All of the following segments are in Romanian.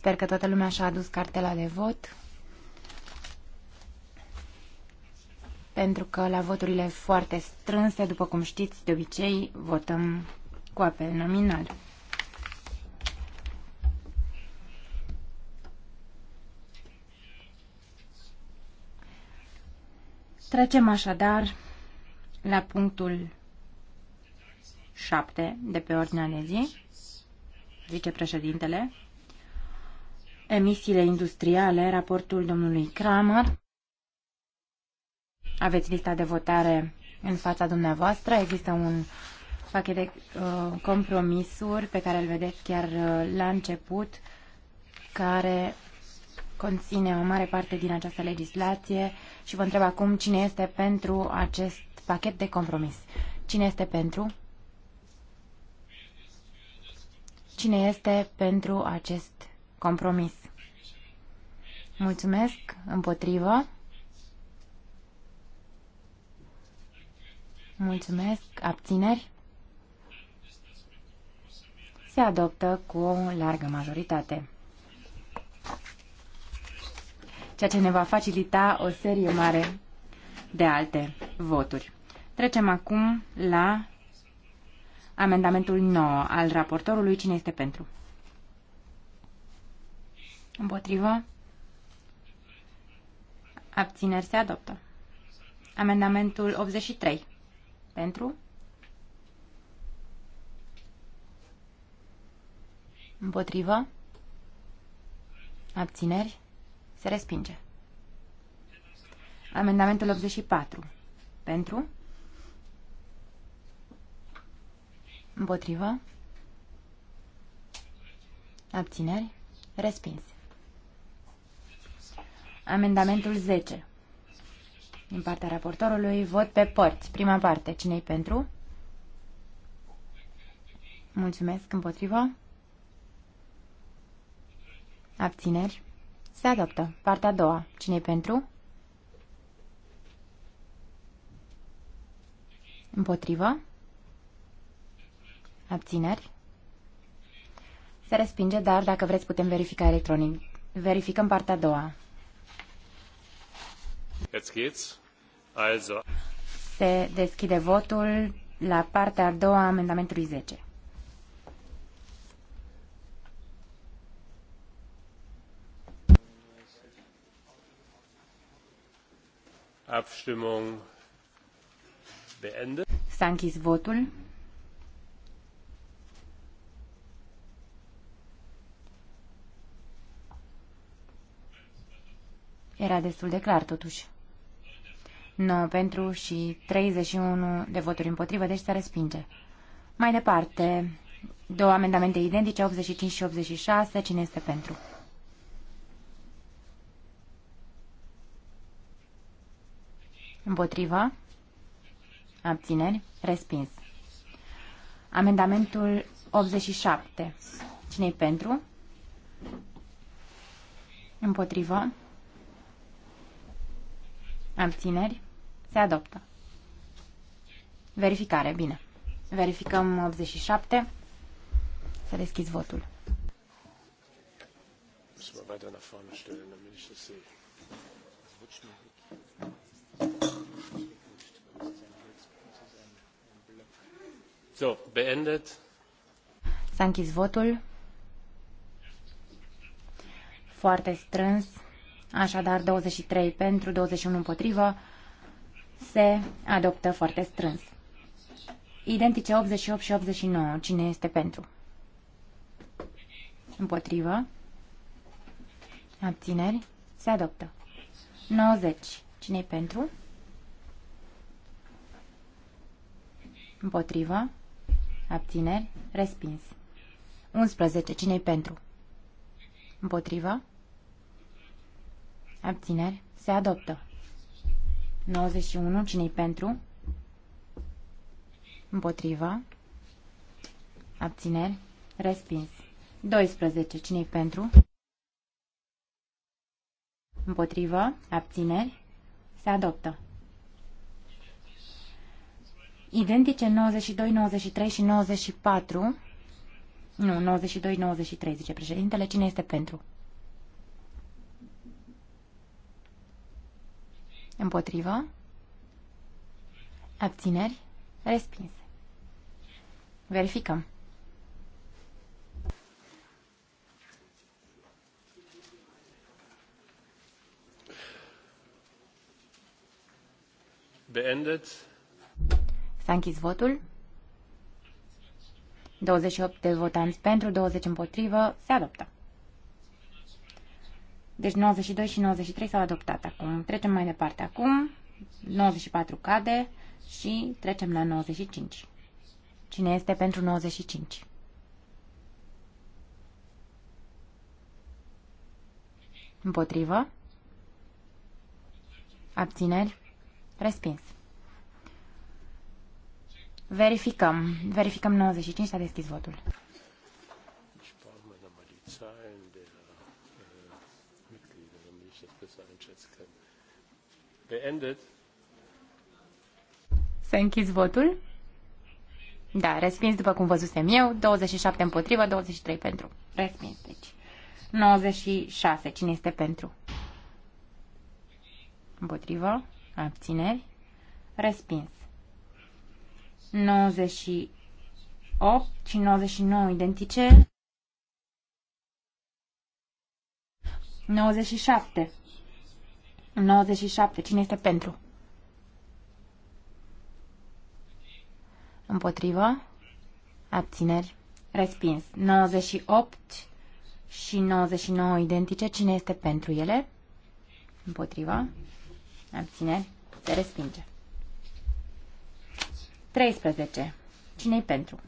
Sper că toată lumea și-a adus cartela de vot. Pentru că la voturile foarte strânse, după cum știți, de obicei votăm cu apel nominal. Trecem așadar la punctul 7 de pe ordinea de zi, vicepreședintele, emisiile industriale, raportul domnului Kramer. Aveți lista de votare în fața dumneavoastră. Există un pachet de uh, compromisuri pe care îl vedeți chiar uh, la început, care conține o mare parte din această legislație și vă întreb acum cine este pentru acest pachet de compromis. Cine este pentru? Cine este pentru acest Compromis. Mulțumesc. Împotrivă. Mulțumesc. Abțineri. Se adoptă cu o largă majoritate. Ceea ce ne va facilita o serie mare de alte voturi. Trecem acum la amendamentul 9 al raportorului. Cine este pentru? Împotrivă. Abțineri se adoptă. Amendamentul 83. Pentru. Împotrivă. Abțineri. Se respinge. Amendamentul 84. Pentru. Împotrivă. Abțineri. Respins. Amendamentul 10. Din partea raportorului, vot pe părți. Prima parte, cine pentru? Mulțumesc, împotriva. Abțineri. Se adoptă. Partea a doua. cine pentru? Împotrivă. Abțineri. Se respinge, dar dacă vreți putem verifica electronic. Verificăm partea a doua. Se deschide votul la partea a doua amendamentului 10. Abstimmung beendet. S-a închis votul. Era destul de clar, totuși. 9 pentru și 31 de voturi împotrivă, deci se respinge. Mai departe, două amendamente identice, 85 și 86, cine este pentru? Împotrivă? Abțineri? Respins. Amendamentul 87. cine e pentru? Împotrivă? Abțineri? Se adoptă. Verificare, bine. Verificăm 87. Să deschid votul. So, beendet. S-a închis votul. Foarte strâns. Așadar, 23 pentru, 21 împotrivă se adoptă foarte strâns. Identice 88 și 89. Cine este pentru? Împotrivă. Abțineri. Se adoptă. 90. cine e pentru? Împotrivă. Abțineri. Respins. 11. cine e pentru? Împotrivă. Abțineri. Se adoptă. 91. cine pentru? Împotrivă. Abțineri. Respins. 12. cine pentru? Împotrivă. Abțineri. Se adoptă. Identice 92, 93 și 94. Nu, 92, 93, zice președintele. Cine este pentru? Împotrivă. Abțineri. Respins. Verificăm. Beendet. S-a închis votul. 28 de votanți pentru, 20 împotrivă. Se adoptă. Deci 92 și 93 s-au adoptat acum. Trecem mai departe acum. 94 cade și trecem la 95. Cine este pentru 95? Împotrivă? Abțineri? Respins. Verificăm. Verificăm 95, s-a deschis votul. beendet. Să închizi votul. Da, respins după cum văzusem eu, 27 împotrivă, 23 pentru. Respins, deci. 96, cine este pentru? Împotrivă, abțineri, respins. 98 și 99 identice. 97 97. Cine este pentru? Împotrivă. Abțineri. Respins. 98 și 99 identice. Cine este pentru ele? Împotrivă? Abțineri. Se respinge. 13. cine e pentru?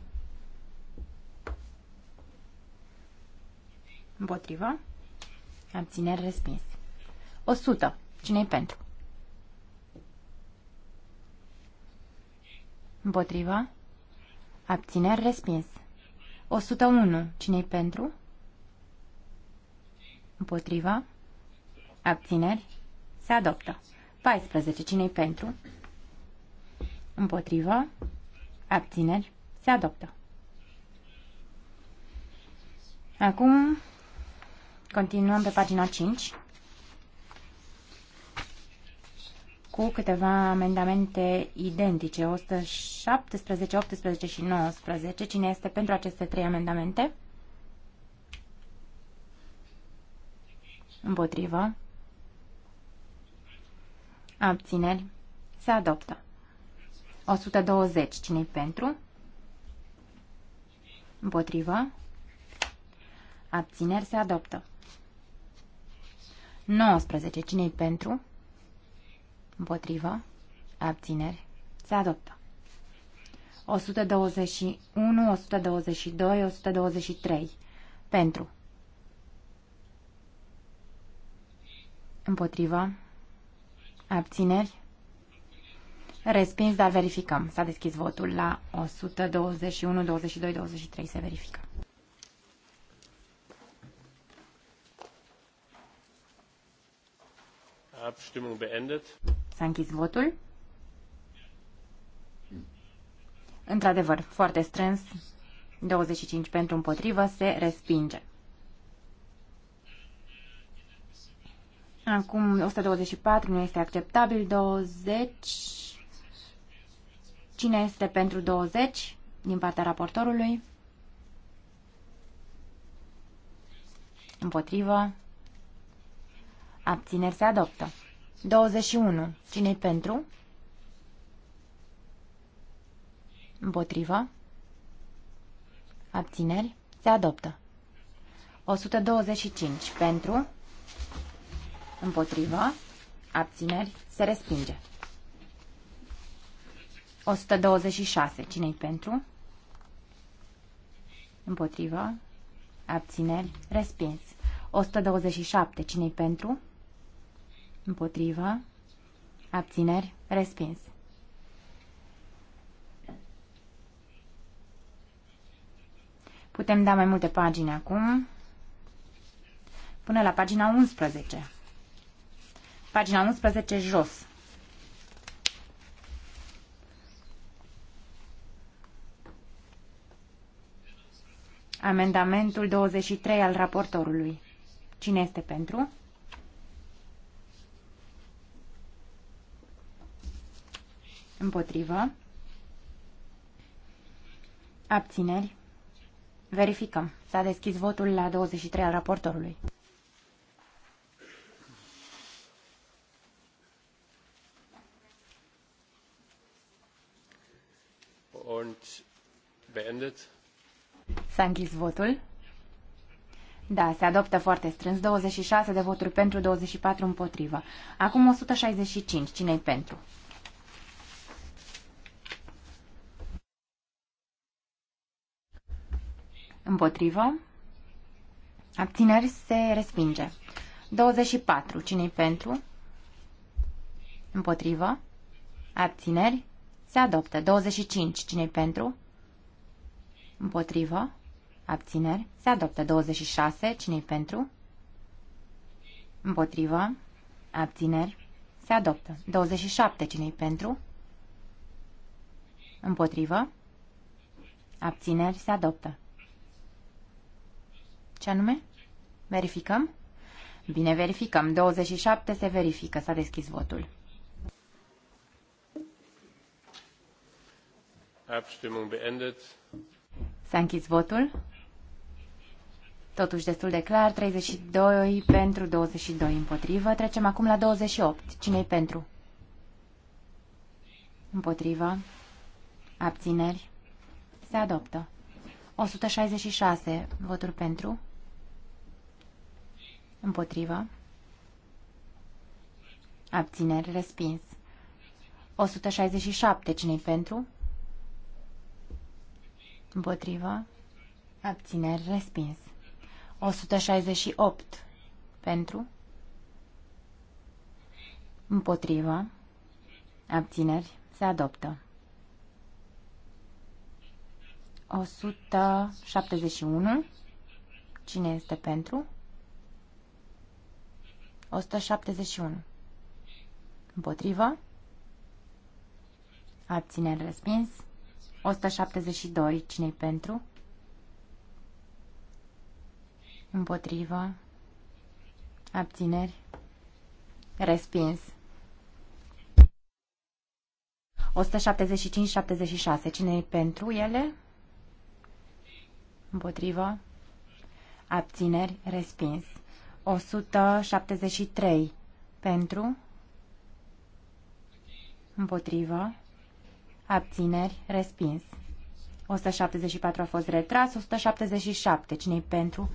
Împotrivă? Abțineri. Respins. 100. Cine-i pentru? Împotriva? Abțineri respins. 101. Cine-i pentru? Împotriva? Abțineri? Se adoptă. 14. Cine-i pentru? Împotriva? Abțineri? Se adoptă. Acum continuăm pe pagina 5. cu câteva amendamente identice, 117, 18 și 19. Cine este pentru aceste trei amendamente? Împotrivă. Abțineri. Se adoptă. 120. Cine-i pentru? Împotrivă. Abțineri. Se adoptă. 19. Cine-i pentru? Împotrivă. Abțineri. Se adoptă. 121, 122, 123. Pentru. Împotrivă. Abțineri. Respins, dar verificăm. S-a deschis votul la 121, 22, 23. Se verifică. Abstimmung beendet. S-a închis votul. Într-adevăr, foarte strâns, 25 pentru împotrivă, se respinge. Acum 124 nu este acceptabil, 20. Cine este pentru 20 din partea raportorului? Împotrivă. Abțineri se adoptă. 21. Cine-i pentru? Împotrivă. Abțineri. Se adoptă. 125. Pentru. Împotrivă. Abțineri. Se respinge. 126. Cine-i pentru? Împotrivă. Abțineri. Respins. 127. Cine-i pentru? Pentru. Împotrivă. Abțineri. Respins. Putem da mai multe pagini acum. Până la pagina 11. Pagina 11 jos. Amendamentul 23 al raportorului. Cine este pentru? Împotrivă. Abțineri. Verificăm. S-a deschis votul la 23 al raportorului. Und beendet. S-a închis votul. Da, se adoptă foarte strâns. 26 de voturi pentru, 24 împotrivă. Acum 165. Cine-i pentru? Împotrivă. Abțineri se respinge. 24. Cine-i pentru? Împotrivă. Abțineri se adoptă. 25. Cine-i pentru? Împotrivă. Abțineri se adoptă. 26. Cine-i pentru? Împotrivă. Abțineri se adoptă. 27. Cine-i pentru? Împotrivă. Abțineri se adoptă. Ce anume? Verificăm? Bine, verificăm. 27 se verifică. S-a deschis votul. Abstimmung beendet. S-a închis votul. Totuși destul de clar, 32 pentru, 22 împotrivă. Trecem acum la 28. cine e pentru? Împotrivă. Abțineri. Se adoptă. 166 voturi pentru. Împotrivă. Abțineri. Respins. 167. Cine-i pentru? Împotrivă. Abțineri. Respins. 168. Pentru? Împotrivă. Abțineri. Se adoptă. 171. Cine este pentru? 171. Împotrivă. Abține respins. 172. cine pentru? Împotrivă. Abțineri. Respins. 175-76. cine pentru ele? Împotrivă. Abțineri. Respins. 173 pentru, împotrivă, abțineri, respins. 174 a fost retras, 177, cine pentru?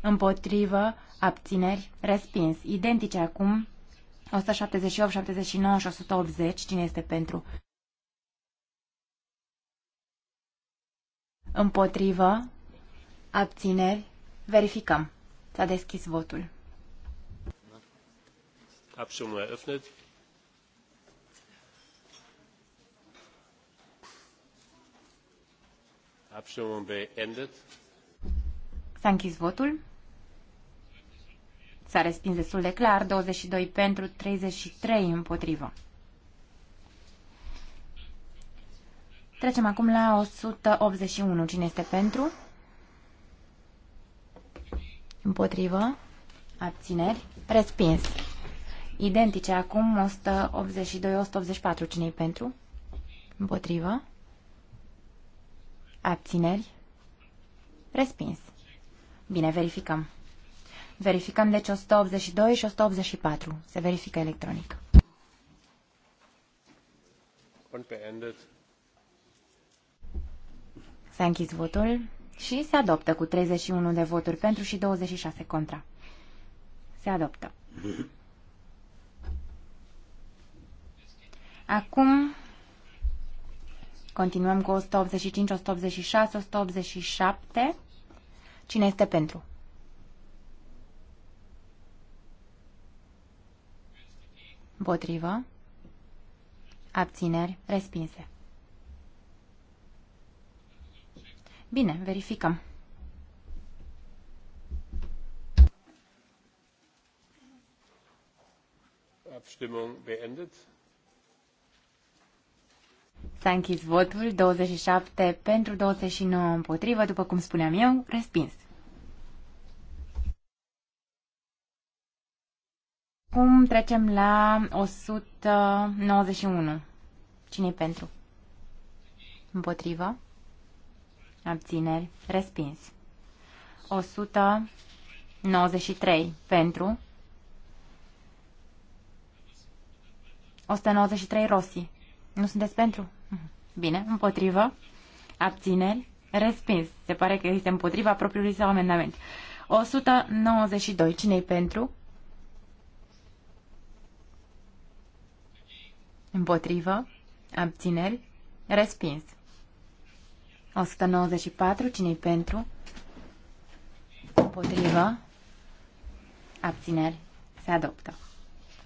Împotrivă, abțineri, respins. Identice acum, 178, 79 și 180, cine este pentru? Împotrivă, Abțineri. Verificăm. S-a deschis votul. Abstimmung eröffnet. Abstimmung beendet. S-a închis votul. S-a respins destul de clar, 22 pentru, 33 împotrivă. Trecem acum la 181. Cine este pentru? Împotrivă. Abțineri. Respins. Identice acum 182-184. cine pentru? Împotrivă. Abțineri. Respins. Bine, verificăm. Verificăm deci 182 și 184. Se verifică electronic. S-a închis votul și se adoptă cu 31 de voturi pentru și 26 contra. Se adoptă. Acum continuăm cu 185, 186, 187. Cine este pentru? Împotrivă. Abțineri. Respinse. Bine, verificăm. Abstimmung beendet. S-a închis votul, 27 pentru, 29 împotrivă, după cum spuneam eu, respins. Cum trecem la 191. cine pentru? Împotrivă? abțineri, respins. 193 pentru. 193 rosi. Nu sunteți pentru? Mhm. Bine, împotrivă, abțineri, respins. Se pare că este împotriva propriului său amendament. 192. cine e pentru? Împotrivă, abțineri, respins. 194. Cine-i pentru? Împotrivă? Abțineri? Se adoptă.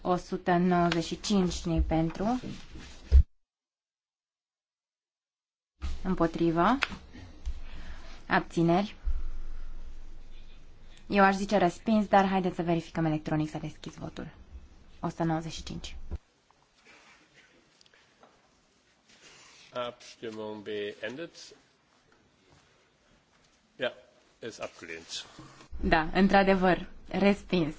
195. Cine-i pentru? Împotrivă? Abțineri? Eu aș zice respins, dar haideți să verificăm electronic să deschis votul. 195. Abstimmung beendet. Ja, ist abgelehnt. Da, într-adevăr, respins.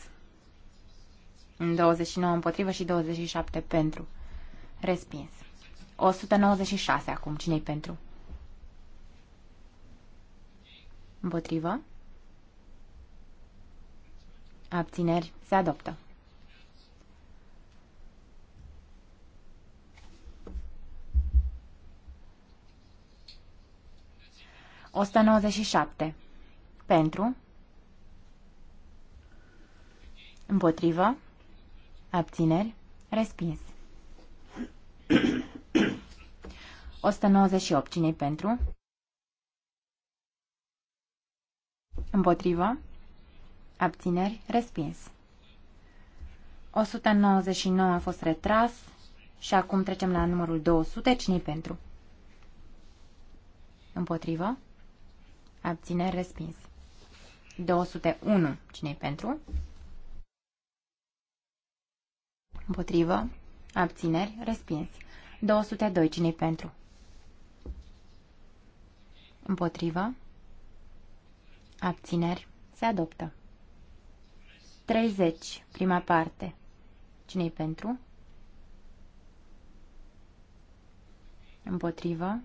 29 împotrivă și 27 pentru. Respins. 196 acum. Cine-i pentru? Împotrivă? Abțineri. Se adoptă. 197. Pentru. Împotrivă. Abțineri. Respins. 198. cine pentru? Împotrivă. Abțineri. Respins. 199 a fost retras și acum trecem la numărul 200. cine pentru? Împotrivă abține respins. 201. cine pentru? Împotrivă. Abțineri respins. 202. cine pentru? Împotrivă. Abțineri. Se adoptă. 30. Prima parte. cine pentru? Împotrivă.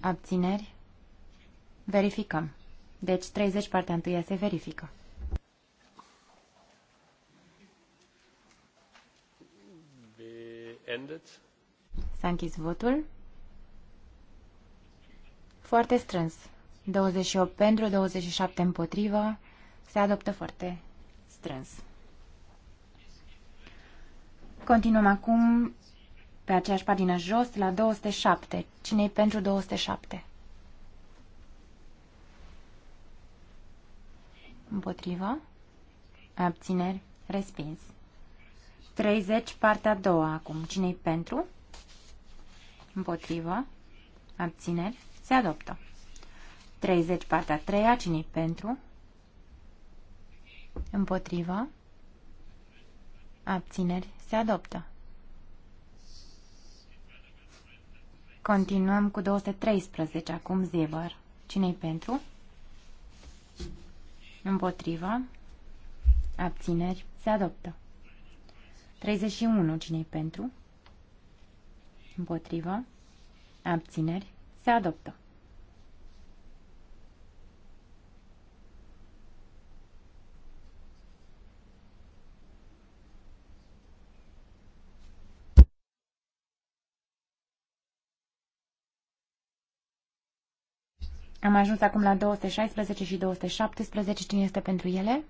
Abțineri. Verificăm. Deci 30 partea întâia se verifică. S-a închis votul. Foarte strâns. 28 pentru, 27 împotrivă. Se adoptă foarte strâns. Continuăm acum pe aceeași pagină jos la 207. Cine-i pentru 207? Împotrivă. Abțineri. Respins. 30, partea a doua acum. cine pentru? Împotrivă. Abțineri. Se adoptă. 30, partea a treia. cine pentru? Împotrivă. Abțineri. Se adoptă. Continuăm cu 213 acum, Zebăr. Cine-i pentru? Împotrivă. Abțineri. Se adoptă. 31. cine pentru? Împotrivă. Abțineri. Se adoptă. Am ajuns acum la 216 și 217. Cine este pentru ele?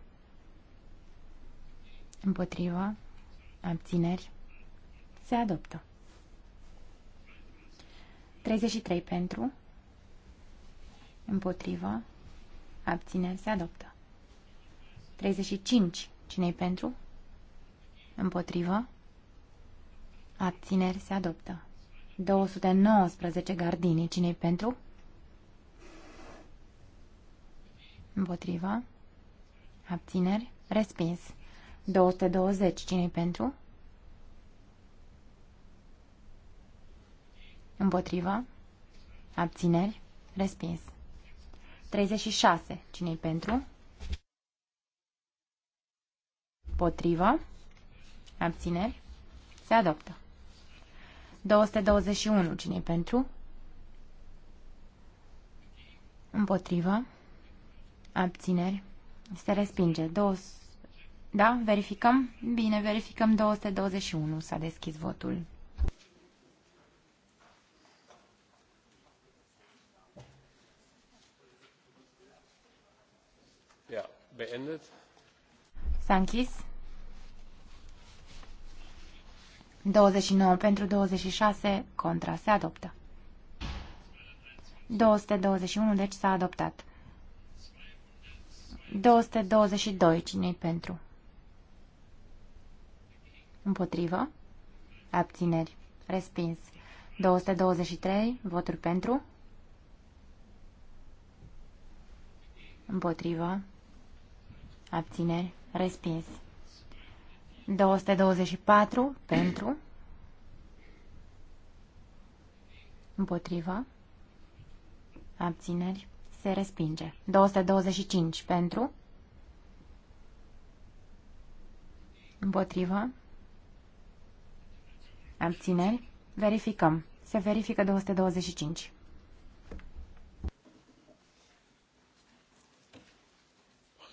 Împotrivă. Abțineri. Se adoptă. 33 pentru. Împotrivă. Abțineri. Se adoptă. 35. Cine-i pentru? Împotrivă. Abțineri. Se adoptă. 219 gardini. Cine-i pentru? Împotrivă. Abțineri. Respins. 220. Cine-i pentru? Împotrivă. Abțineri. Respins. 36. Cine-i pentru? Potrivă. Abțineri. Se adoptă. 221. Cine-i pentru? Împotrivă. Abțineri. Se respinge. Două... Da? Verificăm? Bine, verificăm 221. S-a deschis votul. Yeah. Beendet. S-a închis. 29 pentru 26 contra. Se adoptă. 221, deci s-a adoptat. 222. cine pentru? Împotrivă. Abțineri. Respins. 223. Voturi pentru. Împotrivă. Abțineri. Respins. 224. Pentru. Împotrivă. Abțineri se respinge. 225 pentru, împotrivă, abțineri, verificăm. Se verifică 225.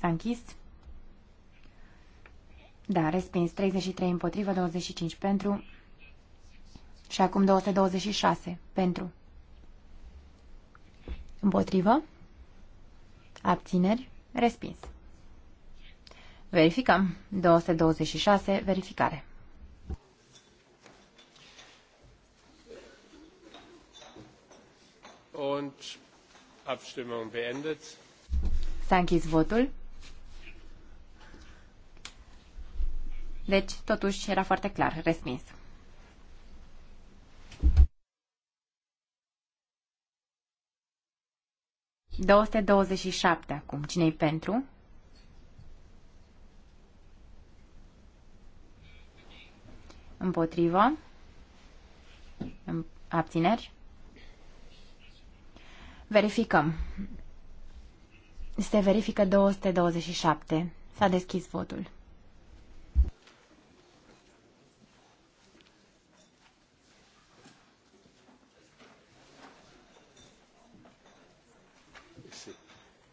S-a închis. Da, respins. 33 împotrivă, 25 pentru. Și acum 226 pentru. Împotrivă? Abțineri? Respins. Verificăm. 226. Verificare. Und Abstimmung beendet. S-a închis votul. Deci, totuși, era foarte clar. Respins. 227 acum. Cine-i pentru? Împotrivă? Abțineri? Verificăm. Se verifică 227. S-a deschis votul.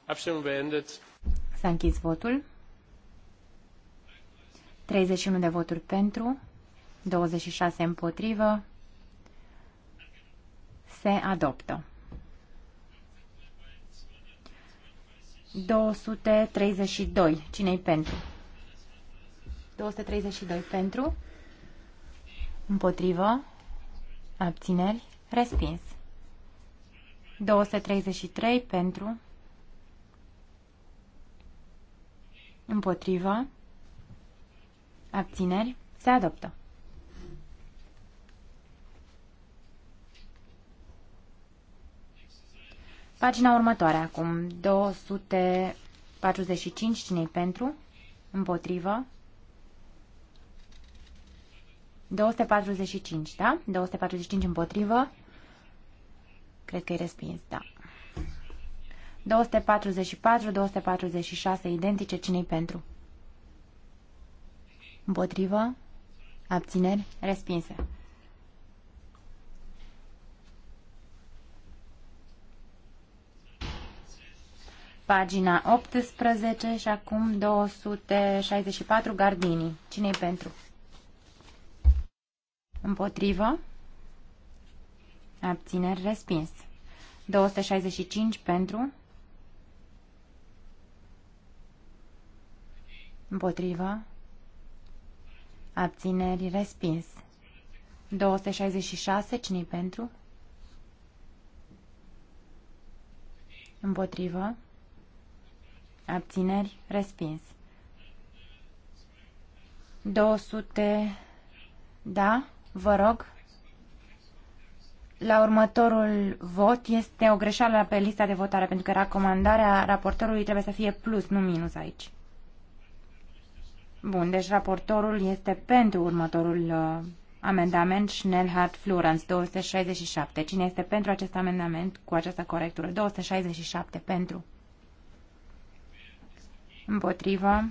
Abstimmung beendet. S-a închis votul. 31 de voturi pentru, 26 împotrivă. Se adoptă. 232. Cine-i pentru? 232 pentru. Împotrivă. Abțineri. Respins. 233 pentru. Împotrivă. Abțineri. Se adoptă. Pagina următoare acum. 245. cine pentru? Împotrivă. 245, da? 245 împotrivă. Cred că e respins, da. 244, 246 identice, cinei pentru? Împotrivă? Abțineri? Respinse. Pagina 18 și acum 264 Gardini. cine pentru? Împotrivă? Abțineri? Respins. 265 pentru? Împotrivă. Abțineri respins. 266, cine pentru? Împotrivă. Abțineri respins. 200, da, vă rog. La următorul vot este o greșeală pe lista de votare, pentru că recomandarea raportorului trebuie să fie plus, nu minus aici. Bun, deci raportorul este pentru următorul uh, amendament Schnellhardt Florence 267. Cine este pentru acest amendament cu această corectură? 267 pentru. Împotrivă.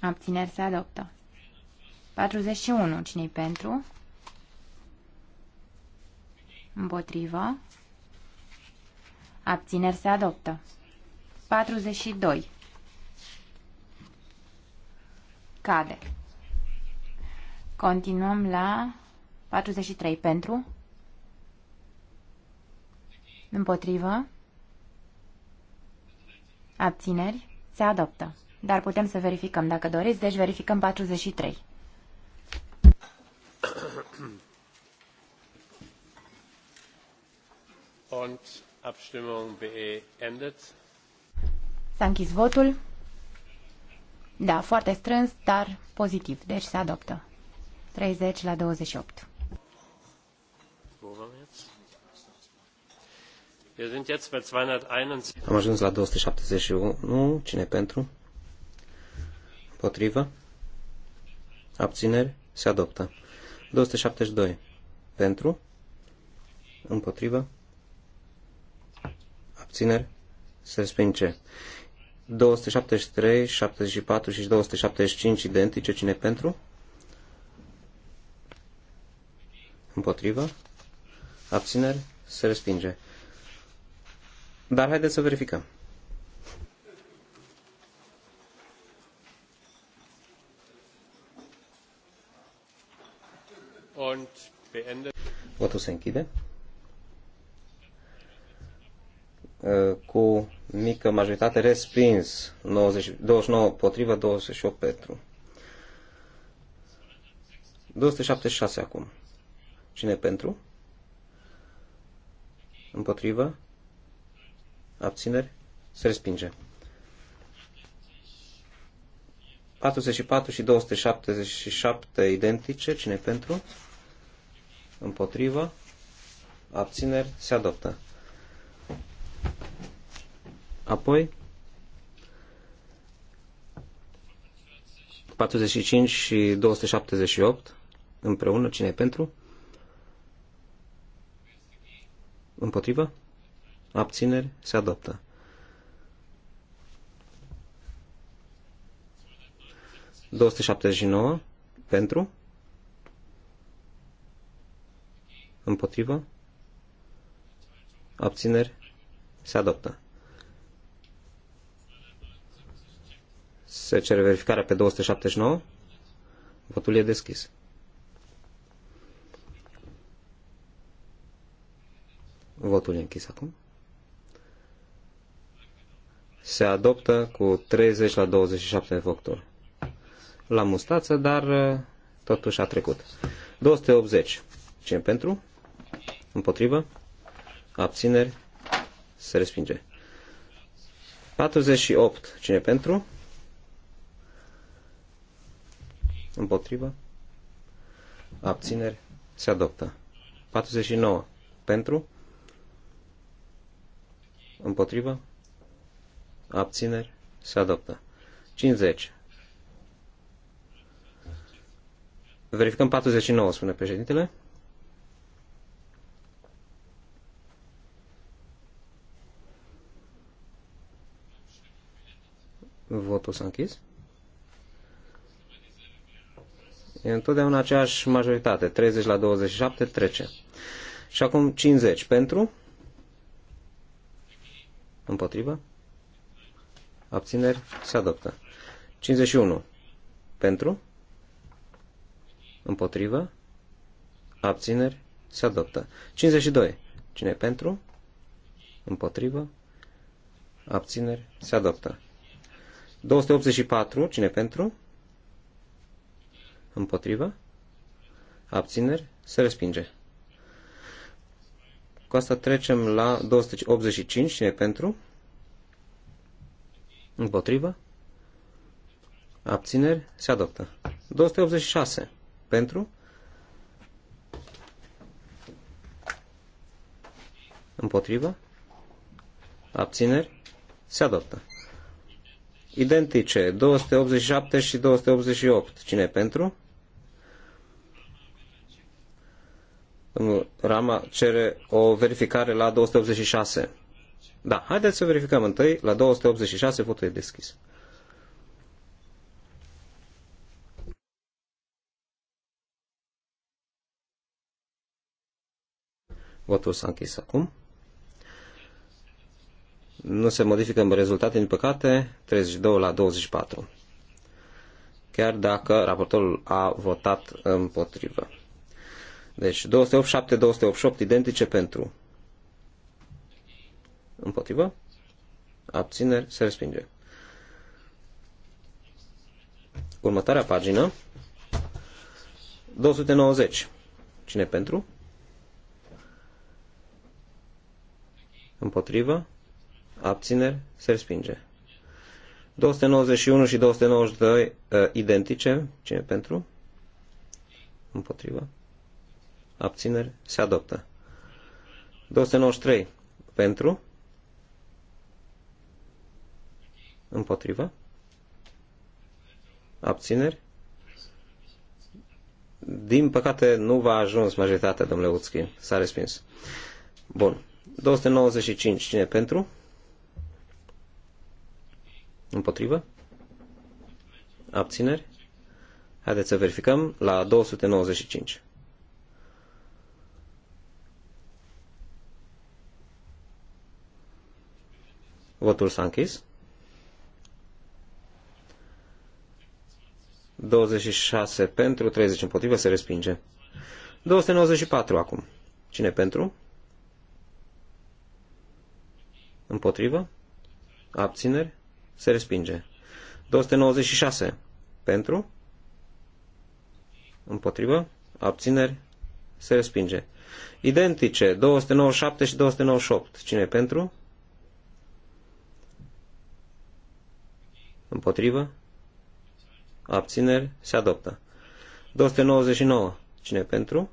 Abțineri se adoptă. 41. Cine-i pentru? Împotrivă. Abțineri se adoptă. 42. Cade. Continuăm la 43 pentru. Împotrivă. Abțineri. Se adoptă. Dar putem să verificăm dacă doriți, deci verificăm 43. Und Abstimmung beendet. S-a închis votul. Da, foarte strâns, dar pozitiv. Deci se adoptă. 30 la 28. Am ajuns la 271. Cine pentru? Potrivă? Abțineri? Se adoptă. 272. Pentru? Împotrivă? Abțineri? Se respinge. 273, 74 și 275 identice. Cine pentru? Împotrivă. Abțineri. Se respinge. Dar haideți să verificăm. Votul se închide. Uh, cu mică majoritate respins, 90, 29 potrivă, 28 pentru. 276 acum. Cine pentru? Împotrivă? Abțineri? Se respinge. 44 și 277 identice. Cine pentru? Împotrivă? Abțineri? Se adoptă. Apoi, 45 și 278 împreună, cine e pentru? Împotrivă? Abțineri? Se adoptă. 279 pentru? Împotrivă? Abțineri? Se adoptă. Se cere verificarea pe 279. Votul e deschis. Votul e închis acum. Se adoptă cu 30 la 27 de voturi. La mustață, dar uh, totuși a trecut. 280. Cine pentru? Împotrivă? Abțineri? Se respinge. 48. Cine pentru? Împotrivă. Abțineri. Se adoptă. 49. Pentru. Împotrivă. Abțineri. Se adoptă. 50. Verificăm 49, spune președintele. Votul s-a închis. E întotdeauna aceeași majoritate. 30 la 27 trece. Și acum 50 pentru. Împotrivă. Abțineri. Se adoptă. 51 pentru. Împotrivă. Abțineri. Se adoptă. 52. Cine pentru? Împotrivă. Abțineri. Se adoptă. 284. Cine pentru? Împotrivă? Abțineri? Se respinge. Cu asta trecem la 285. Cine pentru? Împotrivă? Abțineri? Se adoptă. 286. Pentru? Împotrivă? Abțineri? Se adoptă. Identice. 287 și 288. Cine pentru? Rama cere o verificare la 286. Da, haideți să verificăm întâi. La 286 votul e deschis. Votul s-a închis acum. Nu se modifică rezultate, din păcate, 32 la 24. Chiar dacă raportorul a votat împotrivă. Deci 287, 288 identice pentru. Împotrivă. Abțineri se respinge. Următoarea pagină. 290. Cine pentru? Împotrivă. Abțineri se respinge. 291 și 292 uh, identice. Cine pentru? Împotrivă abțineri, se adoptă. 293 pentru, împotrivă, abțineri. Din păcate nu va ajuns majoritatea, domnule Uțchi, s-a respins. Bun. 295 cine pentru? Împotrivă? Abțineri? Haideți să verificăm la 295. Votul s-a închis. 26 pentru, 30 împotrivă, se respinge. 294 acum. Cine pentru? Împotrivă? Abțineri? Se respinge. 296 pentru? Împotrivă? Abțineri? Se respinge. Identice, 297 și 298. Cine pentru? Împotrivă? Abțineri? Se adoptă. 299. Cine pentru?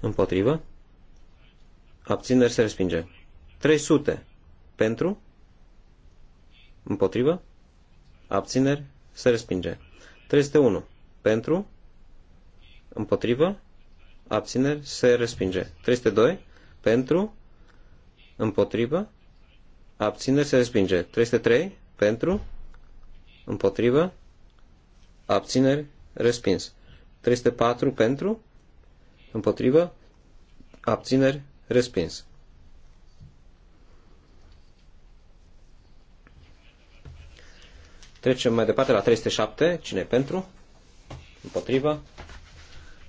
Împotrivă? Abțineri se respinge. 300. Pentru? Împotrivă? Abțineri se respinge. 301. Pentru? Împotrivă? Abțineri se respinge. 302. Pentru? Împotrivă? abțineri se respinge. 303 pentru, împotrivă, abțineri, respins. 304 pentru, împotrivă, abțineri, respins. Trecem mai departe la 307, cine pentru, împotrivă,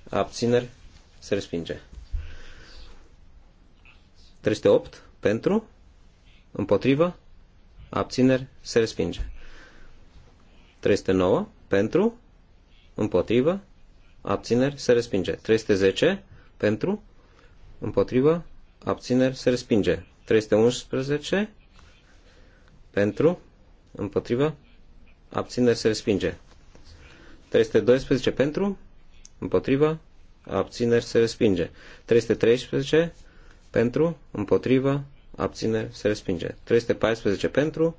abțineri, se respinge. 308 pentru, Împotrivă? Abțineri? Se respinge. 309. Pentru? Împotrivă? Abțineri? Se respinge. 310. Pentru? Împotrivă? Abțineri? Se respinge. 311. Pentru? Împotrivă? Abțineri? Se respinge. 312. Pentru? Împotrivă? Abțineri? Se respinge. 313. Pentru? Împotrivă? abține, se respinge. 314 pentru,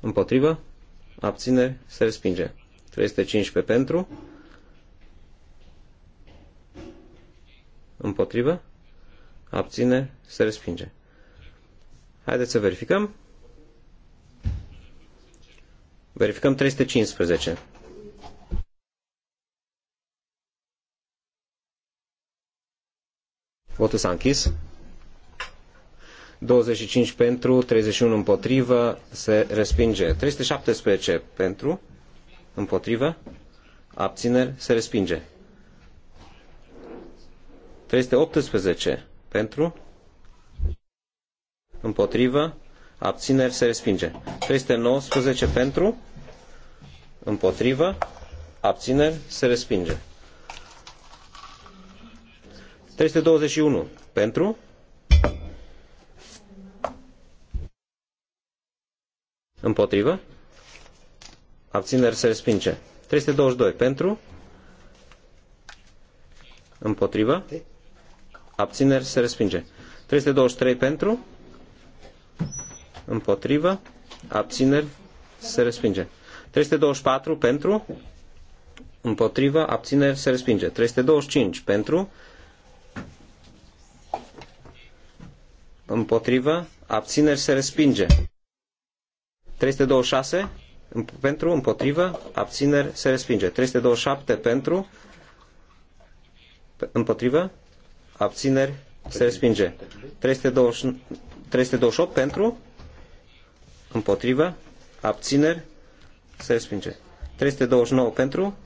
împotrivă, abține, se respinge. 315 pentru, împotrivă, abține, se respinge. Haideți să verificăm. Verificăm 315. Votul s-a închis. 25 pentru, 31 împotrivă, se respinge. 317 pentru, împotrivă, abțineri, se respinge. 318 pentru, împotrivă, abțineri, se respinge. 319 pentru, împotrivă, abțineri, se respinge trei unu pentru, împotrivă, abțineri se respinge. trei doi pentru, împotrivă, abțineri se respinge. trei trei pentru, împotrivă, abțineri se respinge. 324 pentru, împotrivă, abțineri se respinge. 325 pentru, împotrivă, abțineri se respinge. 326 pentru, împotrivă, abțineri se respinge. 327 pentru, împotrivă, abțineri se respinge. 320, 328 pentru, împotrivă, abțineri se respinge. 329 pentru,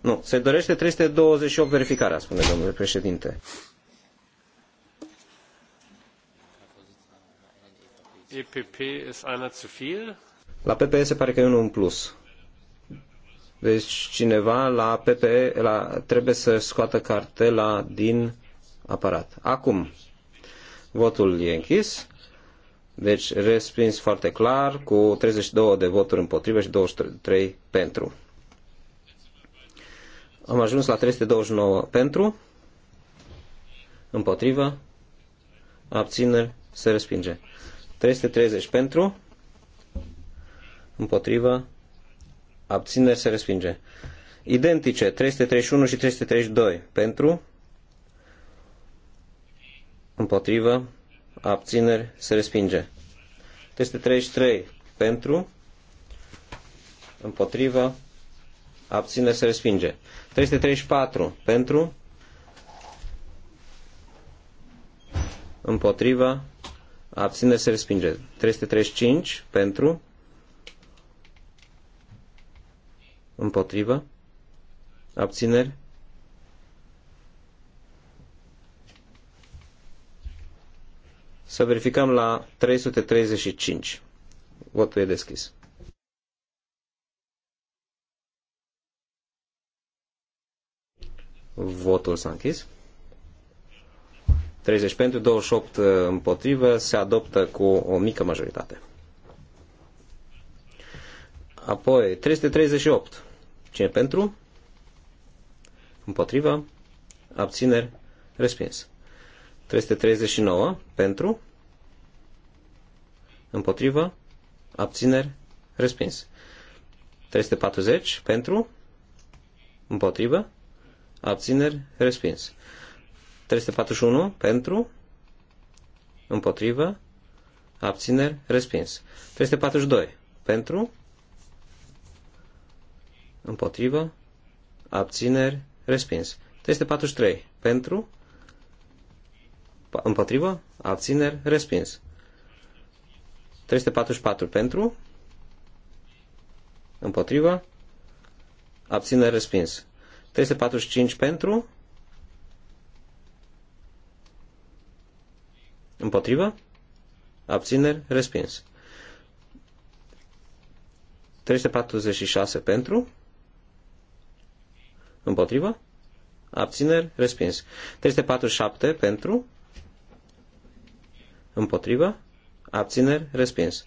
nu, se dorește 328 verificarea, spune domnule președinte. La PPE se pare că e unul în plus. Deci cineva la PPE la, trebuie să scoată cartela din aparat. Acum, votul e închis. Deci respins foarte clar cu 32 de voturi împotrivă și 23 pentru. Am ajuns la 329 pentru, împotrivă, abțineri, se respinge. 330 pentru, împotrivă, abțineri se respinge. Identice, 331 și 332 pentru, împotrivă, abțineri se respinge. 333 pentru, împotrivă, abțineri se respinge. 334 pentru, împotrivă, Abține se respinge. 335 pentru, împotrivă, abțineri. Să verificăm la 335. Votul e deschis. Votul s-a închis. 30 pentru, 28 uh, împotrivă, se adoptă cu o mică majoritate. Apoi, 338. Cine pentru? Împotrivă? Abțineri? Respins. 339 pentru? Împotrivă? Abțineri? Respins. 340 pentru? Împotrivă? Abțineri? Respins. 341 pentru, împotrivă, abțineri, respins. 342 pentru, împotrivă, abțineri, respins. 343 pentru, împotrivă, abțineri, respins. 344 pentru, împotrivă, abțineri, respins. 345 pentru, Împotrivă? Abțineri? Respins. 346 pentru? Împotrivă? Abțineri? Respins. 347 pentru? Împotrivă? Abțineri? Respins.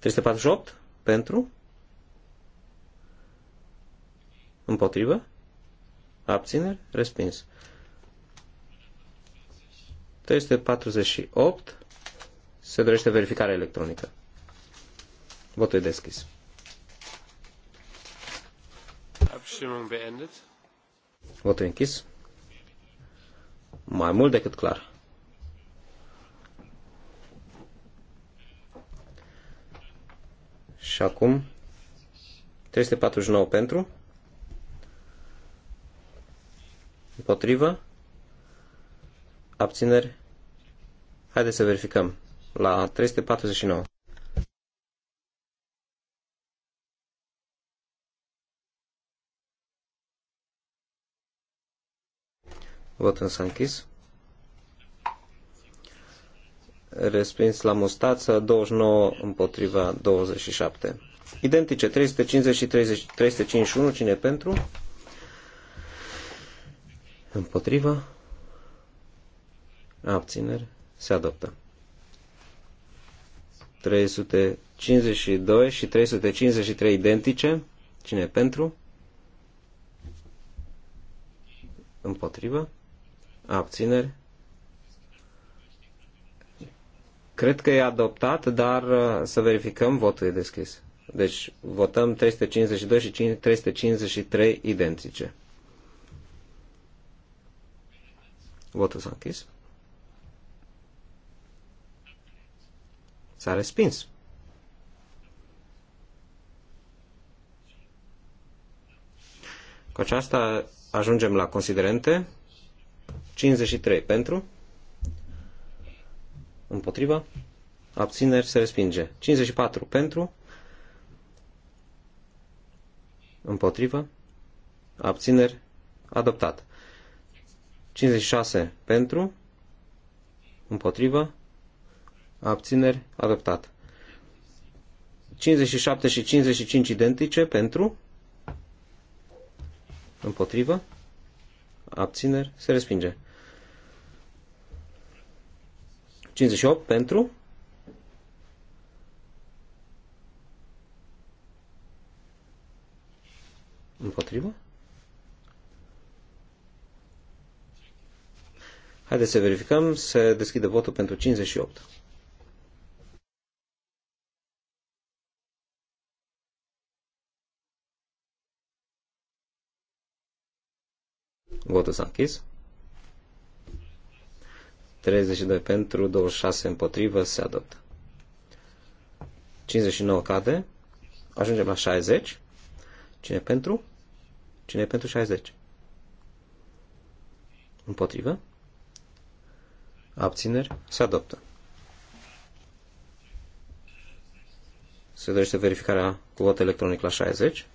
348 pentru? Împotrivă? Abțineri? Respins. 348. Se dorește verificare electronică. Votul e deschis. Abstimmung beendet. Votul e închis. Mai mult decât clar. Și acum 349 pentru. Împotrivă abțineri. Haideți să verificăm. La 349. Votul s-a închis. Respins la mustață, 29 împotriva 27. Identice, 350 și 30, 351, cine pentru? Împotriva abțineri, se adoptă. 352 și 353 identice, cine pentru? Împotrivă, abțineri. Cred că e adoptat, dar uh, să verificăm, votul e deschis. Deci votăm 352 și 353 identice. Votul s-a închis. S-a respins. Cu aceasta ajungem la considerente. 53 pentru. Împotriva. Abțineri se respinge. 54 pentru. Împotriva. Abțineri adoptat. 56 pentru. Împotriva abțineri, adoptat. 57 și 55 identice pentru, împotrivă, abțineri, se respinge. 58 pentru, împotrivă. Haideți să verificăm, se deschide votul pentru 58. Votul s-a închis. 32 pentru, 26 împotrivă, se adoptă. 59 cade. Ajungem la 60. Cine pentru? Cine pentru 60? Împotrivă? Abțineri? Se adoptă. Se dorește verificarea cu vot electronic la 60.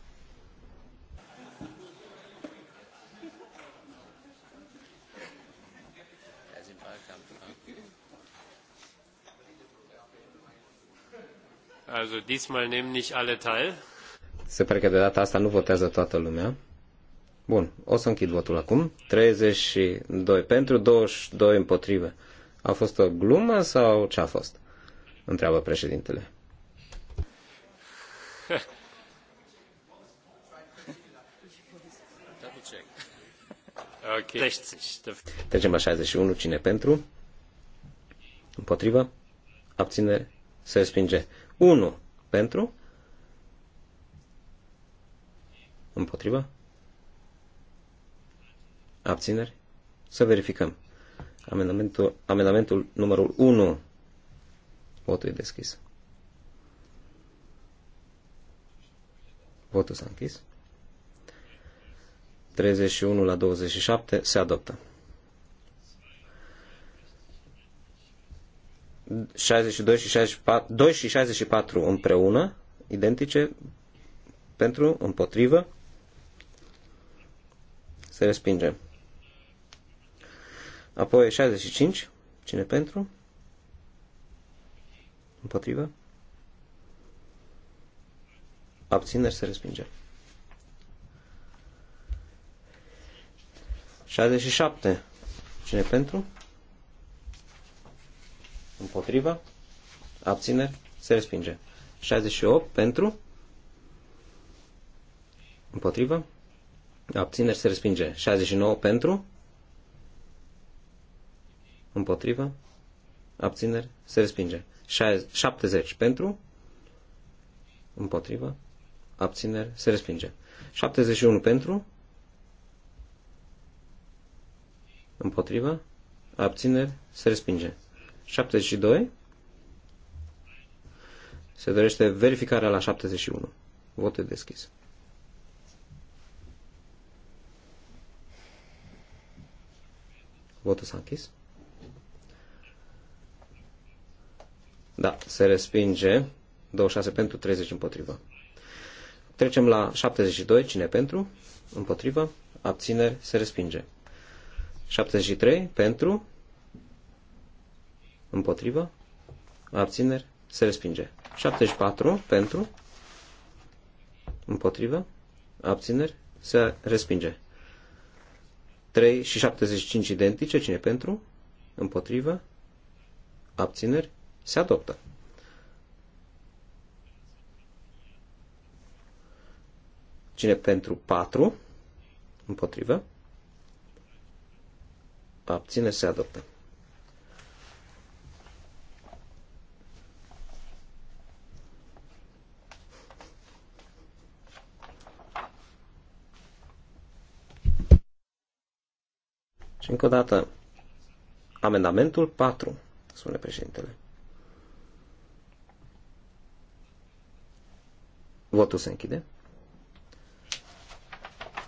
Also diesmal nehmen nicht alle teil. Se pare că de data asta nu votează toată lumea. Bun, o să închid votul acum. 32 pentru, 22 împotrivă. A fost o glumă sau ce a fost? Întreabă președintele. Okay. 60. Trecem la 61. Cine pentru? Împotrivă? Abține? Se respinge. 1. Pentru? Împotrivă? Abțineri? Să verificăm. Amendamentul, amendamentul numărul 1. Votul e deschis. Votul s-a închis. 31 la 27 se adoptă. 2 și 64 împreună, identice, pentru, împotrivă, se respinge. Apoi 65, cine pentru, împotrivă, abțineri, se respinge. 67, cine pentru, Împotrivă. Abțineri. Se respinge. 68 pentru. Împotrivă. Abțineri se respinge. 69 pentru. Împotrivă. Abțineri se respinge. 70 pentru. Împotrivă. Abțineri se respinge. 71 pentru. Împotrivă. Abțineri se respinge. 72. Se dorește verificarea la 71. Vot deschis. Votul s-a închis. Da, se respinge. 26 pentru, 30 împotrivă. Trecem la 72. Cine pentru? Împotrivă. Abțineri. Se respinge. 73 pentru. Împotrivă. Abțineri. Se respinge. 74 pentru. Împotrivă. Abțineri. Se respinge. 3 și 75 identice. Cine pentru? Împotrivă. Abțineri. Se adoptă. Cine pentru 4? Împotrivă. Abține se adoptă. Și încă o dată, amendamentul 4, spune președintele. Votul se închide.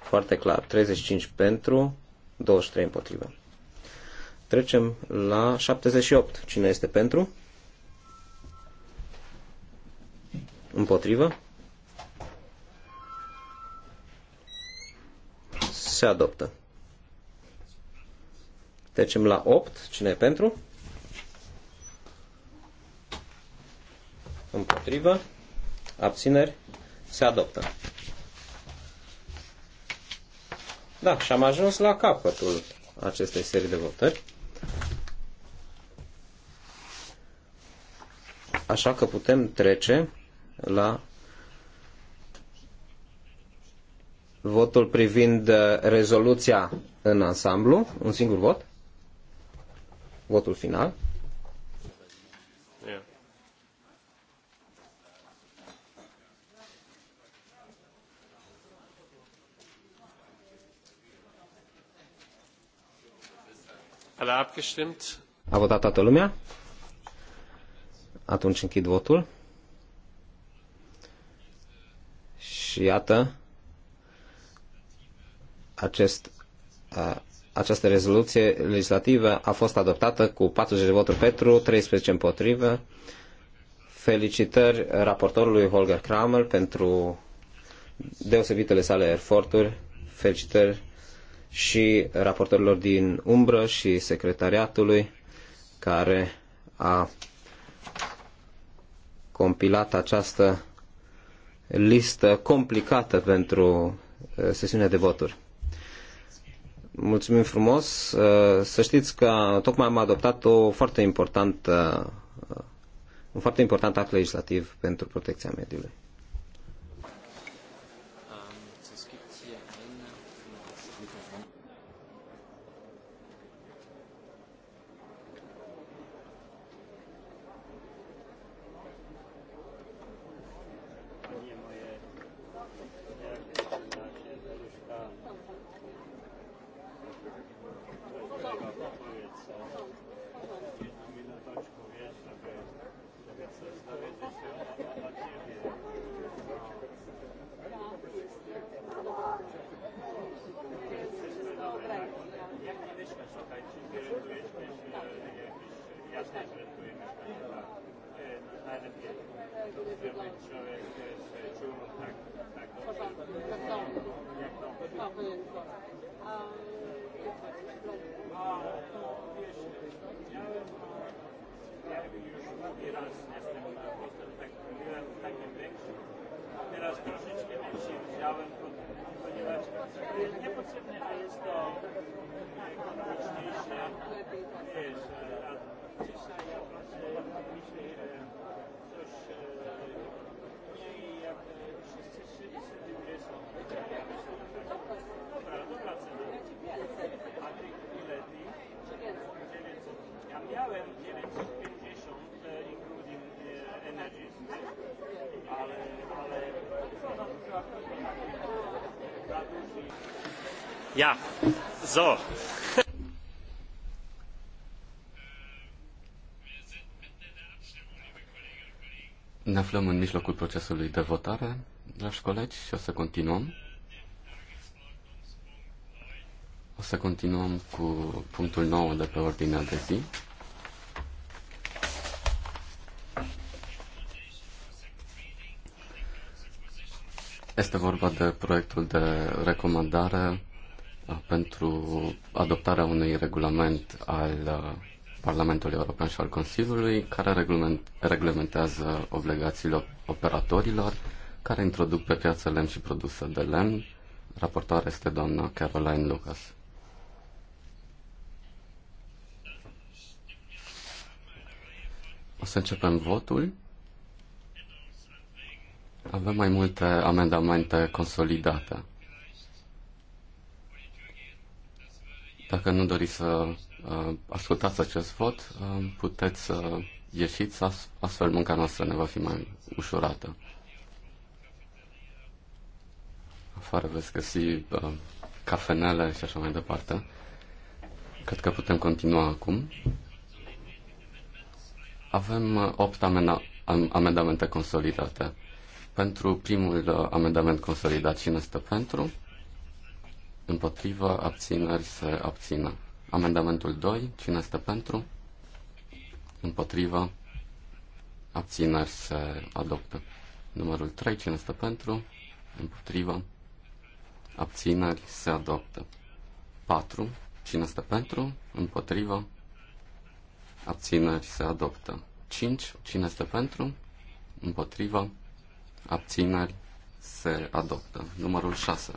Foarte clar, 35 pentru, 23 împotrivă. Trecem la 78. Cine este pentru? Împotrivă? Se adoptă. Trecem la 8. Cine e pentru? Împotrivă. Abțineri. Se adoptă. Da, și am ajuns la capătul acestei serii de votări. Așa că putem trece la votul privind uh, rezoluția în ansamblu, un singur vot. Votul final. Yeah. A votat toată lumea? Atunci închid votul. Și iată, acest uh, această rezoluție legislativă a fost adoptată cu 40 de voturi pentru, 13 împotrivă. Felicitări raportorului Holger Kramer pentru deosebitele sale eforturi. Felicitări și raportorilor din umbră și secretariatului care a compilat această listă complicată pentru eh, sesiunea de voturi. Mulțumim frumos. Uh, să știți că tocmai am adoptat o foarte importantă, uh, un foarte important act legislativ pentru protecția mediului. So. Ne aflăm în mijlocul procesului de votare, dragi colegi, și o să continuăm. O să continuăm cu punctul 9 de pe ordinea de zi. Este vorba de proiectul de recomandare pentru adoptarea unui regulament al uh, Parlamentului European și al Consiliului, care reglement, reglementează obligațiile operatorilor care introduc pe piață lemn și produse de lemn. Raportoarea este doamna Caroline Lucas. O să începem votul. Avem mai multe amendamente consolidate. Dacă nu doriți să uh, ascultați acest vot, uh, puteți să ieșiți, astfel munca noastră ne va fi mai ușurată. Afară veți găsi uh, cafenele și așa mai departe. Cred că putem continua acum. Avem 8 amena- amendamente consolidate. Pentru primul amendament consolidat, cine este pentru? Împotrivă, abțineri, se abțină. Amendamentul 2, cine este pentru? Împotrivă, abțineri, se adoptă. Numărul 3, cine este pentru? Împotrivă, abțineri, se adoptă. 4, cine este pentru? Împotrivă, abțineri, se adoptă. 5, cine este pentru? Împotrivă, abțineri, se adoptă. Numărul 6,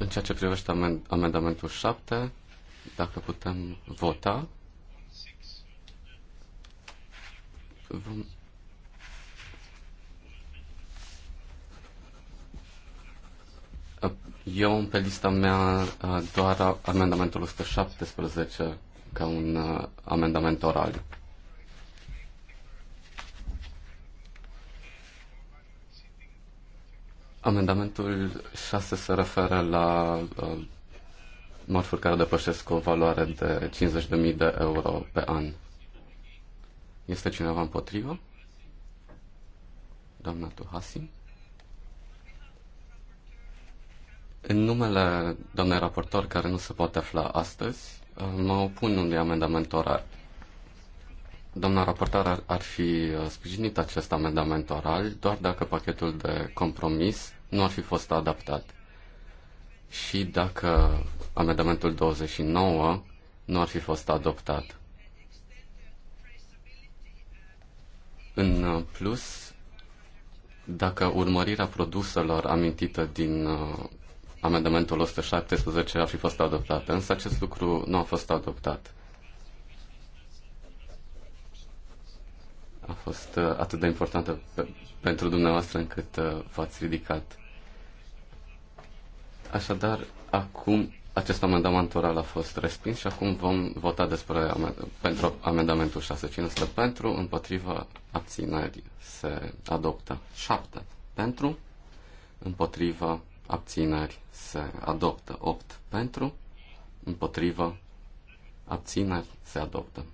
În ceea ce privește amend- amendamentul 7, dacă putem vota, vom... Eu pe lista mea doar amendamentul 117 ca un uh, amendament oral. Amendamentul 6 se referă la uh, mărfuri care depășesc o valoare de 50.000 de euro pe an. Este cineva împotrivă? Doamna Tuhasi? În numele doamnei raportor, care nu se poate afla astăzi, uh, mă opun unui amendament orar. Doamna raportar ar, ar fi uh, sprijinit acest amendament oral doar dacă pachetul de compromis nu ar fi fost adaptat și dacă amendamentul 29 nu ar fi fost adoptat. În uh, plus, dacă urmărirea produselor amintită din uh, amendamentul 117 ar fi fost adoptată, însă acest lucru nu a fost adoptat. a fost uh, atât de importantă pe, pentru dumneavoastră încât uh, v-ați ridicat. Așadar, acum acest amendament oral a fost respins și acum vom vota despre pentru amendamentul 6. Cine este pentru, împotriva, abțineri, se adoptă. 7. Pentru, împotriva, abțineri, se adoptă. 8. Pentru, împotriva, abțineri, se adoptă.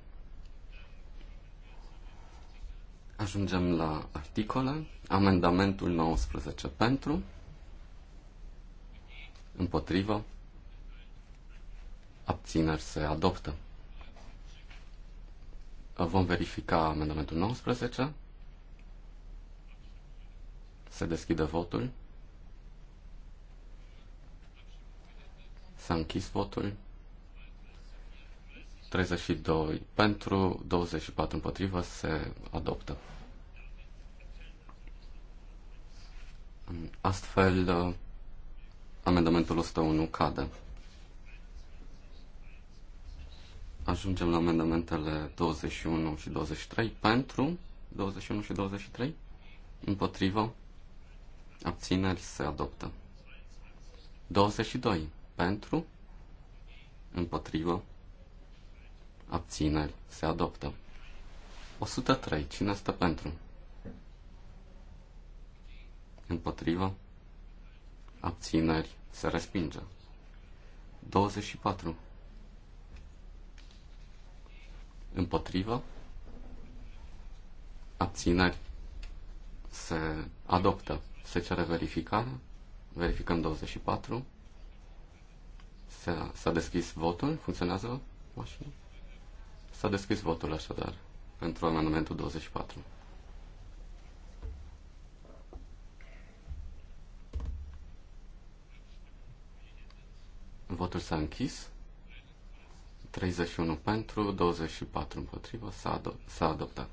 Ajungem la articole. Amendamentul 19 pentru. Împotrivă. Abțineri se adoptă. Vom verifica amendamentul 19. Se deschide votul. S-a închis votul. 32 pentru, 24 împotrivă, se adoptă. Astfel, amendamentul 101 cade. Ajungem la amendamentele 21 și 23 pentru 21 și 23 împotrivă abțineri se adoptă. 22 pentru împotrivă abțineri, se adoptă. 103. Cine stă pentru? Împotrivă, abțineri, se respinge. 24. Împotrivă, abțineri, se adoptă. Se cere verificare. Verificăm 24. S-a, s-a deschis votul. Funcționează mașina? S-a deschis votul așadar pentru amendamentul 24. Votul s-a închis. 31 pentru, 24 împotriva, s-a, ado- s-a adoptat.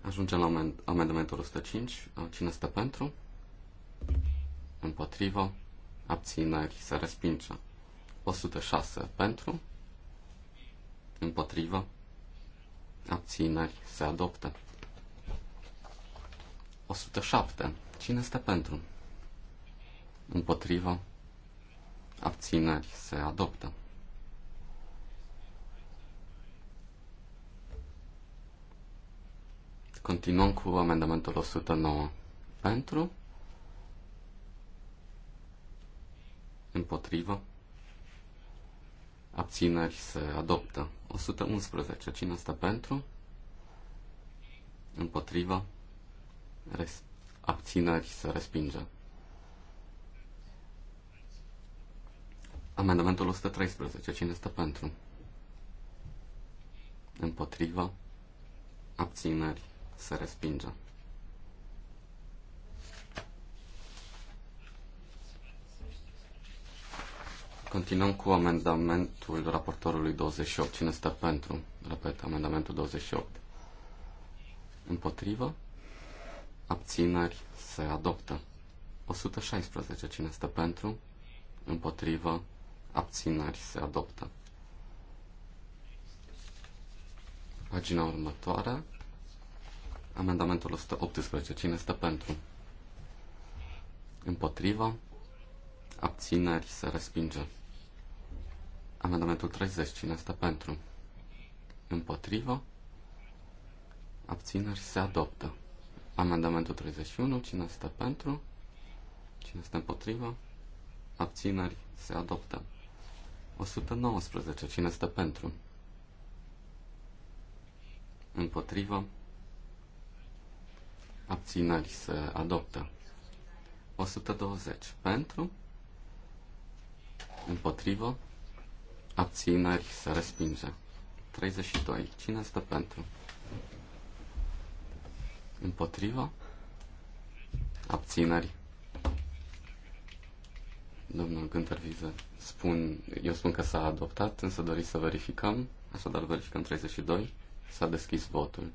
Ajungem la amend- amendamentul 105. Cine stă pentru? Împotriva. Abțineri. Se respinge. 106 pentru, împotrivă, abțineri, se adoptă. 107. Cine este pentru? Împotrivă, abțineri, se adoptă. Continuăm cu amendamentul 109. Pentru, împotrivă, abțineri se adoptă. 111. Cine stă pentru? Împotriva? Res- abțineri se respinge. Amendamentul 113. Cine stă pentru? Împotriva? Abțineri se respinge. Continuăm cu amendamentul raportorului 28. Cine stă pentru? Repet, amendamentul 28. Împotrivă? Abțineri se adoptă. 116. Cine stă pentru? Împotrivă? Abțineri se adoptă. Pagina următoare. Amendamentul 118. Cine stă pentru? Împotrivă? Abțineri se respinge. Amendamentul 30. Cine este pentru? Împotrivă. Abțineri se adoptă. Amendamentul 31. Cine este pentru? Cine este împotrivă? Abțineri se adoptă. 119. Cine este pentru? Împotrivă. Abțineri se adoptă. 120. Pentru. Împotrivă abțineri să respinge. 32. Cine stă pentru? Împotriva? Abțineri. Domnul Gânter Vize, spun, eu spun că s-a adoptat, însă doriți să verificăm, așadar verificăm 32, s-a deschis votul.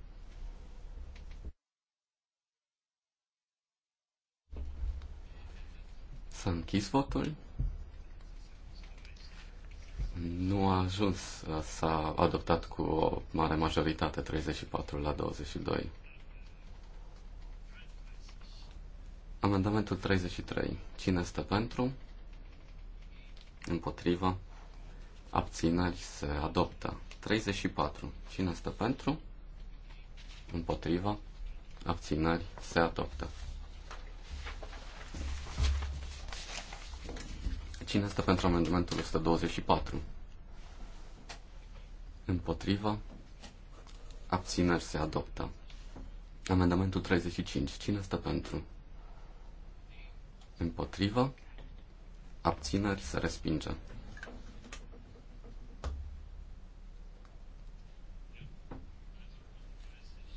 S-a închis votul nu a ajuns, s-a adoptat cu o mare majoritate, 34 la 22. Amendamentul 33. Cine este pentru? Împotriva? Abțineri se adoptă. 34. Cine este pentru? Împotriva? Abțineri se adoptă. Cine este pentru amendamentul 124? Împotrivă. Abțineri se adoptă. Amendamentul 35. Cine este pentru? Împotrivă. Abțineri se respinge.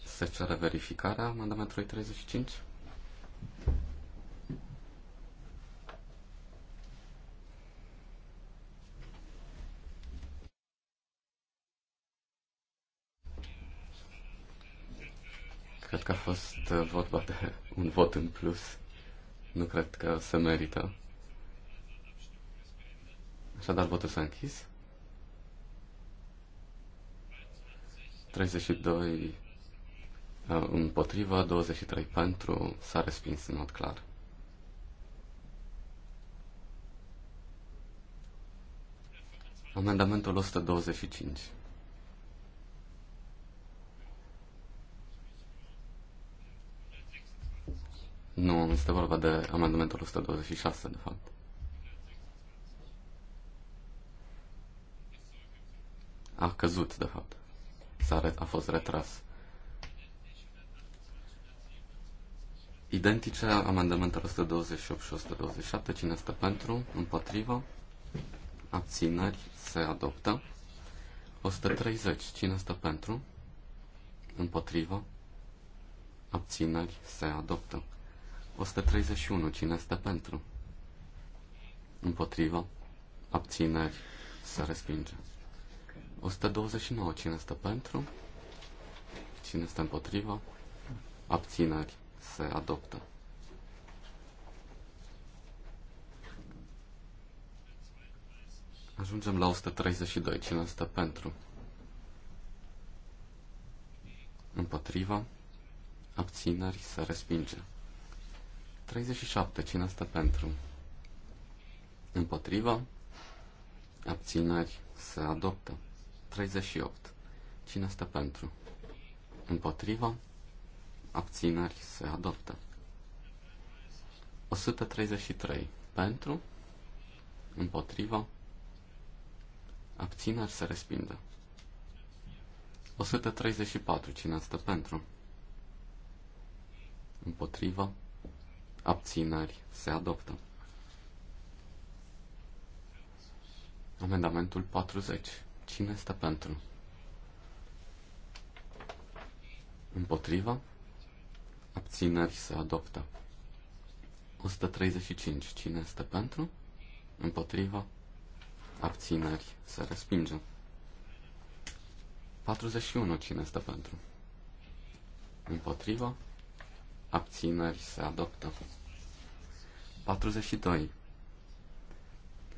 Se cere verificarea amendamentului 35? un vot în plus. Nu cred că se merită. Așadar, votul s-a închis. 32 împotriva, 23 pentru, s-a respins în mod clar. Amendamentul 125. Nu, este vorba de amendamentul 126, de fapt. A căzut, de fapt. S-a re- a fost retras. Identice amendamentul 128 și 127. Cine este pentru? Împotrivă? Abțineri? Se adoptă. 130. Cine este pentru? Împotrivă? Abțineri? Se adoptă. 131. Cine este pentru? Împotrivă. Abțineri. Să respinge. 129. Cine este pentru? Cine este împotrivă? Abțineri. Se adoptă. Ajungem la 132. Cine este pentru? Împotriva. Abțineri. Se respinge. 37. Cine stă pentru? Împotriva? Abțineri se adoptă. 38. Cine stă pentru? Împotriva? Abțineri se adoptă. 133. Pentru? Împotriva? Abțineri se respinde. 134. Cine stă pentru? Împotriva? abțineri, se adoptă. Amendamentul 40. Cine este pentru? Împotriva? Abțineri se adoptă. 135. Cine este pentru? Împotriva? Abțineri se respinge. 41. Cine este pentru? Împotriva? abțineri se adoptă. 42.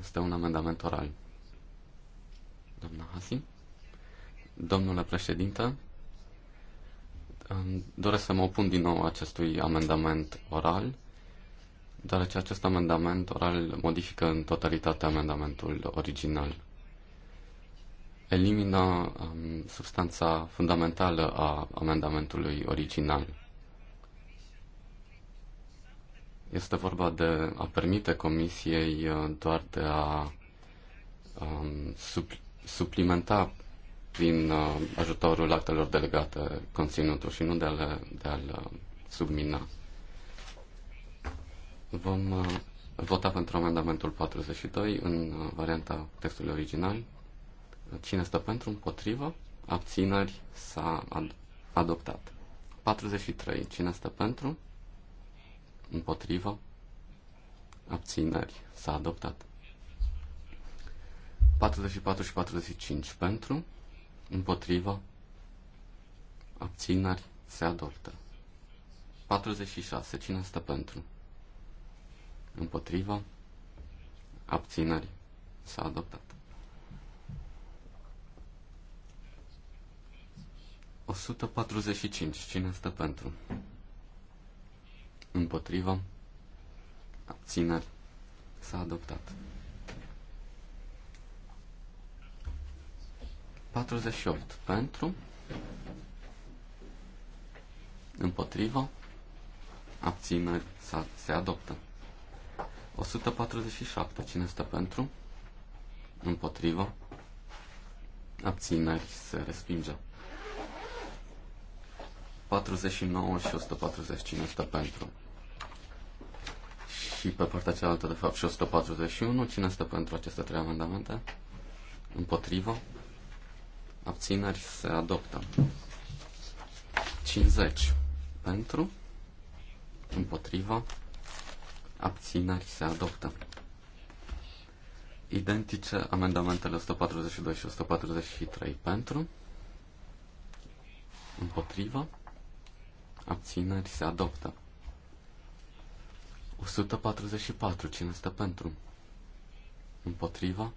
Este un amendament oral. Doamna Hasi? Domnule președinte, doresc să mă opun din nou acestui amendament oral, deoarece acest amendament oral modifică în totalitate amendamentul original. Elimină um, substanța fundamentală a amendamentului original. Este vorba de a permite Comisiei uh, doar de a um, supl- suplimenta prin uh, ajutorul actelor delegate conținutul și nu de a le, de a le submina. Vom uh, vota pentru amendamentul 42 în uh, varianta textului original. Cine stă pentru, împotrivă, abțineri s-a ad- adoptat. 43. Cine stă pentru? Împotrivă. Abțineri. S-a adoptat. 44 și 45 pentru. Împotrivă. Abțineri. Se adoptă. 46. Cine stă pentru? Împotrivă. Abțineri. S-a adoptat. 145. Cine stă pentru? împotrivă, abțineri, s-a adoptat. 48 pentru, împotrivă, abțineri, se adoptă. 147, cine stă pentru, împotrivă, abțineri, se respinge. 49 și 140, cine stă pentru, și pe partea cealaltă, de fapt, și 141. Cine stă pentru aceste trei amendamente? Împotrivă? Abțineri se adoptă. 50 pentru, Împotrivă? abțineri se adoptă. Identice amendamentele 142 și 143 pentru, Împotrivă? abțineri se adoptă. 144. Cine stă pentru? Împotriva?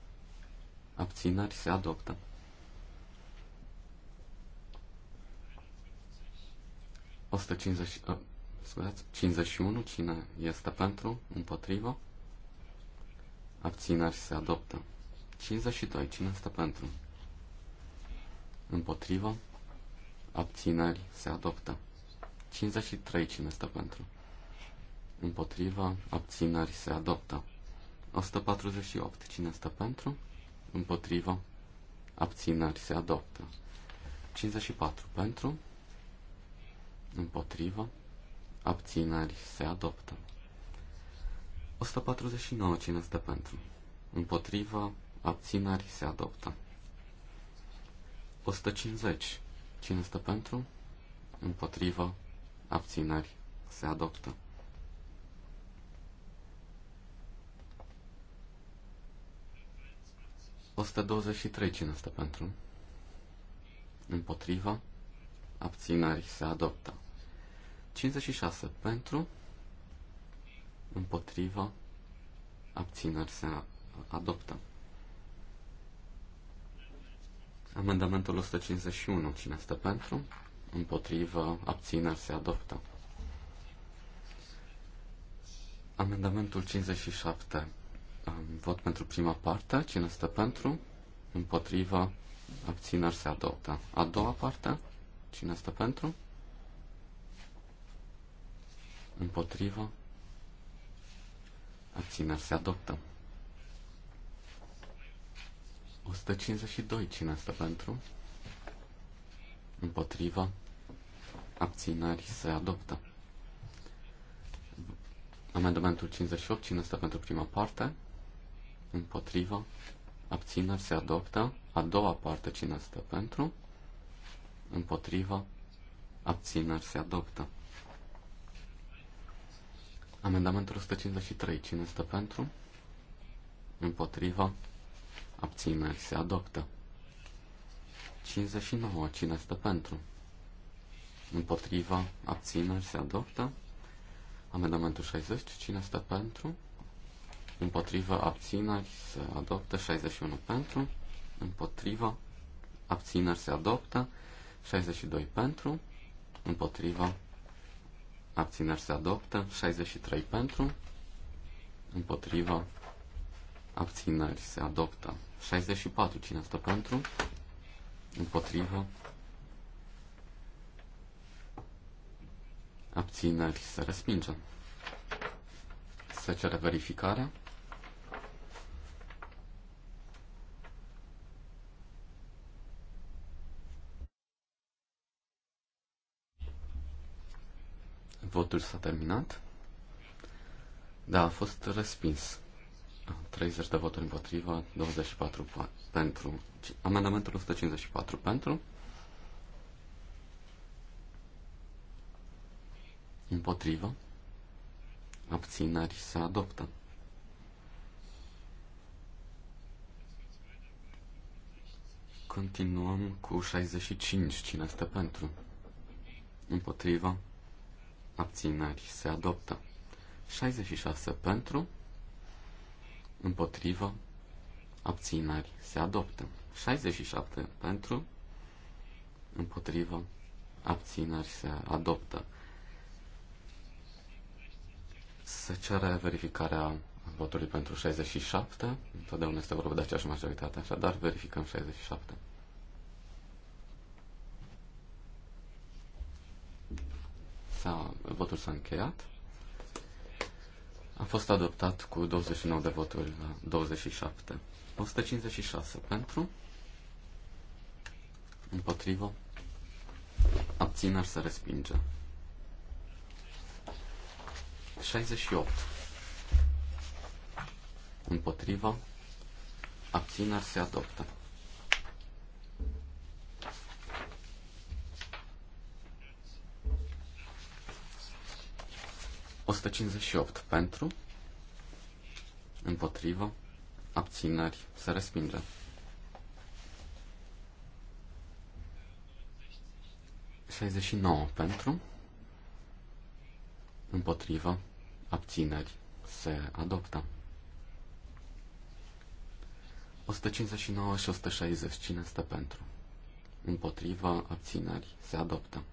Abțineri se adoptă. 150, uh, scuzați, 51. Cine este pentru? Împotriva? Abțineri se adoptă. 52. Cine este pentru? Împotriva? Abțineri se adoptă. 53. Cine este pentru? împotriva, abținări se adoptă. 148. Cine stă pentru? Împotriva, abținări se adoptă. 54. Pentru? Împotriva, abținări se adoptă. 149. Cine stă pentru? Împotriva, abținări se adoptă. 150. Cine stă pentru? Împotriva, abținări se adoptă. 123 cine este pentru? Împotriva. Abținări se adoptă. 56 pentru. Împotriva. Abținări se adoptă. Amendamentul 151. Cine stă pentru? împotriva Abțineri se adoptă. Amendamentul 57. Vot pentru prima parte. Cine stă pentru? Împotriva. Abțineri se adoptă. A doua parte. Cine stă pentru? Împotriva. Abțineri se adoptă. 152. Cine stă pentru? Împotriva. Abținării se adoptă. Amendamentul 58. Cine stă pentru prima parte? împotriva, abțineri se adoptă. A doua parte, cine stă pentru, împotriva, abțineri se adoptă. Amendamentul 153, cine stă pentru, împotriva, abțineri se adoptă. 59, cine stă pentru, împotriva, abțineri se adoptă. Amendamentul 60, cine stă pentru, împotrivă, abțineri, se adoptă 61 pentru, împotrivă, abțineri, se adoptă 62 pentru, împotrivă, abțineri, se adoptă 63 pentru, împotrivă, abțineri, se adoptă 64, cine stă pentru, împotrivă, abțineri, se respinge. Să cere verificarea. Votul s-a terminat. Da, a fost respins. 30 de voturi împotriva, 24 pentru. Amendamentul 154 pentru. Împotrivă. Abținări se adoptă. Continuăm cu 65. Cine este pentru? Împotriva abțineri se adoptă. 66 pentru, împotrivă, abțineri se adoptă. 67 pentru, împotrivă, abțineri se adoptă. Se cere verificarea votului pentru 67, întotdeauna este vorba de aceeași majoritate, așadar verificăm 67. S-a, votul s-a încheiat. A fost adoptat cu 29 de voturi la 27. 156 pentru. Împotrivă. Abțineri se respinge. 68. Împotrivă. Abțineri se adoptă. 158 pentru, împotrivă, abțineri, se respinge. 69 pentru, împotrivă, abțineri, se adoptă. 159 și 160, cine este pentru? Împotrivă, abțineri, se adoptă.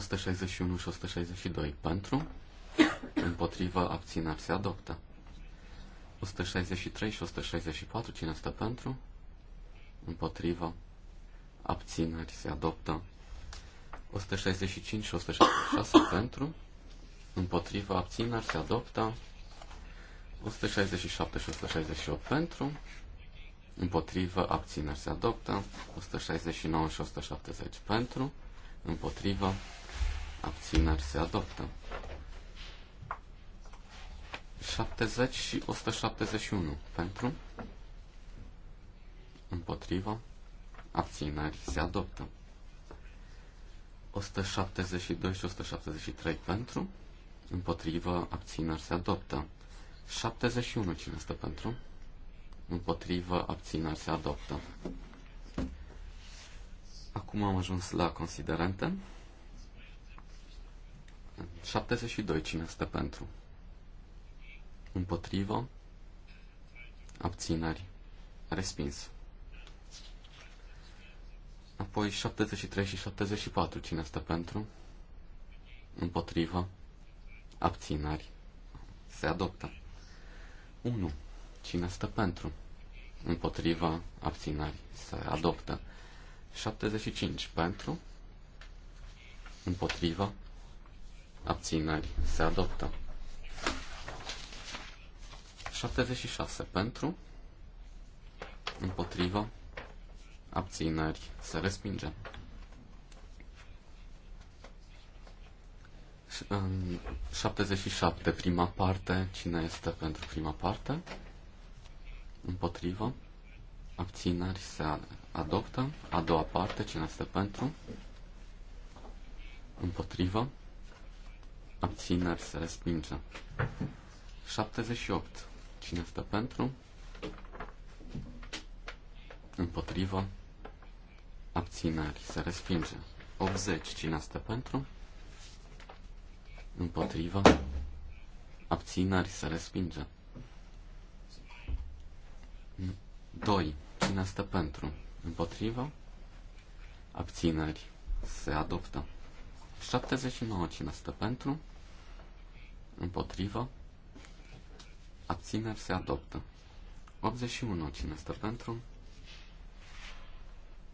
161 și 162 pentru, împotriva abțineri se adoptă. 163 și 164, cine stă pentru, împotriva abțineri se adoptă. 165 și 166 pentru, împotriva abțineri se adoptă. 167 și 168 pentru, împotrivă, abțineri se adoptă, 169 și 170 pentru, împotrivă, abțineri se adoptă. 70 și 171 pentru, împotriva, abțineri se adoptă. 172 și 173 pentru, împotriva, abțineri se adoptă. 71 cine stă pentru, împotriva, abțineri se adoptă. Acum am ajuns la considerente. 72. Cine este pentru? Împotrivă. Abțineri. Respins. Apoi 73 și 74. Cine este pentru? Împotrivă. Abțineri. Se adoptă. 1. Cine stă pentru? Împotriva abținării. Se adoptă. 75. Pentru? Împotriva abținări se adoptă. 76 pentru, împotrivă, abținări se respinge. În 77, prima parte, cine este pentru prima parte? Împotrivă, abțineri se adoptă. A doua parte, cine este pentru? Împotrivă, abțineri se respinge. 78. Cine stă pentru? Împotrivă. Abțineri se respinge. 80. Cine stă pentru? Împotrivă. Abțineri se respinge. 2. Cine stă pentru? Împotrivă. Abțineri se adoptă. 79. Cine stă pentru? Împotrivă. Abțineri se adoptă. 81. Cine stă pentru?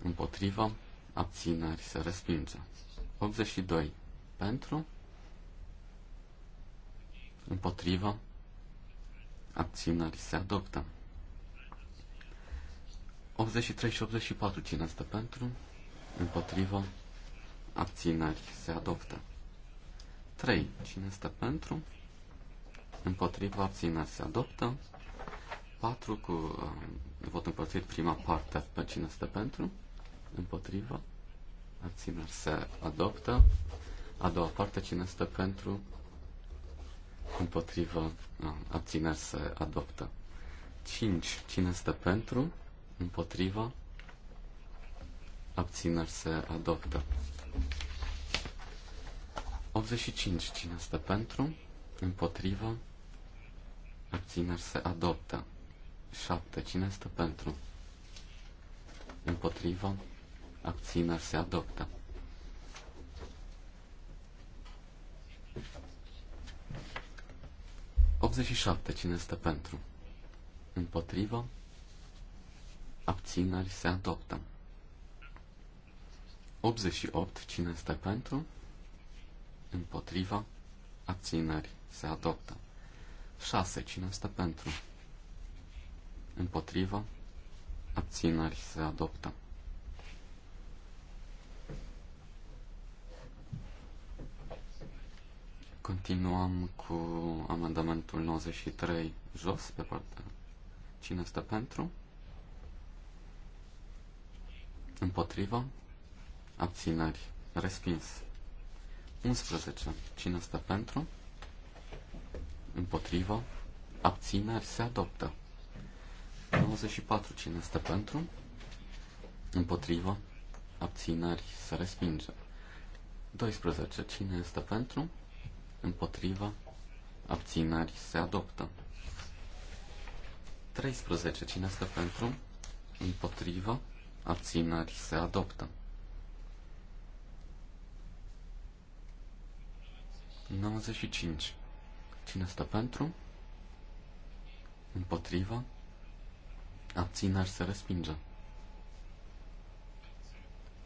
Împotrivă. Abțineri se respinge. 82. Pentru? Împotrivă. Abțineri se adoptă. 83 și 84. Cine stă pentru? Împotrivă. Abțineri se adoptă. 3. Cine este pentru? Împotriva abțineri se adoptă. 4 cu uh, vot împărțit prima parte pe cine este pentru. Împotriva abțineri se adoptă. A doua parte cine este pentru. Împotriva uh, abțineri se adoptă. 5. Cine este pentru? Împotriva abțineri se adoptă. 85. Cine este pentru? Împotrivă? Abțineri se adoptă. 7. Cine este pentru? Împotrivă? Abțineri se adoptă. șapte Cine este pentru? Împotrivă? Abțineri se adoptă. 88. Cine este pentru? împotriva, abțineri se adoptă. 6. Cine este pentru? Împotriva, abțineri se adoptă. Continuăm cu amendamentul 93 jos pe partea. Cine este pentru? Împotriva? Abțineri. Respins. 11. Cine stă pentru? Împotrivă? Abțineri se adoptă. 94. Cine stă pentru? Împotrivă? Abțineri se respinge. 12. Cine este pentru? Împotrivă? Abțineri se adoptă. 13. Cine este pentru? Împotrivă? Abțineri se adoptă. 95. Cine stă pentru? Împotriva? Abțineri se respinge.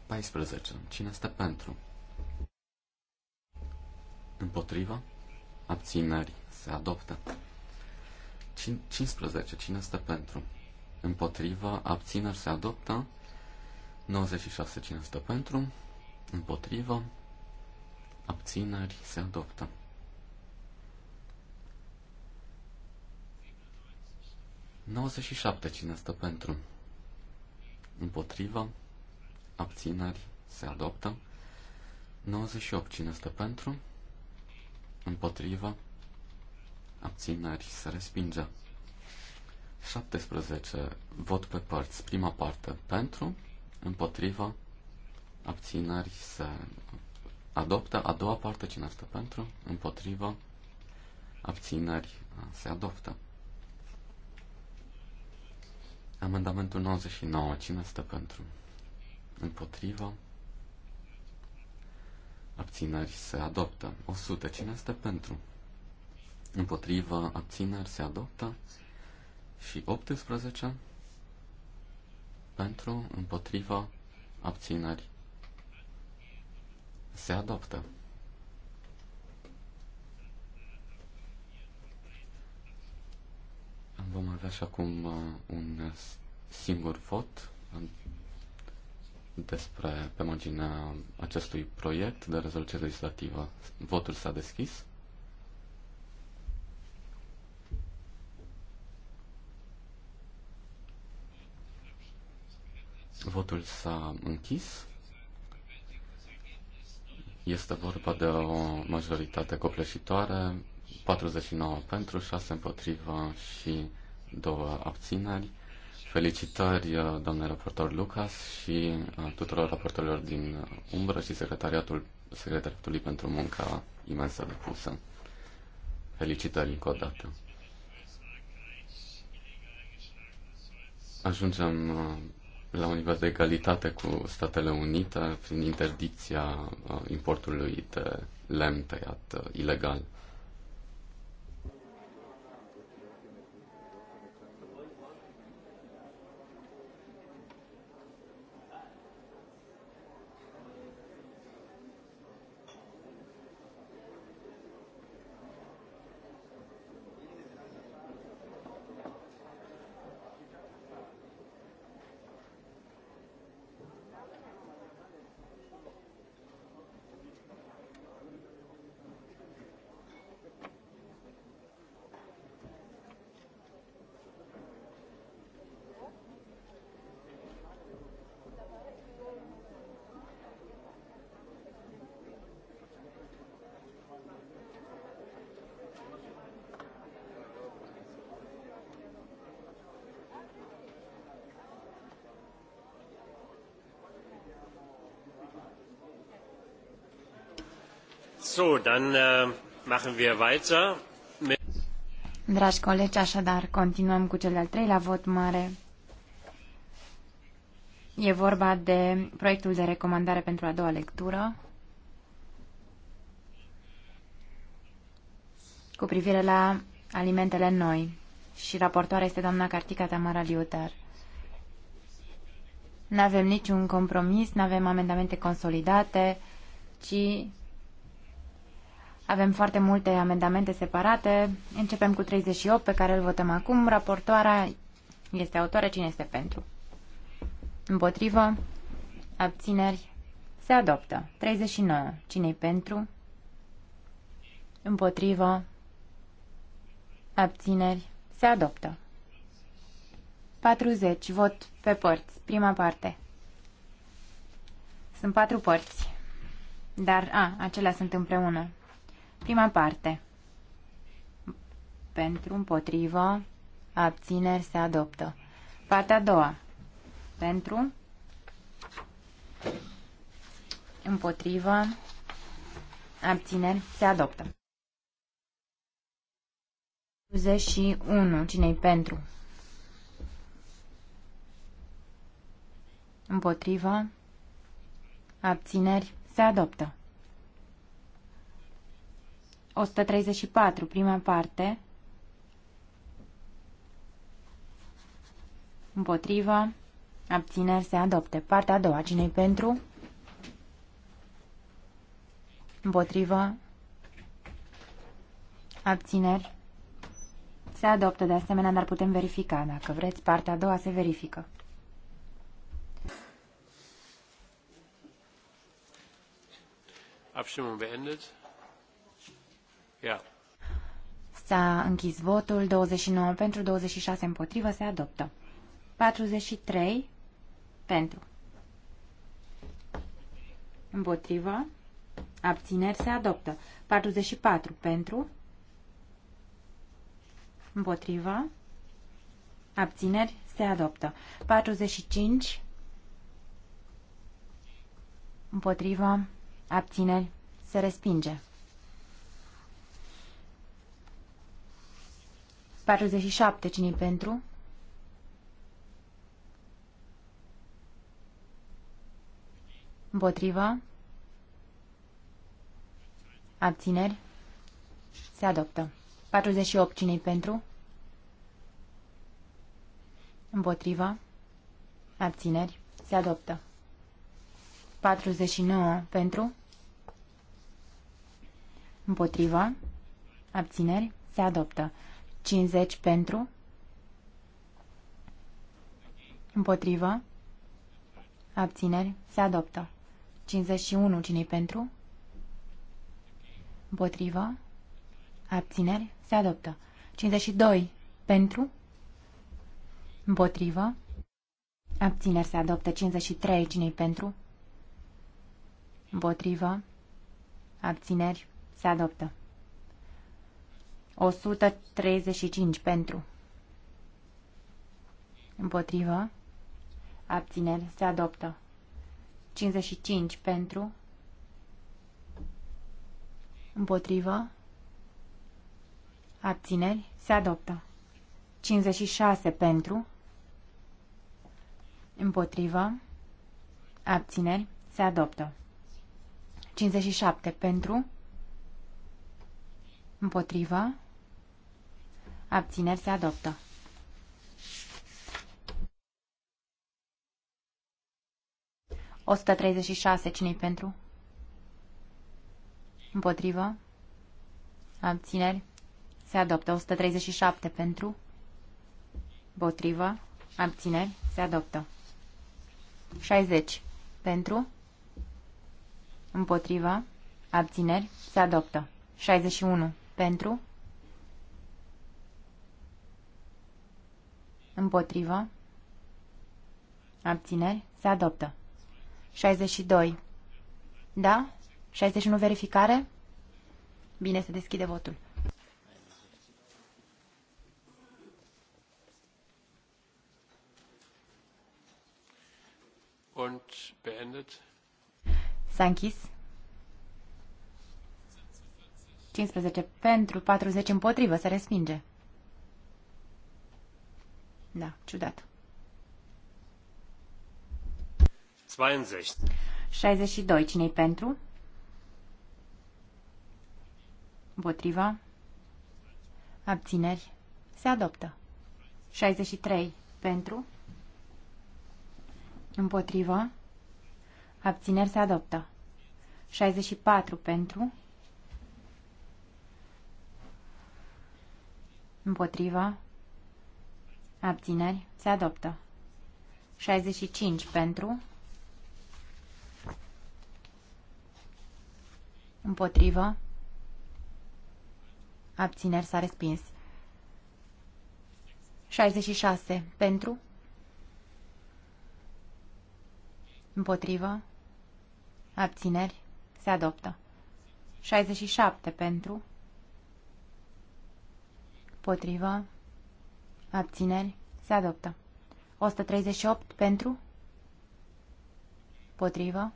14. Cine stă pentru? Împotriva? Abțineri se adoptă. 15. Cine stă pentru? Împotriva? Abțineri se adoptă. 96. Cine stă pentru? Împotriva? abțineri, se adoptă. 97 cine stă pentru? Împotriva, abțineri, se adoptă. 98 cine stă pentru? Împotriva, abțineri, se respinge. 17 vot pe părți, prima parte pentru, împotriva, abțineri, se adoptă. A doua parte, cine este pentru? Împotrivă. Abțineri se adoptă. Amendamentul 99. Cine stă pentru? Împotrivă. Abțineri se adoptă. 100. Cine stă pentru? Împotrivă. Abțineri se adoptă. Și 18. Pentru. Împotrivă. Abțineri se adoptă. Vom avea și acum uh, un singur vot uh, despre, pe marginea acestui proiect de rezoluție legislativă. Votul s-a deschis. Votul s-a închis. Este vorba de o majoritate copleșitoare, 49 pentru, 6 împotriva și 2 abțineri. Felicitări, uh, domnule raportor Lucas și uh, tuturor raportorilor din umbră și secretariatul secretariatului pentru munca imensă depusă. Felicitări încă o dată. Ajungem uh, la un nivel de egalitate cu Statele Unite prin interdicția uh, importului de lemn tăiat uh, ilegal. Äh, Dragi colegi, așadar, continuăm cu cel de-al treilea vot mare. E vorba de proiectul de recomandare pentru a doua lectură cu privire la alimentele noi și raportoarea este doamna Cartica Tamara Liutar. Nu avem niciun compromis, nu avem amendamente consolidate, ci avem foarte multe amendamente separate. Începem cu 38 pe care îl votăm acum. Raportoarea este autoare. Cine este pentru? Împotrivă? Abțineri? Se adoptă. 39. Cine-i pentru? Împotrivă? Abțineri? Se adoptă. 40. Vot pe părți. Prima parte. Sunt patru părți. Dar, a, acelea sunt împreună. Prima parte. Pentru, împotrivă, abțineri se adoptă. Partea a doua. Pentru, împotrivă, abțineri se adoptă. 21. Cine-i pentru? Împotrivă, abțineri se adoptă. 134, prima parte. Împotrivă. Abțineri se adopte. Partea a doua. cine pentru? Împotrivă. Abțineri. Se adoptă de asemenea, dar putem verifica. Dacă vreți, partea a doua se verifică. Abstimmung beendet. Yeah. S-a închis votul, 29 pentru, 26 împotrivă, se adoptă. 43 pentru. Împotrivă. Abțineri se adoptă. 44 pentru. Împotrivă. Abțineri se adoptă. 45 împotrivă. Abțineri se respinge. 47. cine pentru? Împotrivă? Abțineri? Se adoptă. 48. cine pentru? Împotrivă? Abțineri? Se adoptă. 49. Pentru? Împotrivă? Abțineri? Se adoptă. 50 pentru. Împotrivă. Abțineri. Se adoptă. 51. cine pentru? Împotrivă. Abțineri. Se adoptă. 52. Pentru. Împotrivă. Abțineri. Se adoptă. 53. cine pentru? Împotrivă. Abțineri. Se adoptă. 135 pentru. Împotrivă. Abțineri. Se adoptă. 55 pentru. Împotrivă. Abțineri. Se adoptă. 56 pentru. Împotrivă. Abțineri. Se adoptă. 57 pentru. Împotrivă. Abțineri se adoptă. O 136 cine pentru? Împotrivă. Abțineri. Se adoptă. 137 pentru. Împotrivă. Abțineri. Se adoptă. 60 pentru. Împotrivă. Abțineri. Se adoptă. 61 pentru. Împotrivă. Abțineri. Se adoptă. 62. Da? 61 verificare? Bine, se deschide votul. Und beendet. S-a închis. 15 pentru, 40 împotrivă, se respinge. Da, ciudat. 62. 62. cine pentru? Împotriva? Abțineri? Se adoptă. 63. Pentru? Împotriva? Abțineri se adoptă. 64. Pentru? Împotriva? Abțineri. Se adoptă. 65 pentru. Împotrivă. Abțineri s-a respins. 66 pentru. Împotrivă. Abțineri. Se adoptă. 67 pentru. Împotrivă. Abțineri. Se adoptă. 138 pentru. Potrivă.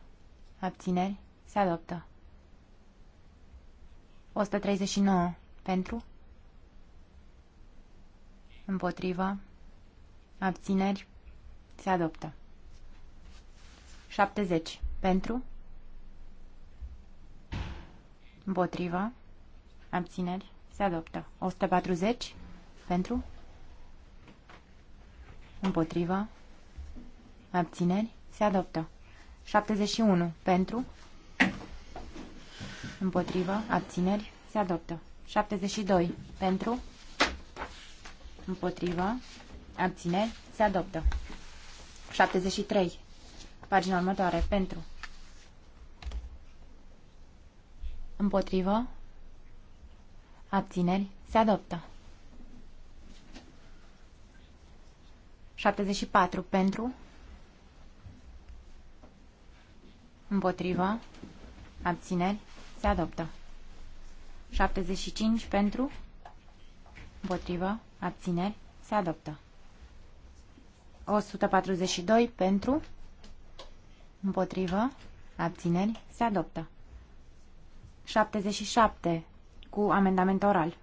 Abțineri. Se adoptă. 139 pentru. Împotrivă. Abțineri. Se adoptă. 70 pentru. Împotrivă. Abțineri. Se adoptă. 140 pentru. Împotrivă. Abțineri. Se adoptă. 71. Pentru. Împotrivă. Abțineri. Se adoptă. 72. Pentru. Împotrivă. Abțineri. Se adoptă. 73. Pagina următoare. Pentru. Împotrivă. Abțineri. Se adoptă. 74 pentru, împotrivă, abțineri, se adoptă. 75 pentru, împotrivă, abțineri, se adoptă. 142 pentru, împotrivă, abțineri, se adoptă. 77 cu amendament oral.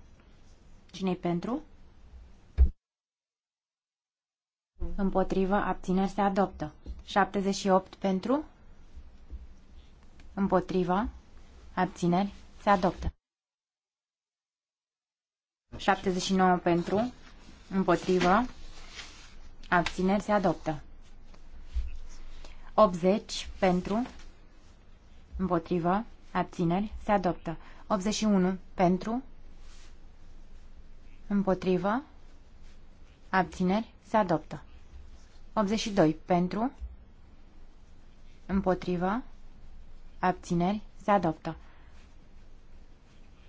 Cine-i pentru? Împotrivă, abțineri se adoptă. 78 pentru. Împotrivă, abțineri se adoptă. 79 pentru. Împotrivă, abțineri se adoptă. 80 pentru. Împotrivă, abțineri se adoptă. 81 pentru. Împotrivă, abțineri se adoptă. 82 pentru, împotrivă, abțineri, se adoptă.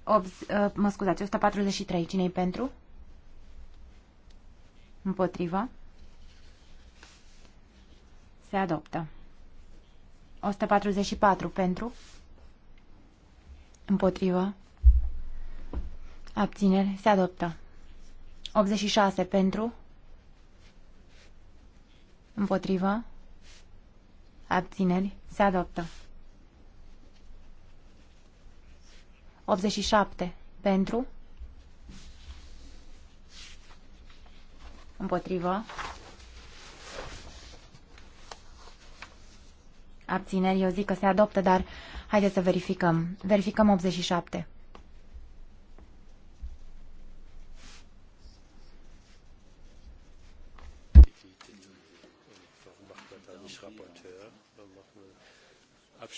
8, uh, mă scuzați, 143, cine pentru? Împotrivă, se adoptă. 144 pentru, împotrivă, abțineri, se adoptă. 86 pentru, Împotrivă? Abțineri? Se adoptă. 87. Pentru? Împotrivă? Abțineri? Eu zic că se adoptă, dar haideți să verificăm. Verificăm 87.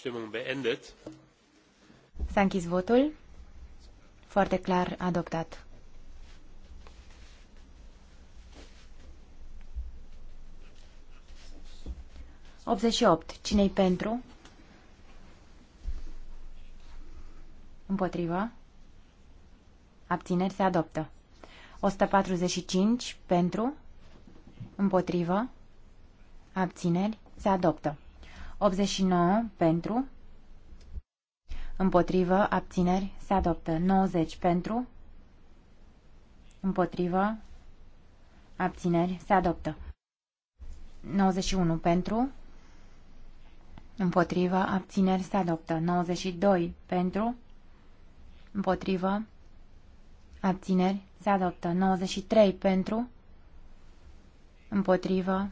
Abstimmung beendet. s votul. Foarte clar adoptat. Optzeci opt. Cine-i pentru? Împotriva? Abțineri se adoptă. 145 pentru? Împotrivă? Abțineri se adoptă. 89 pentru, împotrivă, abțineri, se adoptă. 90 pentru, împotrivă, abțineri, se adoptă. 91 pentru, împotrivă, abțineri, se adoptă. 92 pentru, împotrivă, abțineri, se adoptă. 93 pentru, împotrivă,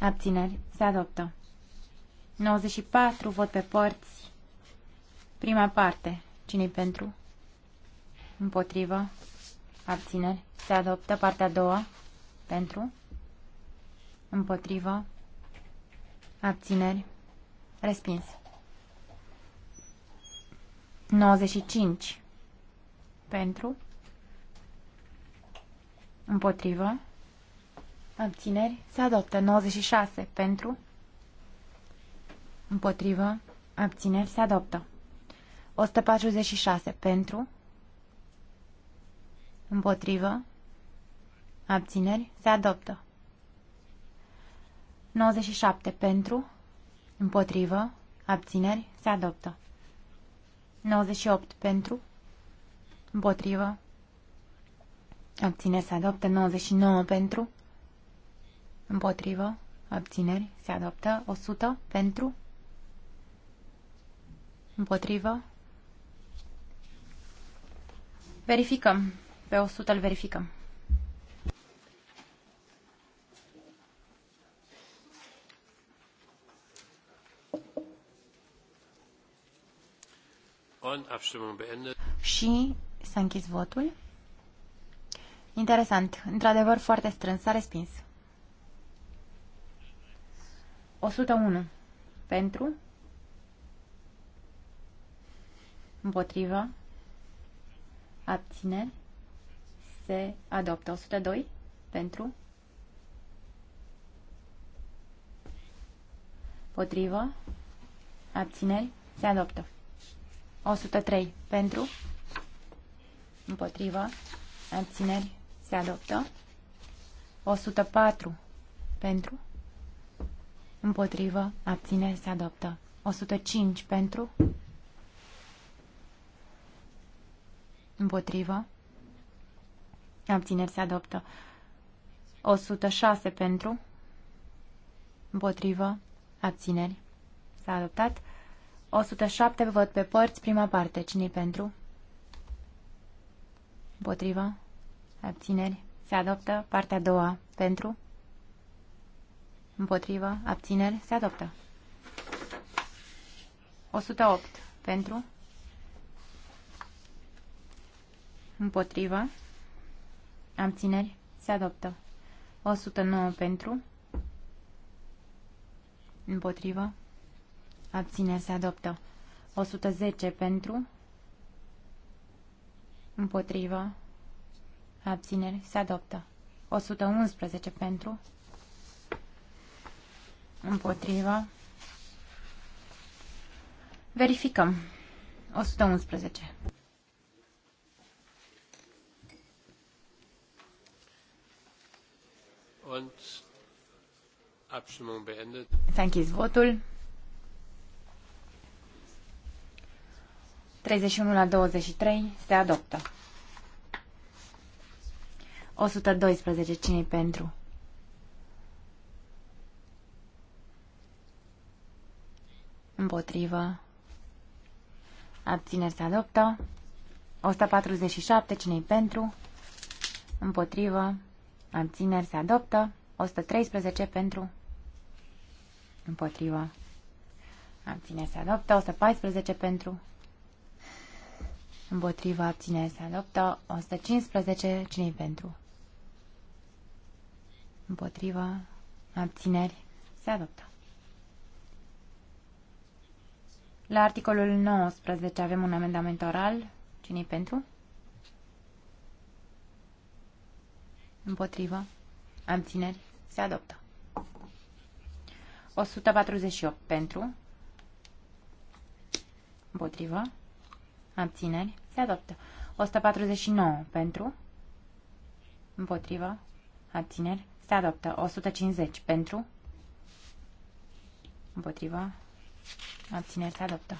abțineri, se adoptă. 94, vot pe părți. Prima parte. Cine-i pentru? Împotrivă. Abțineri. Se adoptă partea a doua. Pentru. Împotrivă. Abțineri. Respins. 95. Pentru. Împotrivă. Abțineri. Se adoptă. 96. Pentru. Împotrivă. Abțineri. Se adoptă. 146. Pentru. Împotrivă. Abțineri. Se adoptă. 97. Pentru. Împotrivă. Abțineri. Se adoptă. 98. Pentru. Împotrivă. Abțineri. Se adoptă. 99. Pentru. Împotrivă. Abțineri. Se adoptă. 100. Pentru. Împotrivă. Verificăm. Pe 100 îl verificăm. Și s-a închis votul. Interesant. Într-adevăr, foarte strâns. S-a respins. 101. Pentru. Împotrivă. Abține. Se adoptă. 102. Pentru. Potrivă. Abțineri. Se adoptă. 103. Pentru. Împotrivă. Abțineri. Se adoptă. 104. Pentru. Împotrivă. Abțineri. Se adoptă. 105. Pentru. Împotrivă. Abțineri se adoptă. 106 pentru. Împotrivă. Abțineri. S-a adoptat. 107 văd pe părți, prima parte. cine pentru? Împotrivă. Abțineri. Se adoptă. Partea a doua. Pentru. Împotrivă. Abțineri. Se adoptă. 108. Pentru. Împotrivă. Abțineri. Se adoptă. 109 pentru. Împotrivă. Abțineri. Se adoptă. 110 pentru. Împotrivă. Abțineri. Se adoptă. 111 pentru. Împotrivă. Verificăm. 111. Und Abstimmung beendet. S-a închis votul. 31 la se adoptă. 112 cine pentru? Împotrivă. Abțineri se adoptă. 147 cine pentru? Împotrivă abțineri se adoptă, 113 pentru, împotriva, abțineri se adoptă, 114 pentru, împotriva, abțineri se adoptă, 115, cine pentru? Împotriva, abțineri se adoptă. La articolul 19 avem un amendament oral. cine pentru? Împotrivă. Abțineri. Se adoptă. 148 pentru. Împotrivă. Abțineri. Se adoptă. 149 pentru. Împotrivă. Abțineri. Se adoptă. 150 pentru. Împotrivă. Abțineri. Se adoptă.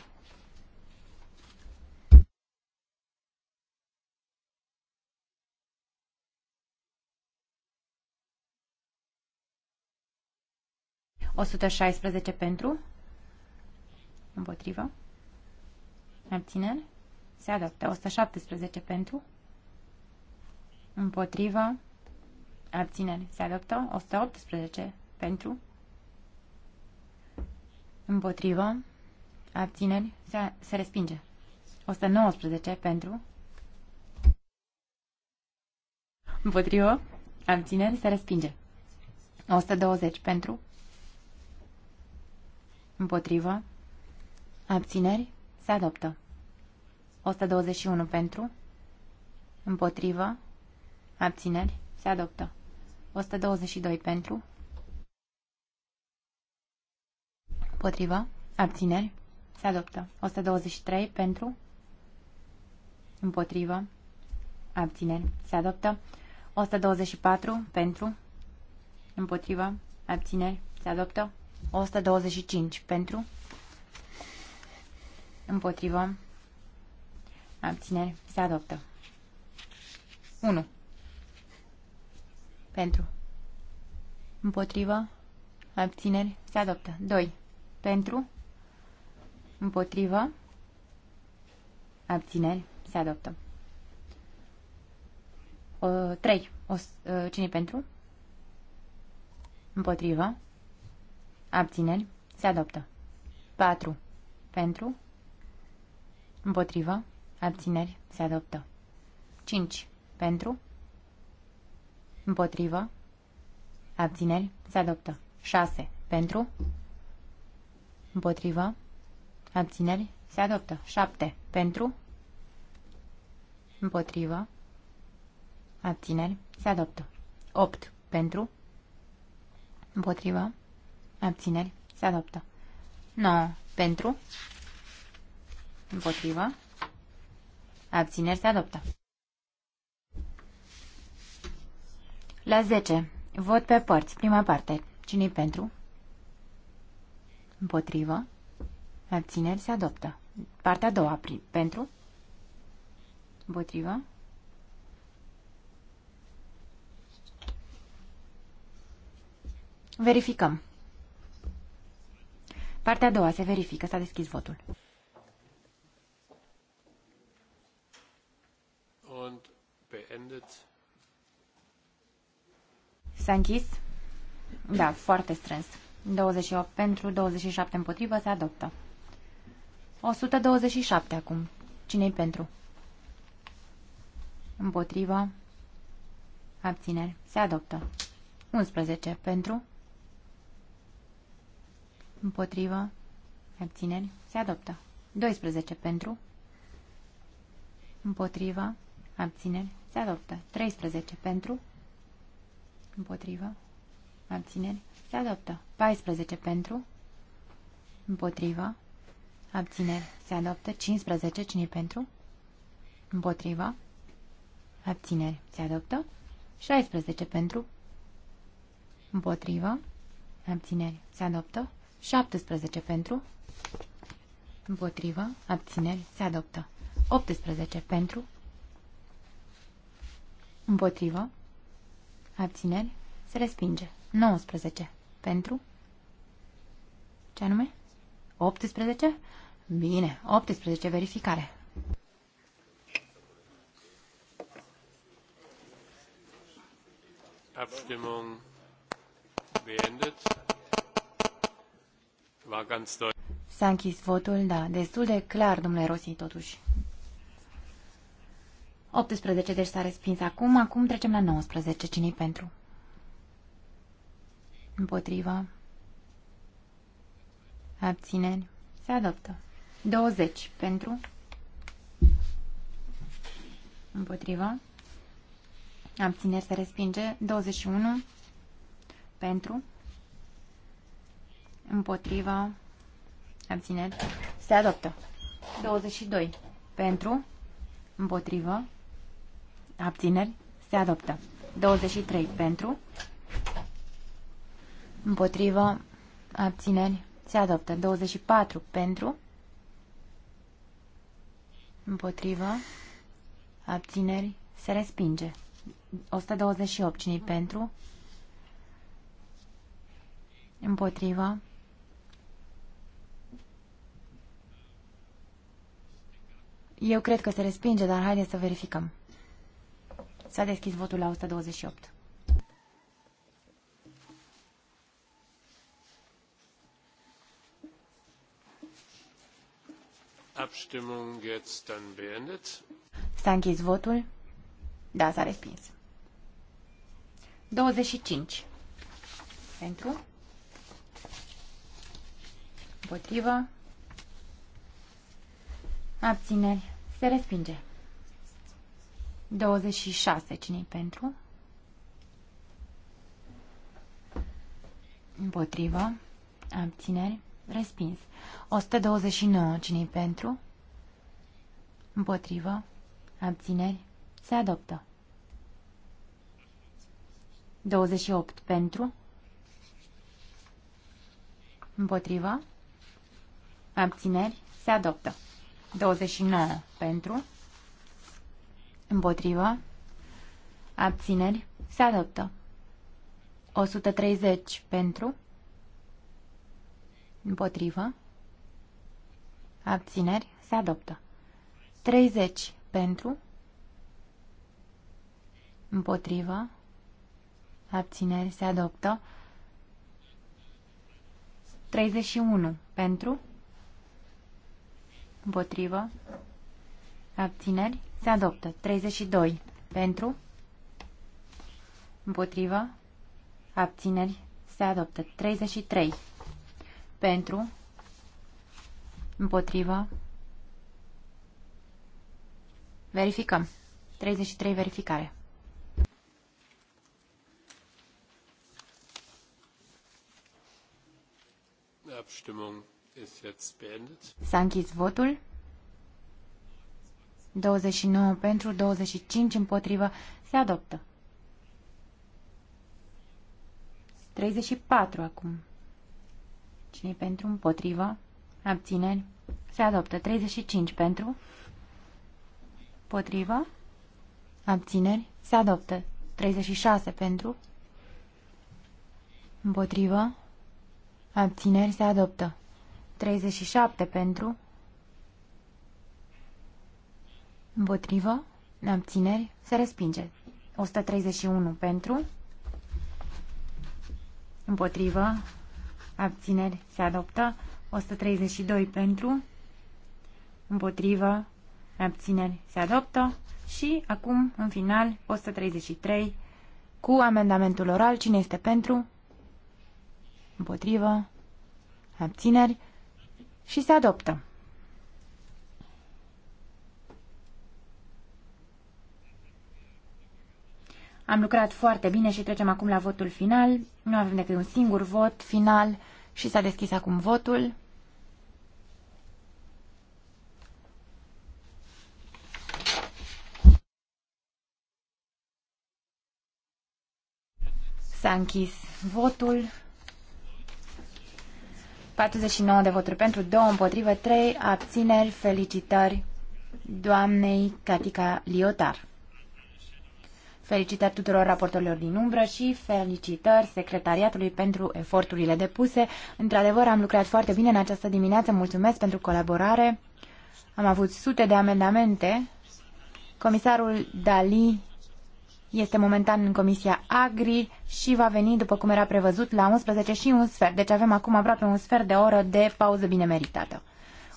116 pentru, împotrivă, abțineri, se adoptă. 117 pentru, împotrivă, abțineri, se adoptă. 118 pentru, împotrivă, abțineri, se, se respinge. 119 pentru, împotrivă, abțineri, se respinge. 120 pentru, Împotrivă. Abțineri. Se adoptă. 121 pentru. Împotrivă. Abțineri. Se adoptă. 122 pentru. Împotrivă. Abțineri. Se adoptă. 123 pentru. Împotrivă. Abțineri. Se adoptă. 124 pentru. Împotrivă. Abțineri. Se adoptă. 125 pentru, împotrivă, abțineri, se adoptă. 1. Pentru. Împotrivă, abțineri, se adoptă. 2. Pentru, împotrivă, abțineri, se adoptă. 3. Cine pentru? Împotrivă. Abțineri. Se adoptă. 4. Pentru. Împotrivă. Abțineri. Se adoptă. 5. Pentru. Împotrivă. Abțineri. Se adoptă. 6. Pentru. Împotrivă. Abțineri. Se adoptă. 7. Pentru. Împotrivă. Abțineri. Se adoptă. 8. Pentru. Împotrivă. Abțineri. Se adoptă. 9. Pentru. Împotrivă. Abțineri. Se adoptă. La 10. Vot pe părți. Prima parte. Cine-i pentru? Împotrivă. Abțineri. Se adoptă. Partea a doua. Pentru. Împotrivă. Verificăm. Partea a doua se verifică. S-a deschis votul. S-a închis? Da, foarte strâns. 28 pentru, 27 împotrivă, se adoptă. 127 acum. Cine-i pentru? Împotrivă. Abțineri. Se adoptă. 11 pentru. Împotrivă. Abțineri. Se adoptă. 12 pentru. Împotrivă. Abțineri. Se adoptă. 13 pentru. Împotrivă. Abțineri. Se adoptă. 14 pentru. Împotrivă. Abțineri. Se adoptă. 15. Cine pentru? Împotrivă. Abțineri. Se adoptă. 16 pentru. Împotrivă. Abțineri. Se adoptă. 17 pentru, împotrivă, abțineri, se adoptă. 18 pentru, împotrivă, abțineri, se respinge. 19 pentru, ce anume? 18? Bine, 18, verificare. Abstimmung beendet. S-a închis votul, da, destul de clar, domnule Rosi, totuși. 18, deci s-a respins acum. Acum trecem la 19. Cine-i pentru? Împotriva. Abțineri. Se adoptă. 20 pentru. Împotriva. Abțineri se respinge. 21 pentru. Împotriva. Abțineri. Se adoptă. 22. Pentru. Împotrivă. Abțineri. Se adoptă. 23. Pentru. Împotrivă. Abțineri. Se adoptă. 24. Pentru. Împotrivă. Abțineri. Se respinge. 128. Cine pentru? Împotrivă. Eu cred că se respinge, dar haideți să verificăm. S-a deschis votul la 128. Abstimmung jetzt dann beendet. S-a închis votul. Da, s-a respins. 25. Pentru. Împotrivă. Abțineri. Se respinge. 26. cine pentru? Împotrivă. Abțineri. Respins. 129. cine pentru? Împotrivă. Abțineri. Se adoptă. 28. Pentru. Împotrivă. Abțineri. Se adoptă. 29 pentru, împotrivă, abțineri, se adoptă. 130 pentru, împotrivă, abțineri, se adoptă. 30 pentru, împotrivă, abțineri, se adoptă. 31 pentru, Împotrivă. Abțineri. Se adoptă. 32. Pentru. Împotrivă. Abțineri. Se adoptă. 33. Pentru. Împotrivă. Verificăm. 33. Verificare. Abstimmung S-a închis votul. 29 pentru, 25 împotrivă. Se adoptă. 34 acum. cine pentru? Împotrivă. Abțineri. Se adoptă. 35 pentru. Potrivă. Abțineri. Se adoptă. 36 pentru. Împotrivă. Abțineri. Se adoptă. 37 pentru. Împotrivă. Abțineri. Se respinge. 131 pentru. Împotrivă. Abțineri. Se adoptă. 132 pentru. Împotrivă. Abțineri. Se adoptă. Și acum, în final, 133 cu amendamentul oral. Cine este pentru? Împotrivă. Abțineri și se adoptă. Am lucrat foarte bine și trecem acum la votul final. Nu avem decât un singur vot final și s-a deschis acum votul. S-a închis votul. 49 de voturi pentru, 2 împotrivă, 3 abțineri. Felicitări doamnei Catica Liotar. Felicitări tuturor raportorilor din umbră și felicitări secretariatului pentru eforturile depuse. Într-adevăr, am lucrat foarte bine în această dimineață. Mulțumesc pentru colaborare. Am avut sute de amendamente. Comisarul Dali este momentan în Comisia Agri și va veni, după cum era prevăzut, la 11 și un sfert. Deci avem acum aproape un sfert de oră de pauză bine meritată.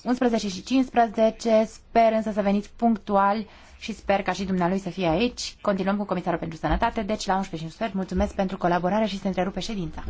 11 și 15, sper însă să veniți punctual și sper ca și dumnealui să fie aici. Continuăm cu Comisarul pentru Sănătate, deci la 11 și un sfert. Mulțumesc pentru colaborare și se întrerupe ședința.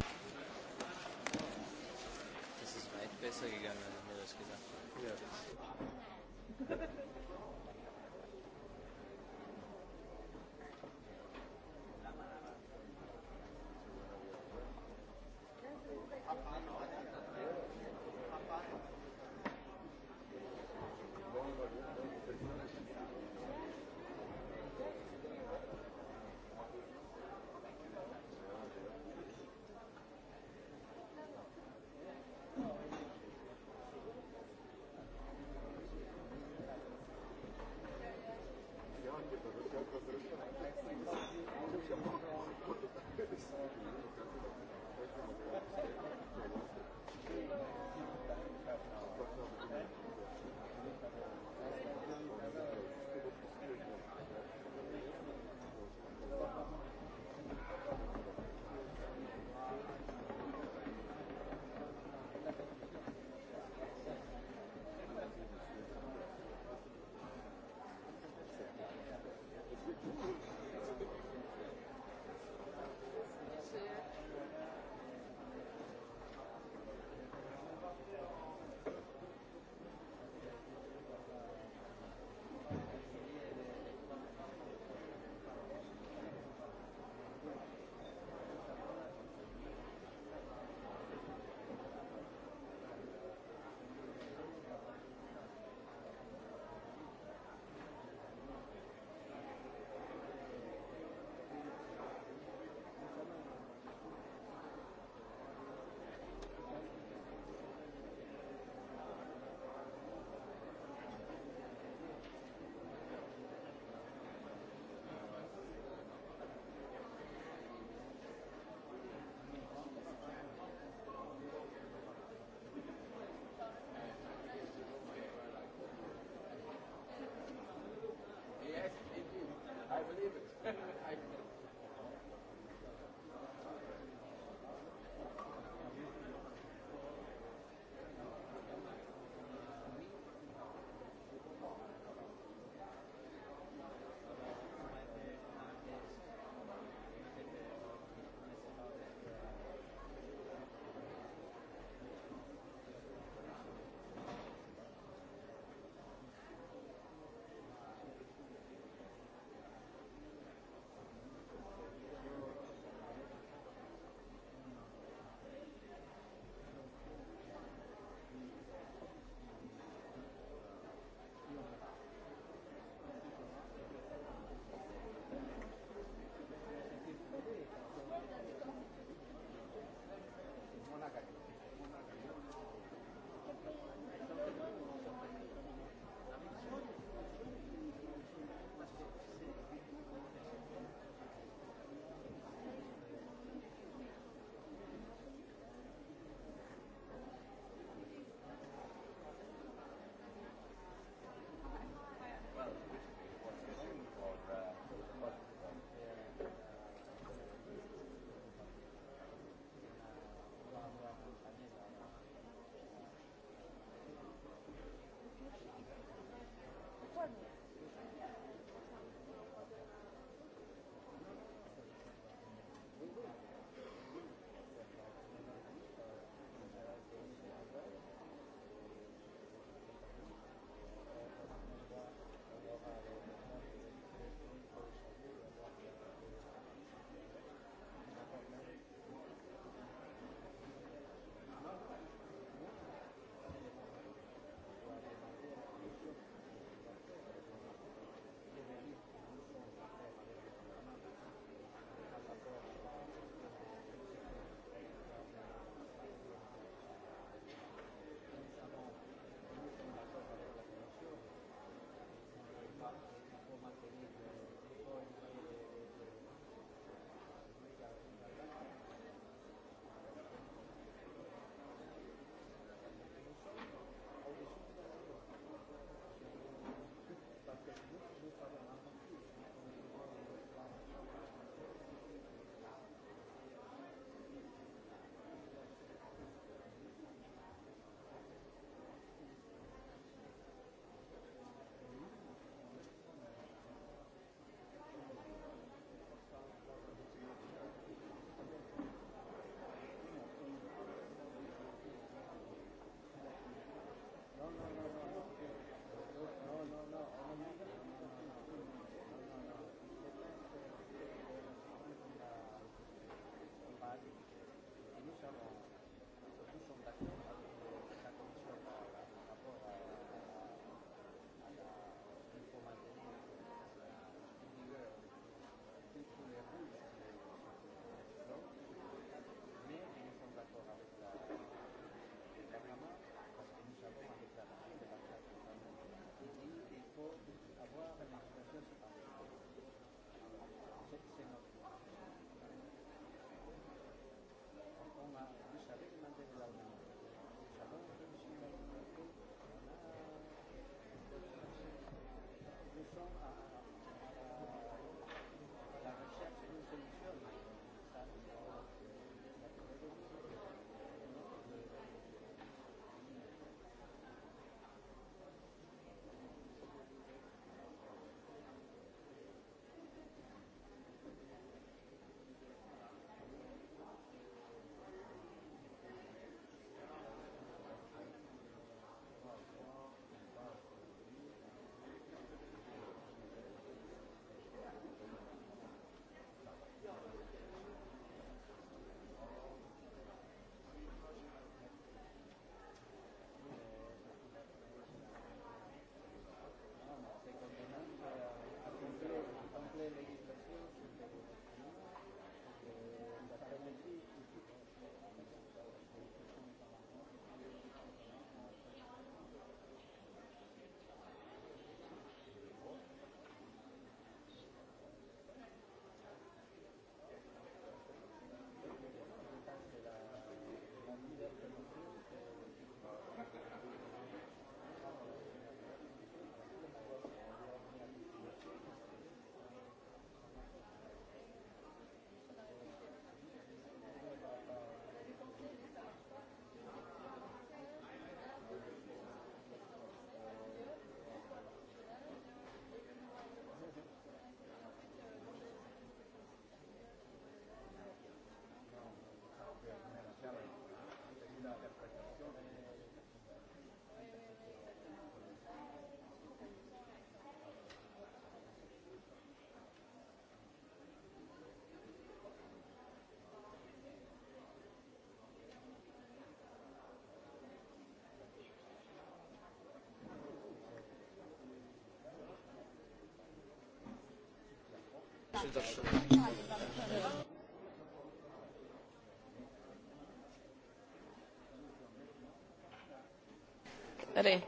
Re.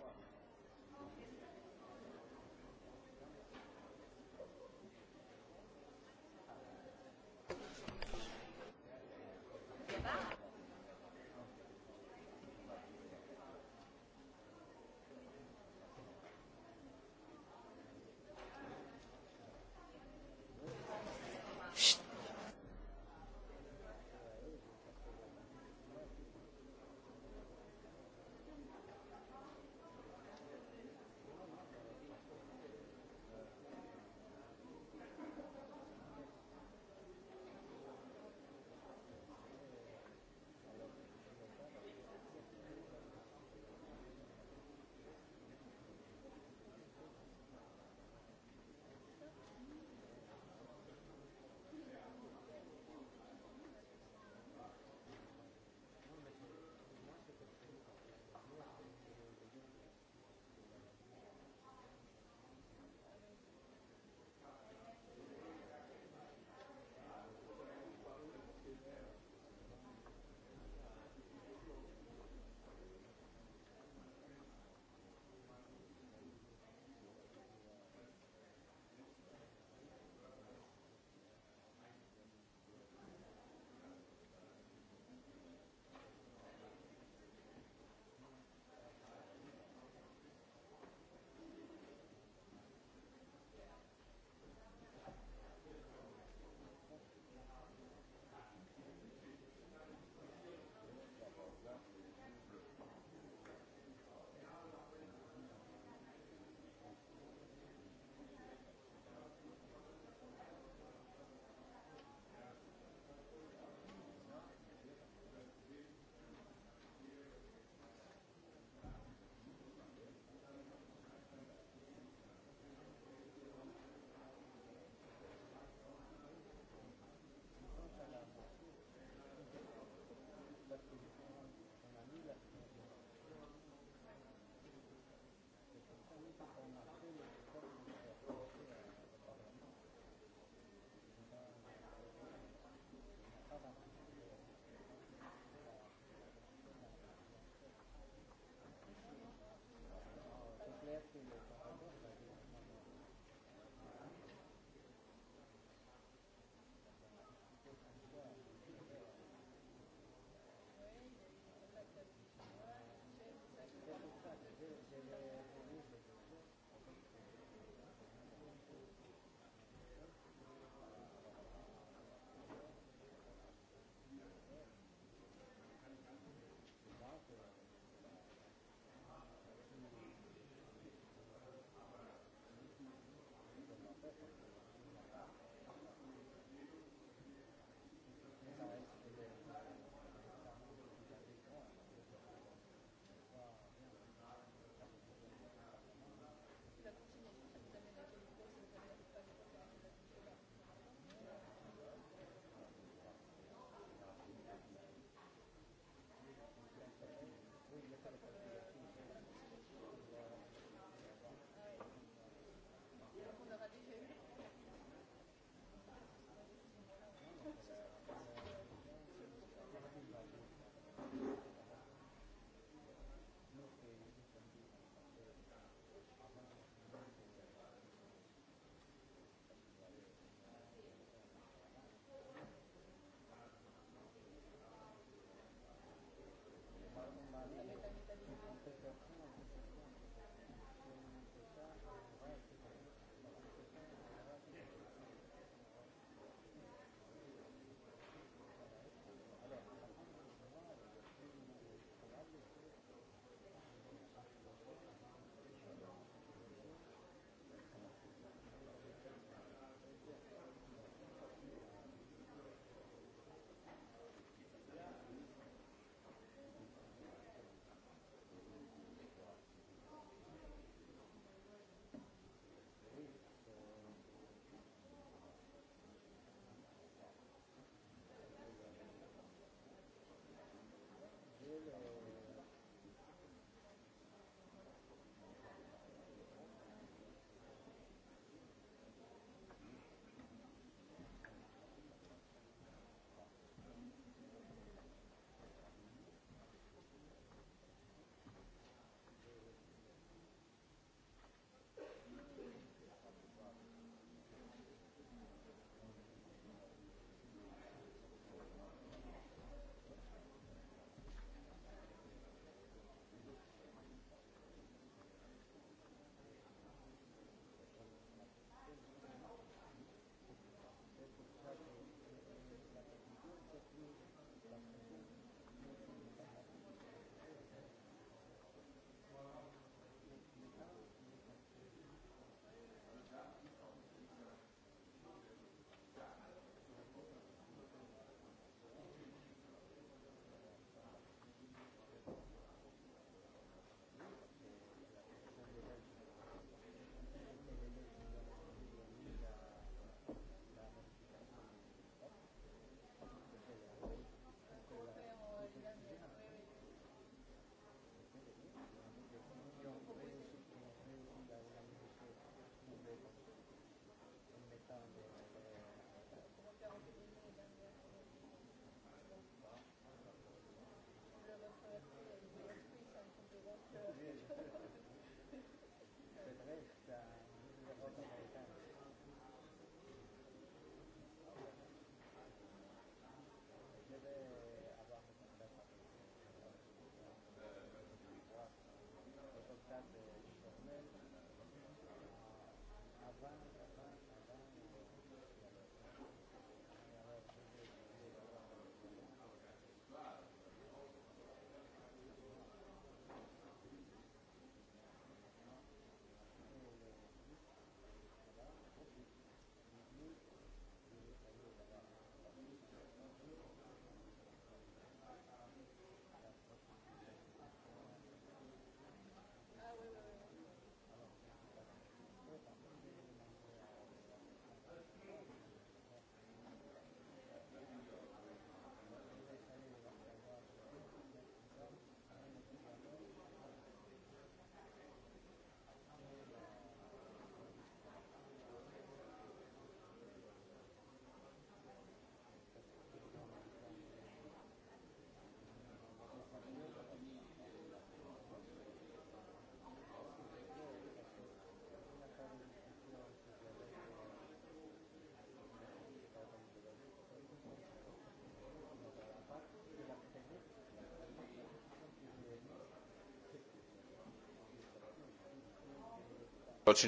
toczy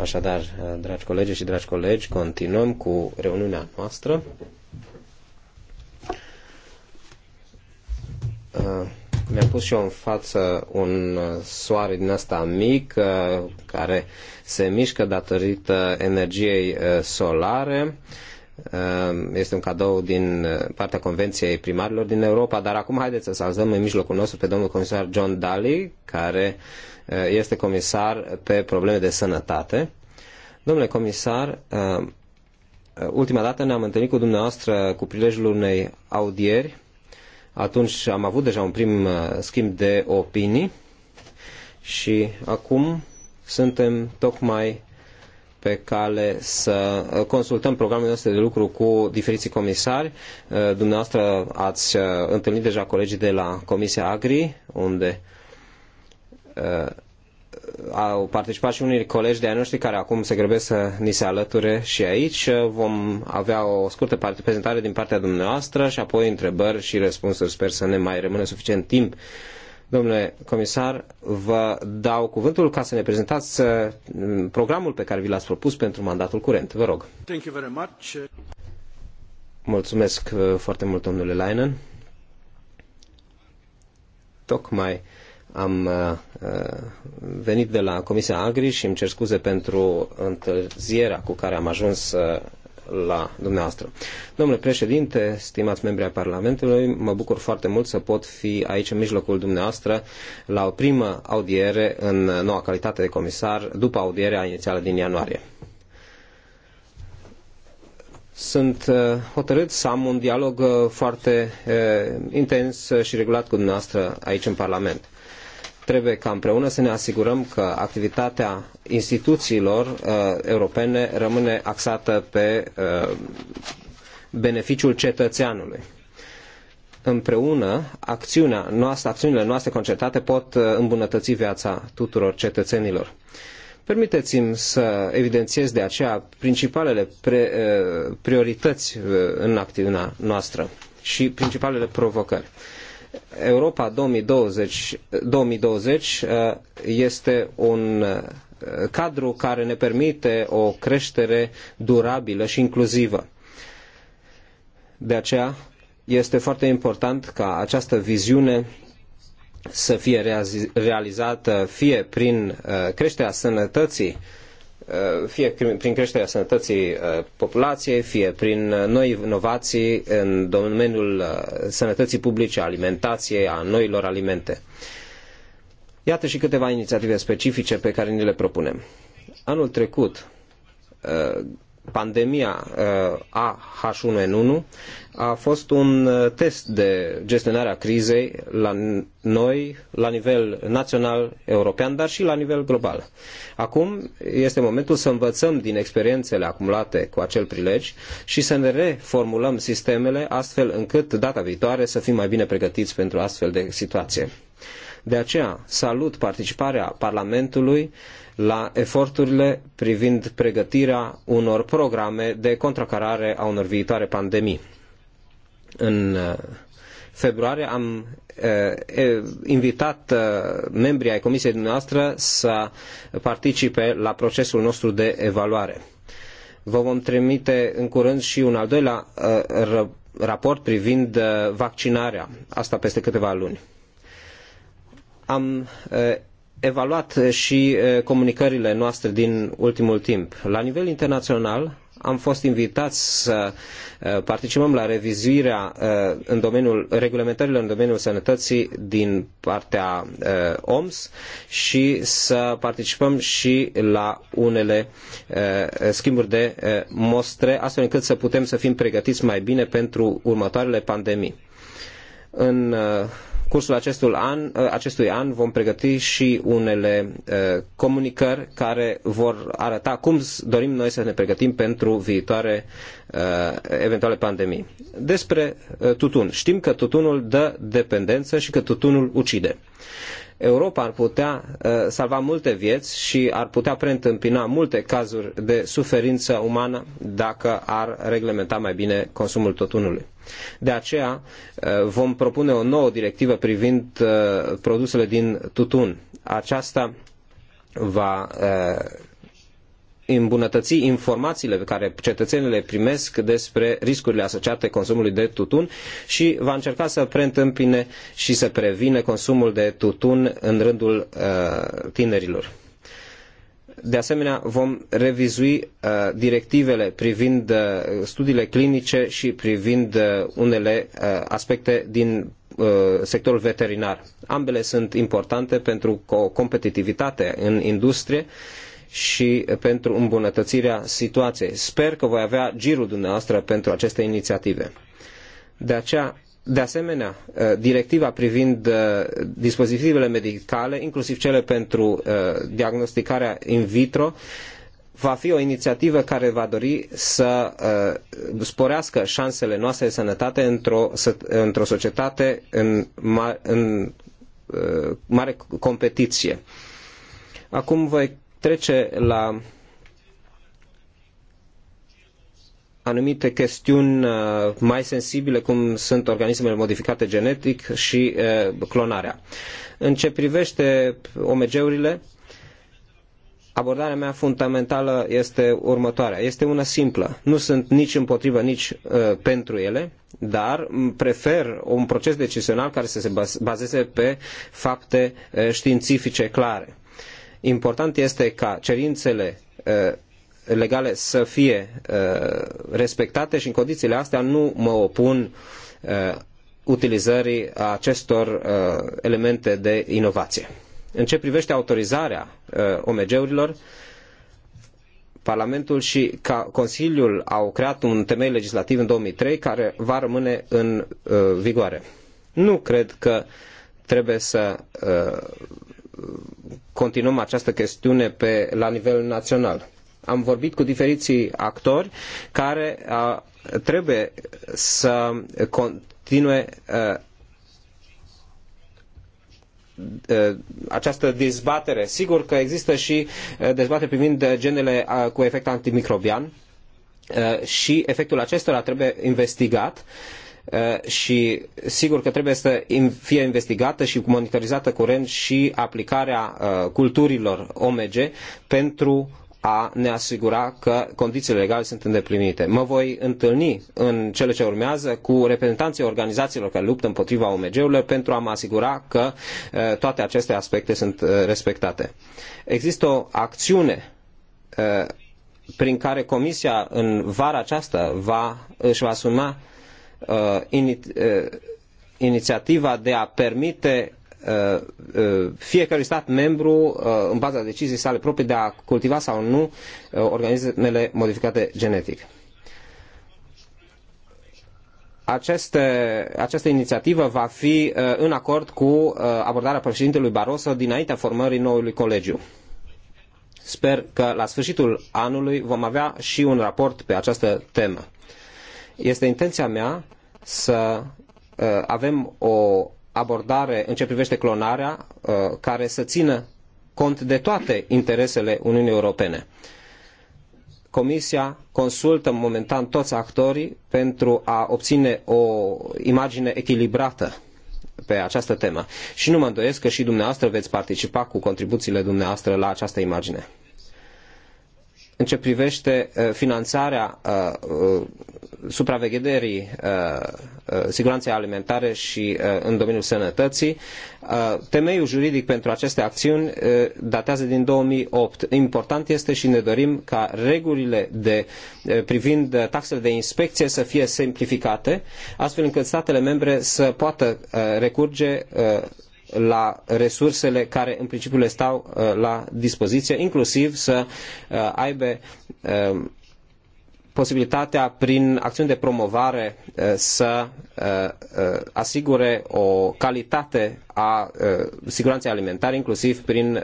Așadar, dragi colegi și dragi colegi, continuăm cu reuniunea noastră. Uh, mi-am pus și eu în față un soare din asta mic uh, care se mișcă datorită energiei uh, solare Ehm, este un cadou din eh, partea Convenției Primarilor din Europa, dar acum haideți să salzăm în mijlocul nostru pe domnul comisar John Daly, care eh, este comisar pe probleme de sănătate. Domnule comisar, ehm, eh, ultima dată ne-am întâlnit cu dumneavoastră cu prilejul unei audieri. Atunci am avut deja un prim schimb de opinii și acum suntem tocmai pe cale să uh, consultăm programele noastre de lucru cu diferiții comisari. Uh, dumneavoastră ați uh, întâlnit deja colegii de la Comisia Agri, unde au participat și unii colegi de ai noștri care acum se grăbesc să ni se alăture și aici. Vom avea o scurtă prezentare din partea dumneavoastră și apoi întrebări și răspunsuri. Sper să ne mai rămână suficient timp Domnule comisar, vă dau cuvântul ca să ne prezentați uh, programul pe care vi l-ați propus pentru mandatul curent. Vă rog. Thank you very much. Mulțumesc uh, foarte mult, domnule Leinen. Tocmai am uh, venit de la Comisia Agri și îmi cer scuze pentru întârzierea cu care am ajuns la dumneavoastră. Domnule președinte, stimați membri ai Parlamentului, mă bucur foarte mult să pot fi aici în mijlocul dumneavoastră la o primă audiere în noua calitate de comisar după audierea inițială din ianuarie. Sunt uh, hotărât să am un dialog uh, foarte uh, intens și regulat cu dumneavoastră aici în Parlament. Trebuie ca împreună să ne asigurăm că activitatea instituțiilor uh, europene rămâne axată pe uh, beneficiul cetățeanului împreună, acțiunea noastră, acțiunile noastre concertate pot uh, îmbunătăți viața tuturor cetățenilor. Permiteți-mi să evidențiez de aceea principalele pre, uh, priorități uh, în acțiunea noastră și principalele provocări. Europa 2020, 2020 uh, este un uh, cadru care ne permite o creștere durabilă și incluzivă. De aceea este foarte important ca această viziune să fie realizată fie prin uh, creșterea sănătății Uh, fie prin creșterea sănătății uh, populației, fie prin uh, noi inovații în domeniul sănătății publice, alimentației, a noilor alimente. Iată și câteva inițiative specifice pe care ni le propunem. Anul trecut, pandemia uh, h 1 n 1 a fost un uh, test de gestionare a crizei la noi, la nivel național, european, dar și la nivel global. Acum este momentul să învățăm din experiențele acumulate cu acel prilej și să ne reformulăm sistemele astfel încât data viitoare să fim mai bine pregătiți pentru astfel de situație. De aceea salut participarea Parlamentului uh, la eforturile privind pregătirea unor programe de contracarare a unor viitoare pandemii. În uh, februarie am uh, invitat uh, membrii ai comisiei dumneavoastră să participe la procesul nostru de evaluare. Vă vom trimite în curând și un al doilea raport privind vaccinarea, asta peste câteva luni. Am evaluat eh, și eh, comunicările noastre din ultimul timp. La nivel internațional, am fost invitați să eh, participăm la revizuirea în domeniul reglementărilor în domeniul sănătății din partea OMS și să participăm și la unele schimburi de mostre, astfel încât să putem să fim pregătiți mai bine pentru următoarele pandemii. În cursul an, acestui an vom pregăti și unele uh, comunicări care vor arăta cum dorim noi să ne pregătim pentru viitoare uh, eventuale pandemii. Despre uh, tutun. Știm că tutunul dă dependență și că tutunul ucide. Europa ar putea salva multe vieți și ar putea preîntâmpina multe cazuri de suferință umană dacă ar reglementa mai bine consumul tutunului. De aceea uh, vom propune o nouă directivă privind uh, produsele din tutun. Aceasta va uh, îmbunătăți informațiile pe care cetățenii le primesc despre riscurile asociate consumului de tutun și va încerca să preîntâmpine și să prevină consumul de tutun în rândul tinerilor. De asemenea, vom revizui uh, directivele privind uh, studiile clinice și privind uh, unele aspecte din sectorul veterinar. Ambele sunt importante pentru o competitivitate în industrie și pentru îmbunătățirea situației. Sper că voi avea girul dumneavoastră pentru aceste inițiative. De aceea de asemenea, uh, directiva privind uh, dispozitivele medicale, inclusiv cele pentru uh, diagnosticarea in vitro, va fi o inițiativă care va dori să sporească șansele noastre de sănătate într-o, într societate în, în mare competiție. Acum voi trece la anumite chestiuni uh, mai sensibile, cum sunt organismele modificate genetic și uh, clonarea. În ce privește OMG-urile, abordarea mea fundamentală este următoarea. Este una simplă. Nu sunt nici împotrivă, nici uh, pentru ele, dar prefer un proces decizional care să se bazeze pe fapte științifice clare. Important este ca cerințele legale să fie uh, respectate și în condițiile astea nu mă opun uh, utilizării acestor uh, elemente de inovație. În ce privește autorizarea OMG-urilor, Parlamentul și Consiliul au creat un temei legislativ în 2003 care va rămâne în vigoare. Nu cred că trebuie să continuăm această chestiune pe, la nivel național am vorbit cu diferiții actori care trebuie să continue această dezbatere. Sigur că există și dezbatere privind genele cu efect antimicrobian și efectul acestora trebuie investigat și sigur că trebuie să fie investigată și monitorizată curent și aplicarea culturilor OMG pentru a ne asigura că condițiile legale sunt îndeplinite. Mă voi întâlni în cele ce urmează cu reprezentanții organizațiilor care luptă împotriva OMG-urilor pentru a mă asigura că toate aceste aspecte sunt respectate. Există o acțiune prin care Comisia în vara aceasta va, își va asuma uh, uh, inițiativa de a permite Uh, uh, fiecărui stat membru, uh, în baza deciziei sale proprii, de a cultiva sau nu organismele modificate genetic. Aceste, această inițiativă va fi în acord cu abordarea președintelui Barroso dinaintea formării noului colegiu. Sper că la sfârșitul anului vom avea și un raport pe această temă. Este intenția mea să avem o abordare în ce privește clonarea uh, care să țină cont de toate interesele Uniunii Europene. Comisia consultă momentan toți actorii pentru a obține o imagine echilibrată pe această temă. Și nu mă îndoiesc că și dumneavoastră veți participa cu contribuțiile dumneavoastră la această imagine în ce privește uh, finanțarea uh, uh, supravegherii siguranței alimentare și în domeniul sănătății. Temeiul juridic pentru aceste acțiuni datează din 2008. Important este și ne dorim ca regulile de, privind taxele de inspecție să fie simplificate, astfel încât statele membre să poată recurge la resursele care în principiu le stau uh, la dispoziție, inclusiv să uh, aibă uh, posibilitatea prin acțiuni de promovare să asigure o calitate a siguranței alimentare, inclusiv prin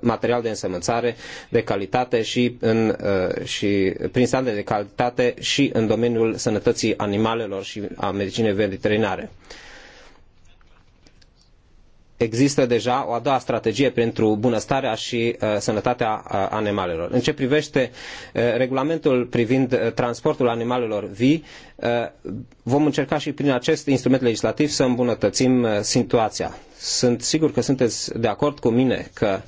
material de însămânțare de calitate și, în, și prin standarde de calitate și în domeniul sănătății animalelor și a medicinei veterinare există deja o a doua strategie pentru bunăstarea și uh, sănătatea uh, animalelor. În ce privește uh, regulamentul privind uh, transportul animalelor vii, uh, vom încerca și prin acest instrument legislativ să îmbunătățim uh, situația. Sunt sigur că sunteți de acord cu mine că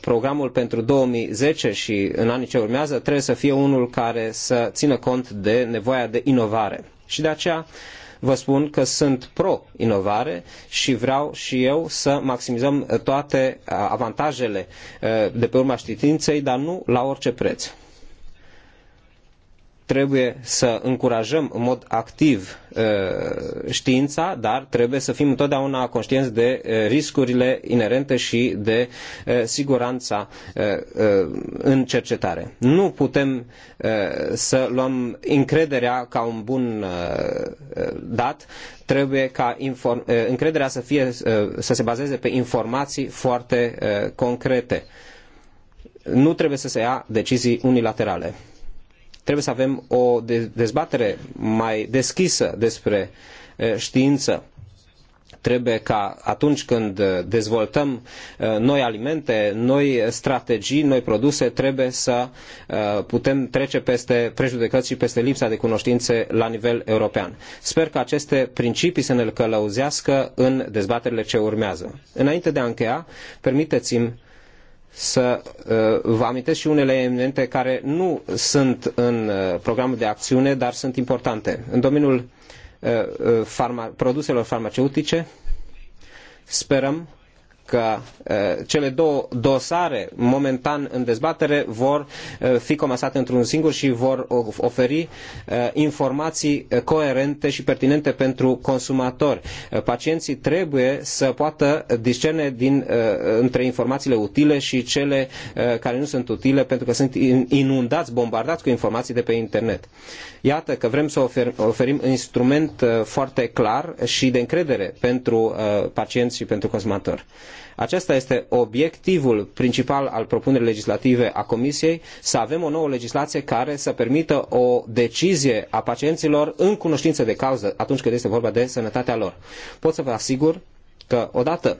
programul pentru 2010 și în anii ce urmează trebuie să fie unul care să țină cont de nevoia de inovare. Și de aceea vă spun că sunt pro-inovare și vreau și eu să maximizăm toate avantajele de pe urma științei, dar nu la orice preț. Trebuie să încurajăm în mod activ uh, știința, dar trebuie să fim întotdeauna conștienți de uh, riscurile inerente și de uh, siguranța în cercetare. Nu putem să luăm încrederea ca un bun dat, trebuie ca încrederea să, fie, să se bazeze pe informații foarte concrete. Nu trebuie să se ia decizii unilaterale. Trebuie să avem o dezbatere mai deschisă despre știință trebuie ca atunci când dezvoltăm noi alimente, noi strategii, noi produse, trebuie să putem trece peste prejudecăți și peste lipsa de cunoștințe la nivel european. Sper că aceste principii să ne călăuzească în dezbaterile ce urmează. Înainte de a încheia, permiteți-mi să uh, vă amintesc și unele elemente care nu sunt în uh, programul de acțiune, dar sunt importante. În domeniul uh, farma, produselor farmaceutice, sperăm că cele două dosare momentan în dezbatere vor fi comasate într-un singur și vor oferi informații coerente și pertinente pentru consumatori. Pacienții trebuie să poată discerne din, între informațiile utile și cele care nu sunt utile pentru că sunt inundați, bombardați cu informații de pe internet. Iată că vrem să oferim un instrument foarte clar și de încredere pentru pacienți și pentru consumatori. Acesta este obiectivul principal al propunerii legislative a Comisiei, să avem o nouă legislație care să permită o decizie a pacienților în cunoștință de cauză atunci când este vorba de sănătatea lor. Pot să vă asigur că odată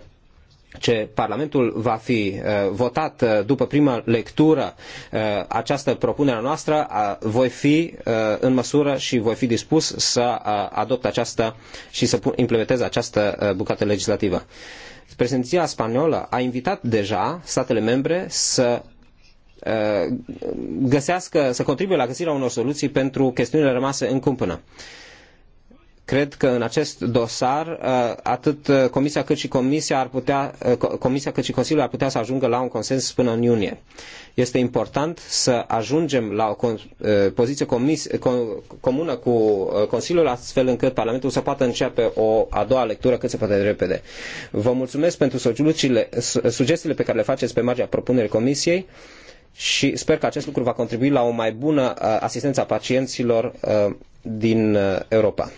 ce Parlamentul va fi uh, votat uh, după prima lectură uh, această propunere noastră, voi fi în măsură și voi fi dispus să adopt această și să implementez această bucată legislativă. Președinția spaniolă a invitat deja statele membre să uh, găsească, să contribuie la găsirea unor soluții pentru chestiunile rămase în cumpână. Uh, Cred că în acest dosar uh, atât uh, Comisia cât și Comisia ar putea, uh, Comisia cât și Consiliul ar putea să ajungă la un consens până în iunie. Este important să ajungem la o poziție comis, comună cu Consiliul astfel încât Parlamentul să poată începe o a doua lectură cât se poate de repede. Vă mulțumesc pentru sugestiile pe care le faceți pe marginea propunerii Comisiei și sper că acest lucru va contribui la o mai bună asistență a pacienților din Europa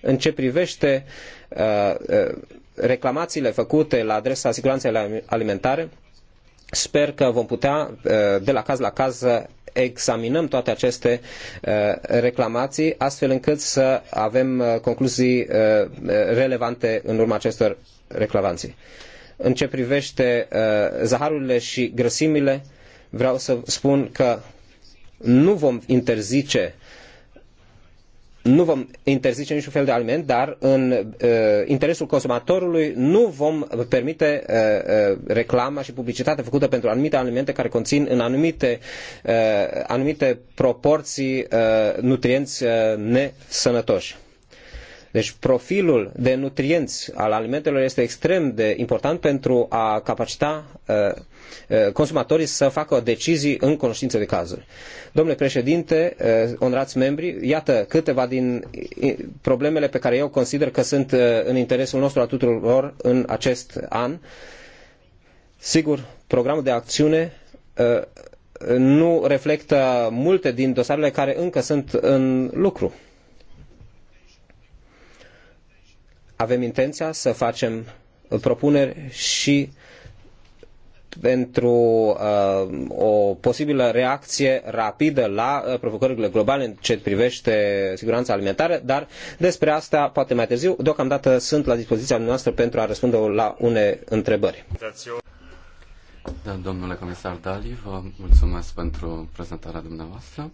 în ce privește uh, uh, reclamațiile făcute la adresa siguranței alimentare, sper că vom putea, uh, de la caz la caz, examinăm toate aceste reclamații, astfel încât să avem concluzii relevante în urma acestor reclamații. În ce privește zaharurile și grăsimile, vreau să spun că nu vom interzice nu vom interzice niciun fel de aliment, dar în uh, interesul consumatorului nu vom permite uh, uh reclama și publicitatea făcută pentru anumite alimente care conțin în anumite, uh, anumite proporții uh, nutrienți uh, nesănătoși. Deci profilul de nutrienți al alimentelor este extrem de important pentru a capacita uh, uh, consumatorii să facă decizii în conștiință de cazuri. Domnule președinte, uh, onrați membri, iată câteva din problemele pe care eu consider că sunt în interesul nostru a tuturor în acest an. Sigur, programul de acțiune nu reflectă multe din dosarele care încă sunt în lucru. avem intenția să facem propuneri și pentru uh, o posibilă reacție rapidă la uh, provocările globale în ce privește siguranța alimentară, dar despre asta poate mai târziu. Deocamdată sunt la dispoziția noastră pentru a răspunde la une întrebări. Da, domnule comisar Dali, vă mulțumesc pentru prezentarea dumneavoastră.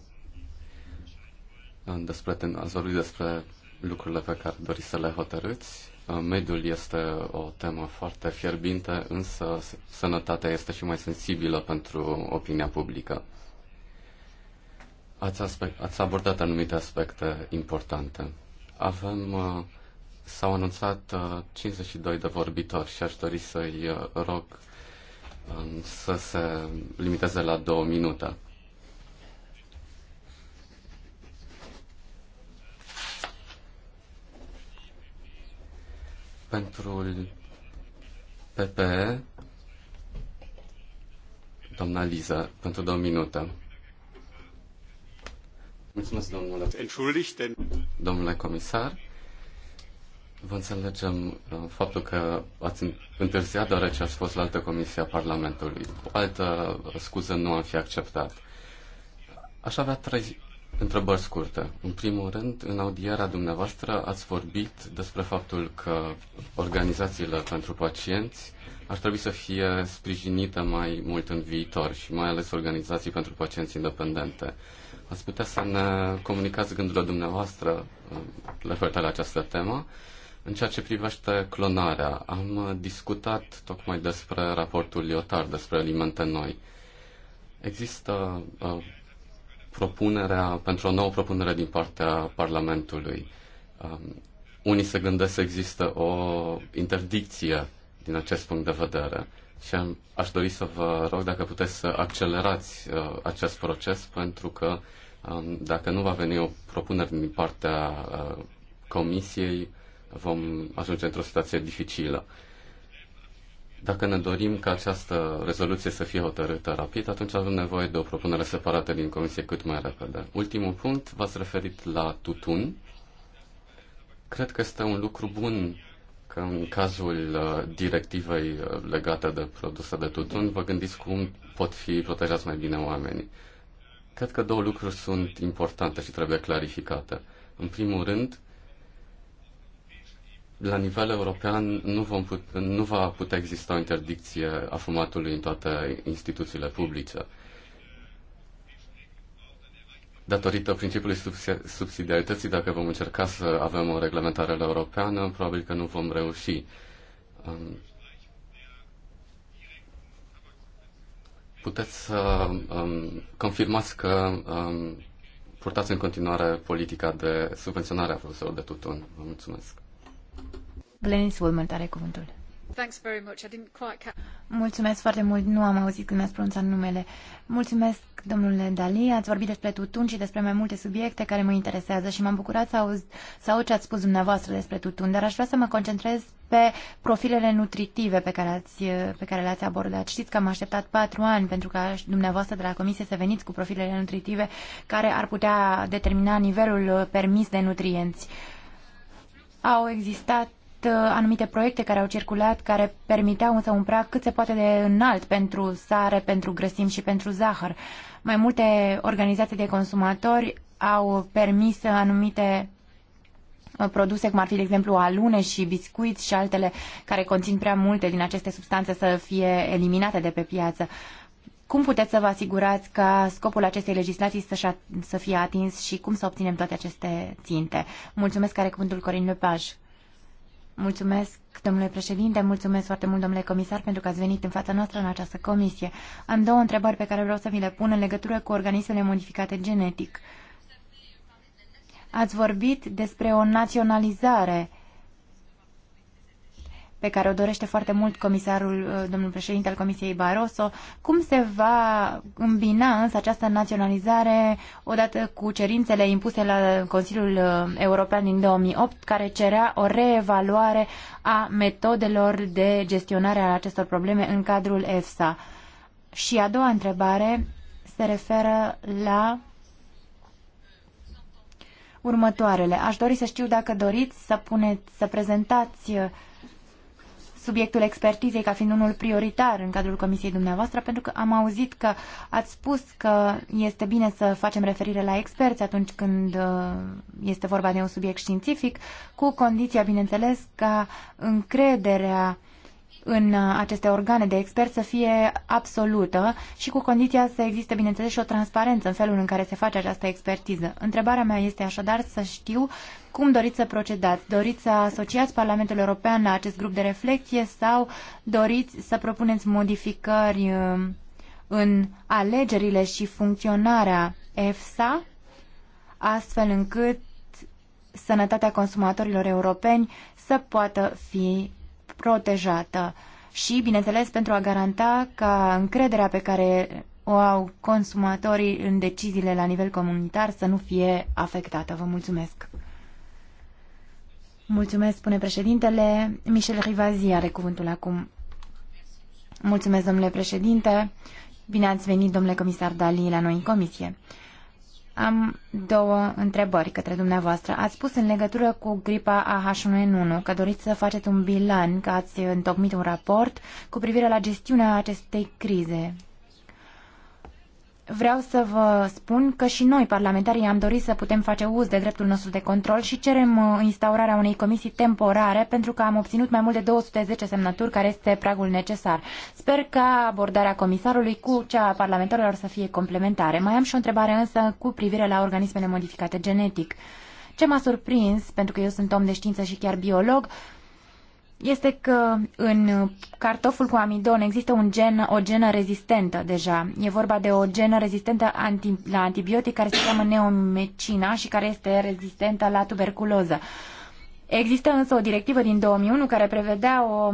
Despre, ați vorbit despre lucrurile pe care doriți să le hotărâți. Uh, mediul este o temă foarte fierbinte, însă sănătatea este și mai sensibilă pentru opinia publică. Ați, aspect, ați abordat anumite aspecte importante. Avem, uh, s-au anunțat 52 uh, de vorbitori și aș dori să-i rog um, să se limiteze la două minute. Pentru PP, doamna Liza, pentru două minute. Mulțumesc, domnule. Domnule comisar, vă înțelegem uh, faptul că ați întârziat deoarece ați fost la altă comisie a Parlamentului. O altă scuză nu am fi acceptat. Aș avea trei Întrebări scurte. În primul rând, în audierea dumneavoastră ați vorbit despre faptul că organizațiile pentru pacienți ar trebui să fie sprijinite mai mult în viitor și mai ales organizații pentru pacienți independente. Ați putea să ne comunicați gândurile dumneavoastră uh, referitor la această temă? În ceea ce privește clonarea, am discutat tocmai despre raportul Lyotard, despre alimente noi. Există uh, propunerea, pentru o nouă propunere din partea Parlamentului. Um, unii se gândesc să există o interdicție din acest punct de vedere și am, aș dori să vă rog dacă puteți să accelerați uh, acest proces pentru că um, dacă nu va veni o propunere din partea uh, Comisiei, vom ajunge într-o situație dificilă. Dacă ne dorim ca această rezoluție să fie hotărâtă rapid, atunci avem nevoie de o propunere separată din Comisie cât mai repede. Ultimul punct, v-ați referit la tutun. Cred că este un lucru bun că în cazul uh, directivei uh, legate de produse de tutun, vă gândiți cum pot fi protejați mai bine oamenii. Cred că două lucruri sunt importante și trebuie clarificate. În primul rând, la nivel european nu, vom put- nu va putea exista o interdicție a fumatului în toate instituțiile publice. Datorită principiului subsidiarității, dacă vom încerca să avem o reglementare europeană, probabil că nu vom reuși. Um, puteți să um, confirmați că um, purtați în continuare politica de subvenționare a produselor de tutun. Vă mulțumesc. Glenis Woolman are cuvântul. Mulțumesc foarte mult, nu am auzit când mi-ați pronunțat numele. Mulțumesc, domnule Dali, ați vorbit despre tutun și despre mai multe subiecte care mă interesează și m-am bucurat să auz, să aud ce ați spus dumneavoastră despre tutun, dar aș vrea să mă concentrez pe profilele nutritive pe care, ați, pe care le-ați abordat. Știți că am așteptat patru ani pentru ca dumneavoastră de la Comisie să veniți cu profilele nutritive care ar putea determina nivelul permis de nutrienți. Uh, au existat uh, anumite proiecte care au circulat care permiteau însă un prag cât se poate de înalt pentru sare, pentru grăsimi și pentru zahăr. Mai multe organizații de consumatori au permis anumite uh, produse, cum ar fi, de exemplu, alune și biscuiți și altele care conțin prea multe din aceste substanțe să fie eliminate de pe piață. Cum puteți să vă asigurați ca scopul acestei legislații să, să fie atins și cum să obținem toate aceste ținte? Mulțumesc, care cuvântul Corin Lepaj. Mulțumesc, domnule președinte, mulțumesc foarte mult, domnule comisar, pentru că ați venit în fața noastră în această comisie. Am două întrebări pe care vreau să vi le pun în legătură cu organismele modificate genetic. Ați vorbit despre o naționalizare pe care o dorește foarte mult comisarul, uh, domnul președinte al Comisiei Barroso, cum se va îmbina însă această naționalizare odată cu cerințele impuse la Consiliul uh, European din 2008, care cerea o reevaluare a metodelor de gestionare a acestor probleme în cadrul EFSA. Și a doua întrebare se referă la următoarele. Aș dori să știu dacă doriți să puneți, să prezentați uh, subiectul expertizei ca fiind unul prioritar în cadrul comisiei dumneavoastră, pentru că am auzit că ați spus că este bine să facem referire la experți atunci când uh, este vorba de un subiect științific, cu condiția, bineînțeles, ca încrederea uh, în uh, aceste organe de expert să fie absolută și cu condiția să existe, bineînțeles, și o transparență în felul în care se face această expertiză. Întrebarea mea este așadar să știu cum doriți să procedați. Doriți să asociați Parlamentul European la acest grup de reflexie sau doriți să propuneți modificări um, în alegerile și funcționarea EFSA, astfel încât sănătatea consumatorilor europeni să poată fi protejată și, bineînțeles, pentru a garanta ca încrederea pe care o au consumatorii în deciziile la nivel comunitar să nu fie afectată. Vă mulțumesc! Mulțumesc, spune președintele. Michel Rivazi are cuvântul acum. Mulțumesc, domnule președinte. Bine ați venit, domnule comisar Dali, la noi în comisie. Am două întrebări către dumneavoastră. Ați spus în legătură cu gripa AH1N1 că doriți să faceți un bilan, că ați întocmit un raport cu privire la gestiunea acestei crize vreau să vă spun că și noi, parlamentarii, am dorit să putem face uz de dreptul nostru de control și cerem uh, instaurarea unei comisii temporare pentru că am obținut mai mult de 210 semnături, care este pragul necesar. Sper ca abordarea comisarului cu cea a parlamentarilor să fie complementare. Mai am și o întrebare însă cu privire la organismele modificate genetic. Ce m-a surprins, pentru că eu sunt om de știință și chiar biolog, este că în cartoful cu amidon există un gen, o genă rezistentă deja. E vorba de o genă rezistentă anti, la antibiotic care se cheamă neomecina și care este rezistentă la tuberculoză. Există însă o directivă din 2001 care prevedea o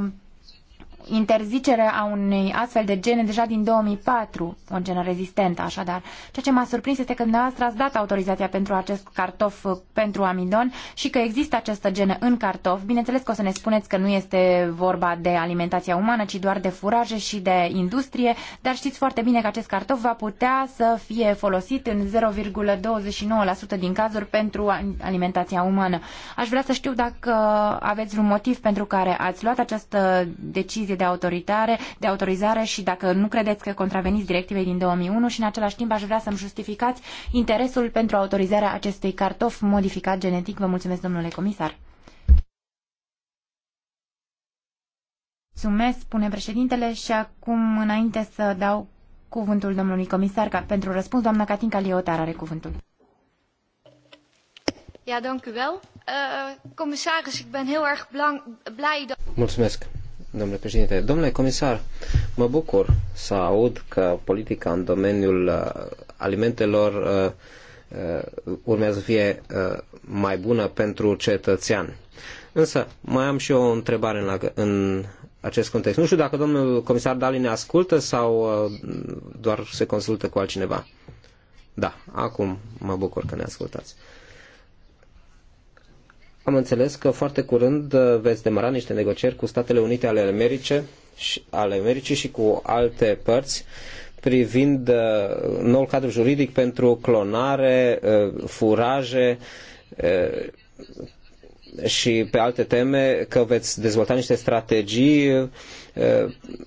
interzicerea a unei astfel de gene deja din 2004, o genă rezistentă așadar. Ceea ce m-a surprins este că dumneavoastră ați dat autorizația pentru acest cartof uh, pentru amidon și că există această genă în cartof. Bineînțeles că o să ne spuneți că nu este vorba de alimentația umană, ci doar de furaje și de industrie, dar știți foarte bine că acest cartof va putea să fie folosit în 0,29% din cazuri pentru alimentația umană. Aș vrea să știu dacă aveți un motiv pentru care ați luat această decizie funcție de, autoritare, de autorizare și dacă nu credeți că contraveniți directivei din 2001 și în același timp aș vrea să-mi justificați interesul pentru autorizarea acestui cartof modificat genetic. Vă mulțumesc, domnule comisar. Mulțumesc, spune președintele, și acum, înainte să dau cuvântul domnului comisar ca pentru răspuns, doamna Catinca Liotar are cuvântul. Ja, dank u wel. Uh, commissaris, ik ben heel erg blang, blij dat... Mulțumesc domnule președinte. Domnule comisar, mă bucur să aud că politica în domeniul uh, alimentelor uh, uh, urmează să fie mai bună pentru cetățean. Însă, mai am și o întrebare în, la, în acest context. Nu știu dacă domnul comisar Dali ne ascultă sau doar se consultă cu altcineva. Da, acum mă bucur că ne ascultați. Uh, am înțeles că foarte curând uh, veți demara niște negocieri cu Statele Unite ale Americii și, ale Americii și cu alte părți privind uh, noul cadru juridic pentru clonare, uh, furaje și pe alte teme, că veți dezvolta niște strategii Eh,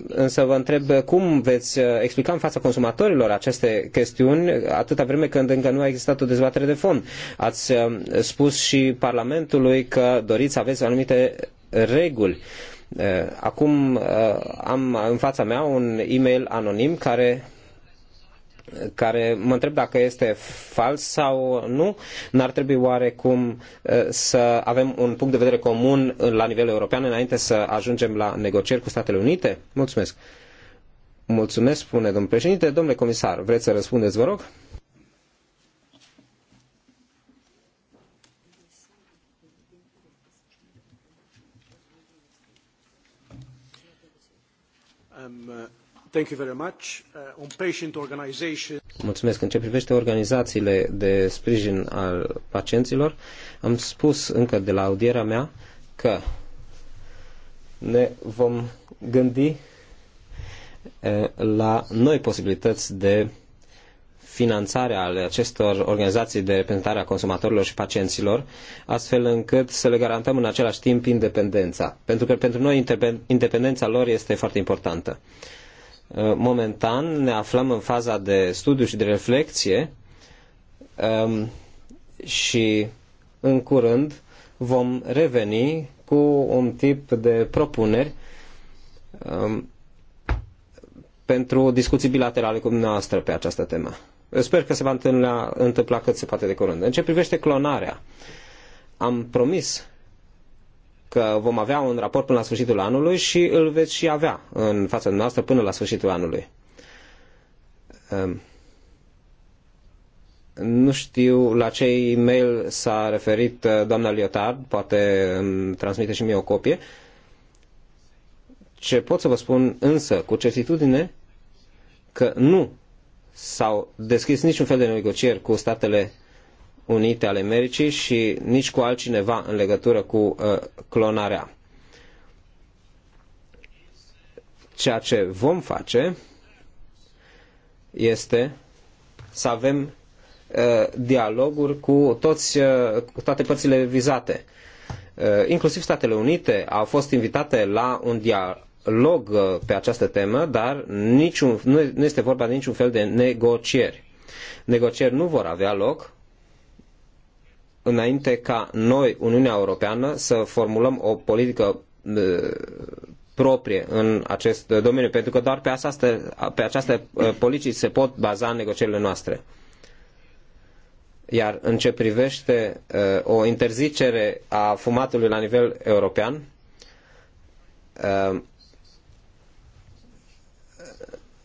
însă vă întreb eh, cum veți eh, explica în fața consumatorilor aceste chestiuni atâta vreme când încă nu a existat o dezbatere de fond. Ați spus și Parlamentului că doriți să aveți anumite reguli. Acum am în fața mea un e-mail anonim care care mă întreb dacă este fals sau nu, n-ar trebui oarecum uh, să avem un punct de vedere comun la nivel european înainte să ajungem la negocieri cu Statele Unite? Mulțumesc. Mulțumesc, spune domnul președinte. Domnule comisar, vreți să răspundeți, vă rog? Um, uh... Thank you very much. Uh, on patient organization... Mulțumesc. În ce privește organizațiile de sprijin al pacienților, am spus încă de la audierea mea că ne vom gândi uh, la noi posibilități de finanțare ale acestor organizații de reprezentare a consumatorilor și pacienților, astfel încât să le garantăm în același timp independența. Pentru că pentru noi independența lor este foarte importantă. Uh, momentan ne aflăm în faza de studiu și de reflexie um, și în curând vom reveni cu un tip de propuneri um, pentru discuții bilaterale cu dumneavoastră pe această temă. Eu sper că se va întâmpla, întâmpla cât se poate de curând. În ce privește clonarea, am promis că vom avea un raport până la sfârșitul anului și îl veți și avea în fața noastră până la sfârșitul anului. Ehm, nu știu la ce e-mail s-a referit eh, doamna Liotard, poate îmi transmite și mie o copie. Ce pot să vă spun însă cu certitudine că nu s-au deschis niciun fel de negocieri cu statele Unite ale Americii și nici cu altcineva în legătură cu uh, clonarea. Ceea ce vom face este să avem uh, dialoguri cu, toți, uh, cu toate părțile vizate. Uh, inclusiv Statele Unite au fost invitate la un dialog pe această temă, dar niciun, nu este vorba de niciun fel de negocieri. Negocieri nu vor avea loc, înainte ca noi, Uniunea Europeană, să formulăm o politică uh, proprie în acest domeniu, pentru că doar pe, asta, pe această uh, politici se pot baza negocierile noastre. Iar în ce privește uh, o interzicere a fumatului la nivel european,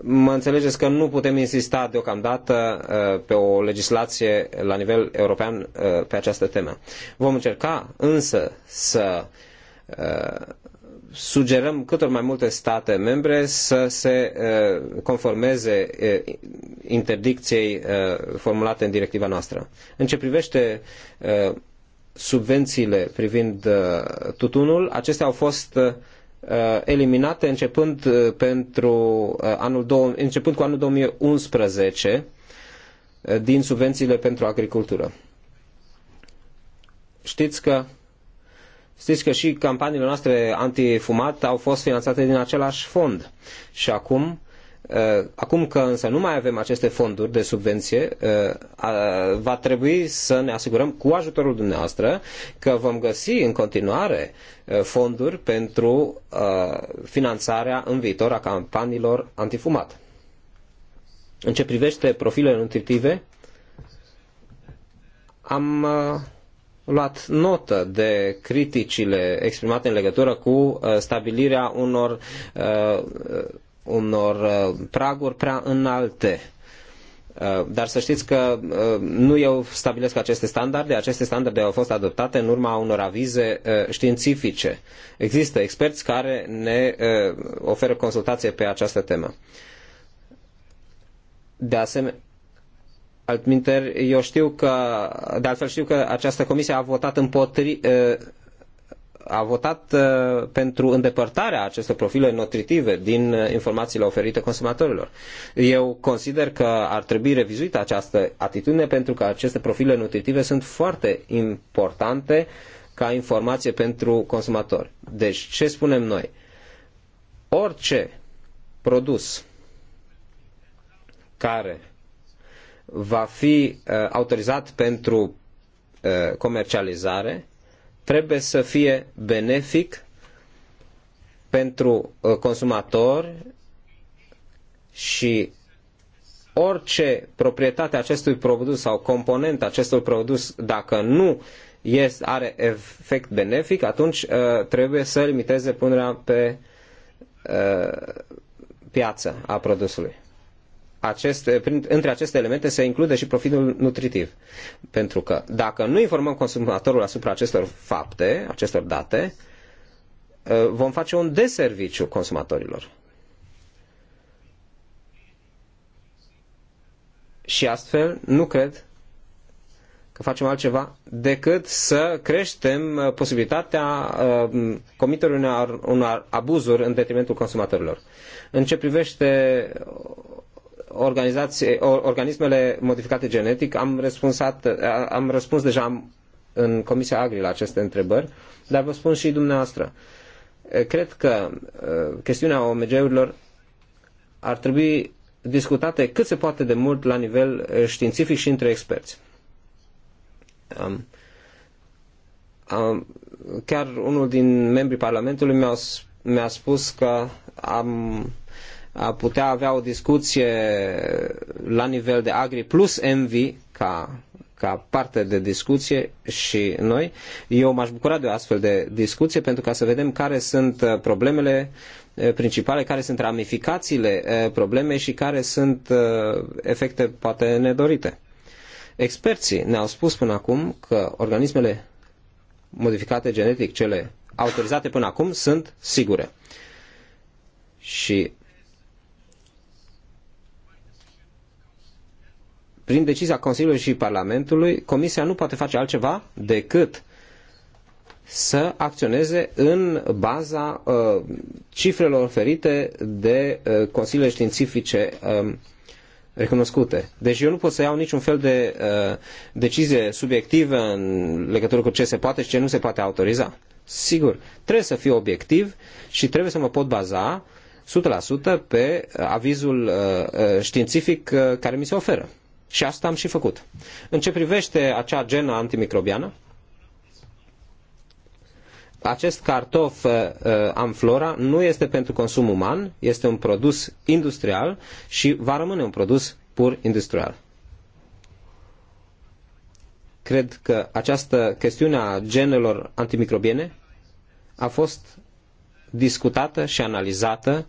Mă înțelegeți că nu putem insista deocamdată uh, pe o legislație la nivel european uh, pe această temă. Vom încerca însă să uh, sugerăm câtor mai multe state membre să se conformeze interdicției formulate în directiva noastră. În ce privește subvențiile privind tutunul, acestea au fost Uh, eliminate începând, uh, pentru uh, anul, începând cu anul 2011 din subvențiile pentru agricultură. Știți că Știți că și campaniile noastre antifumat au fost finanțate din același fond. Și acum Eh, acum că însă nu mai avem aceste fonduri de subvenție, eh, va trebui să ne asigurăm cu ajutorul dumneavoastră că vom găsi în continuare eh, fonduri pentru finanțarea în viitor a campaniilor antifumat. În ce privește profilele nutritive, am luat notă de criticile exprimate în legătură cu stabilirea unor unor uh, praguri prea înalte. Uh, dar să știți că uh, nu eu stabilesc aceste standarde, aceste standarde au fost adoptate în urma unor avize științifice. Există experți care ne oferă consultație pe această temă. De asemenea, altminteri, eu știu că, de altfel știu că această comisie a votat împotriva, a votat uh, pentru îndepărtarea acestor profile nutritive din uh, informațiile oferite consumatorilor. Eu consider că ar trebui revizuită această atitudine pentru că aceste profile nutritive sunt foarte importante ca informație pentru consumatori. Deci, ce spunem noi? Orice produs care va fi uh, autorizat pentru comercializare trebuie să fie benefic pentru uh, consumator și orice proprietate acestui produs sau component acestui produs, dacă nu este, are efect benefic, atunci uh, trebuie să limiteze punerea pe uh, piață a produsului aceste, prin, între aceste elemente se include și profilul nutritiv. Pentru că dacă nu informăm consumatorul asupra acestor fapte, acestor date, ă, vom face un deserviciu consumatorilor. Și astfel nu cred că facem altceva decât să creștem ă, posibilitatea ă, comiterii unor, unor abuzuri în detrimentul consumatorilor. În ce privește organismele modificate genetic, am, răspunsat, am răspuns deja în Comisia Agri la aceste întrebări, dar vă spun și dumneavoastră. Cred că uh, chestiunea OMG-urilor ar trebui discutate cât se poate de mult la nivel uh, științific și între experți. Um, um, chiar unul din membrii Parlamentului mi-a, mi-a spus că am a putea avea o discuție la nivel de Agri plus MV ca, ca parte de discuție și noi. Eu m-aș bucura de o astfel de discuție pentru ca să vedem care sunt uh, problemele uh, principale, care sunt ramificațiile uh, problemei și care sunt efecte poate nedorite. Experții ne-au spus până acum că organismele modificate genetic, cele autorizate până acum, sunt sigure. Și prin decizia Consiliului și Parlamentului, Comisia nu poate face altceva decât să acționeze în baza uh, cifrelor oferite de uh, consiliile științifice uh, recunoscute. Deci eu nu pot să iau niciun fel de uh, decizie subiectivă în legătură cu ce se poate și ce nu se poate autoriza. Sigur, trebuie să fiu obiectiv și trebuie să mă pot baza 100% pe avizul uh, uh, științific uh, care mi se oferă. Și asta am și făcut. În ce privește acea genă antimicrobiană, acest cartof uh, uh, amflora nu este pentru consum uman, este un produs industrial și va rămâne un produs pur industrial. Cred că această chestiune a genelor antimicrobiene a fost discutată și analizată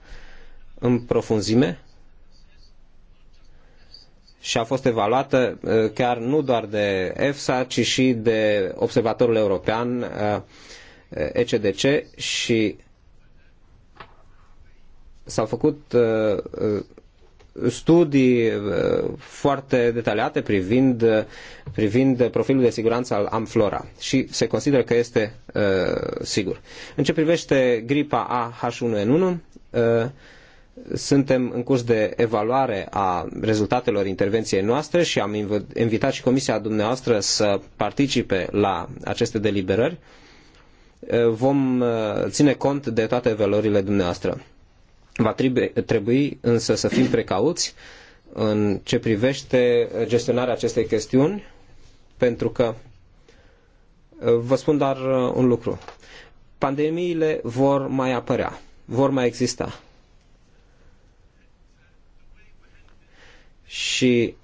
în profunzime și a fost evaluată uh, chiar nu doar de EFSA, ci și de Observatorul European uh, uh, ECDC și s-au făcut studii foarte detaliate privind, privind profilul de siguranță al Amflora și se consideră că este sigur. În ce privește gripa AH1N1, suntem în curs de evaluare a rezultatelor intervenției noastre și am invitat și comisia dumneavoastră să participe la aceste deliberări. Vom uh, ține cont de toate evaluările dumneavoastră. Va trebui însă să fim precauți în ce privește gestionarea acestei chestiuni, pentru că uh, vă spun doar uh, un lucru. Pandemiile vor mai apărea, vor mai exista și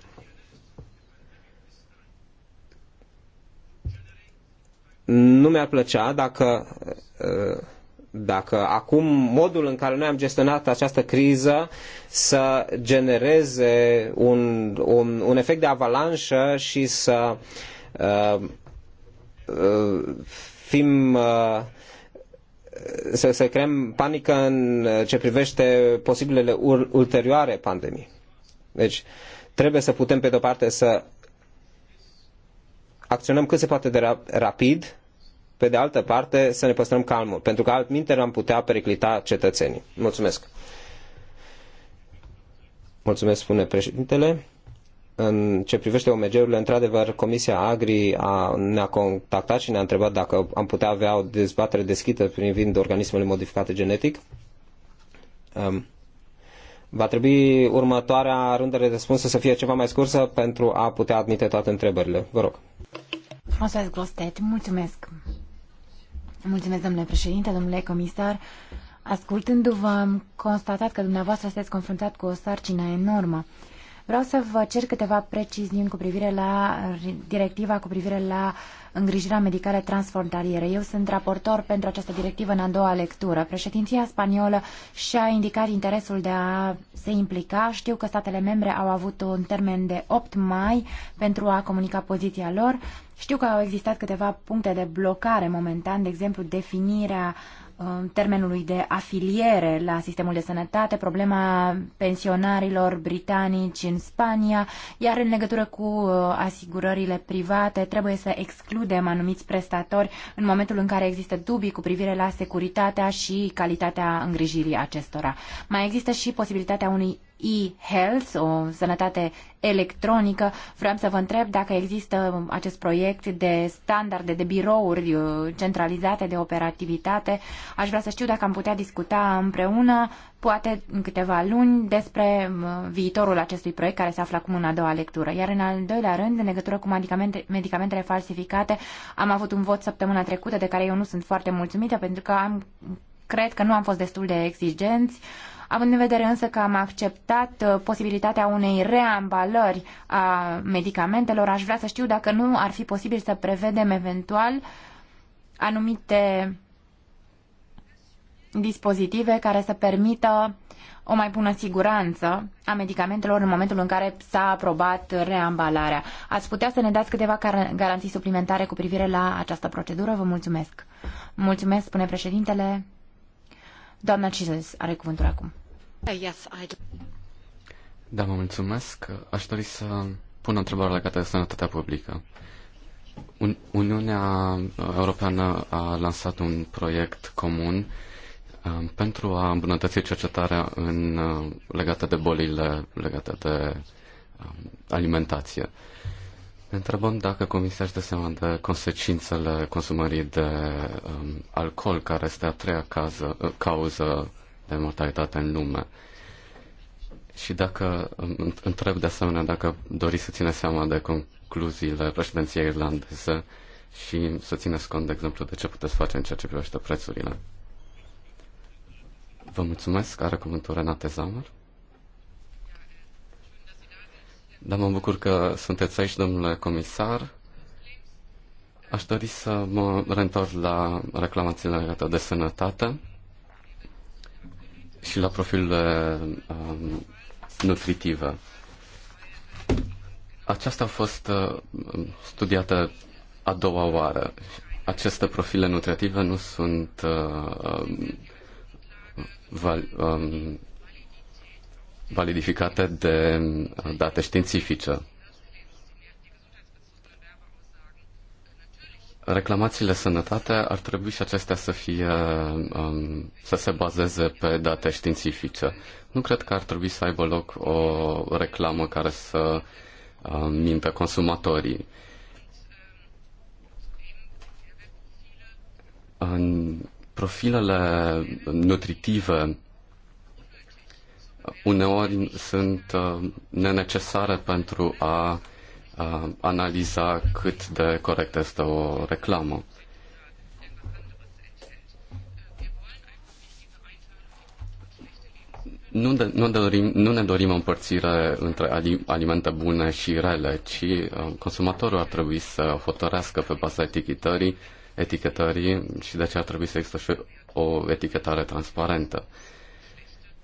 nu mi-ar plăcea dacă, uh, dacă acum modul în care noi am gestionat această criză să genereze un, un, un efect de avalanșă și să uh, uh fim uh, să, să creăm panică în ce privește posibilele ulterioare pandemii. Deci, uh, Trebuie să putem, pe de-o parte, să acționăm cât se poate de rapid, pe de altă parte să ne păstrăm calmul, pentru că altminte am putea periclita cetățenii. Mulțumesc. Mulțumesc, spune președintele. În ce privește OMG-urile, într-adevăr, Comisia Agri a, ne-a contactat și ne-a întrebat dacă am putea avea o dezbatere deschisă privind organismele modificate genetic. Um, Va trebui următoarea rândă de răspuns să fie ceva mai scursă pentru a putea admite toate întrebările. Vă rog. François Grostet, mulțumesc. Mulțumesc, domnule președinte, domnule comisar. Ascultându-vă, am constatat că dumneavoastră sunteți confruntat cu o sarcină enormă. Vreau să vă cer câteva preciziuni cu privire la directiva, cu privire la uh, îngrijirea medicală transfrontalieră. Eu sunt raportor pentru această directivă în a doua lectură. Președinția spaniolă și-a indicat interesul de a se implica. Știu că statele membre au avut un termen de 8 mai pentru a comunica poziția lor. Știu că au existat câteva puncte de blocare momentan, de exemplu definirea uh, Um, termenului de afiliere la sistemul de sănătate, problema pensionarilor britanici în Spania, iar în legătură cu uh, asigurările private trebuie să excludem anumiți prestatori în momentul în care există dubii cu privire la securitatea și calitatea îngrijirii acestora. Mai există și posibilitatea unui e-health, o sănătate electronică. Vreau să vă întreb dacă există acest proiect de standarde, de birouri uh, centralizate de operativitate. Aș vrea să știu dacă am putea discuta împreună, poate în câteva luni, despre uh, viitorul acestui proiect care se află acum în a doua lectură. Iar în al doilea rând, în legătură cu medicamente, medicamentele falsificate, am avut un vot săptămâna trecută de care eu nu sunt foarte mulțumită pentru că am, cred că nu am fost destul de exigenți. Uh, Având în vedere însă că am acceptat uh, posibilitatea unei reambalări a medicamentelor, aș vrea să știu dacă nu ar fi posibil să prevedem eventual anumite dispozitive care să permită o mai bună siguranță a medicamentelor în momentul în care s-a aprobat reambalarea. Ați putea să ne dați câteva garanții suplimentare cu privire la această procedură? Vă mulțumesc. Mulțumesc, spune președintele. Doamna Cizes are cuvântul acum. Yes, I do. Da, mă mulțumesc. Aș dori să pun o întrebare legată de sănătatea publică. Uniunea Europeană a lansat un proiect comun um, pentru a îmbunătăți cercetarea în, uh, legată de bolile legate de um, alimentație. Ne întrebăm dacă Comisia își dă seama de consecințele consumării de um, alcool, care este a treia cază, uh, cauză de mortalitate în lume. Și dacă um, întreb de asemenea dacă doriți să țineți seama de concluziile președinției irlandeze și să țineți cont, de exemplu, de ce puteți face în ceea ce privește prețurile. Vă mulțumesc. Are cuvântul Renate Zamăr. Da, mă bucur că sunteți aici, domnule comisar. Aș dori să mă reîntorc la reclamațiile legate de sănătate și la profilurile um, nutritive. Aceasta a fost uh, studiată a doua oară. Aceste profile nutritive nu sunt uh, um, val, um, validificate de date științifice. Reclamațiile sănătate ar trebui și acestea să fie um, să se bazeze pe date științifice. Nu cred că ar trebui să aibă loc o reclamă care să um, mintă consumatorii. În profilele nutritive uneori sunt uh, nenecesare pentru a uh, analiza cât de corect este o reclamă. Nu, de, nu, dorim, nu ne dorim o împărțire între alimente bune și rele, ci uh, consumatorul ar trebui să hotărească pe baza etichetării, etichetării și de aceea ar trebui să există și o etichetare transparentă. Uh,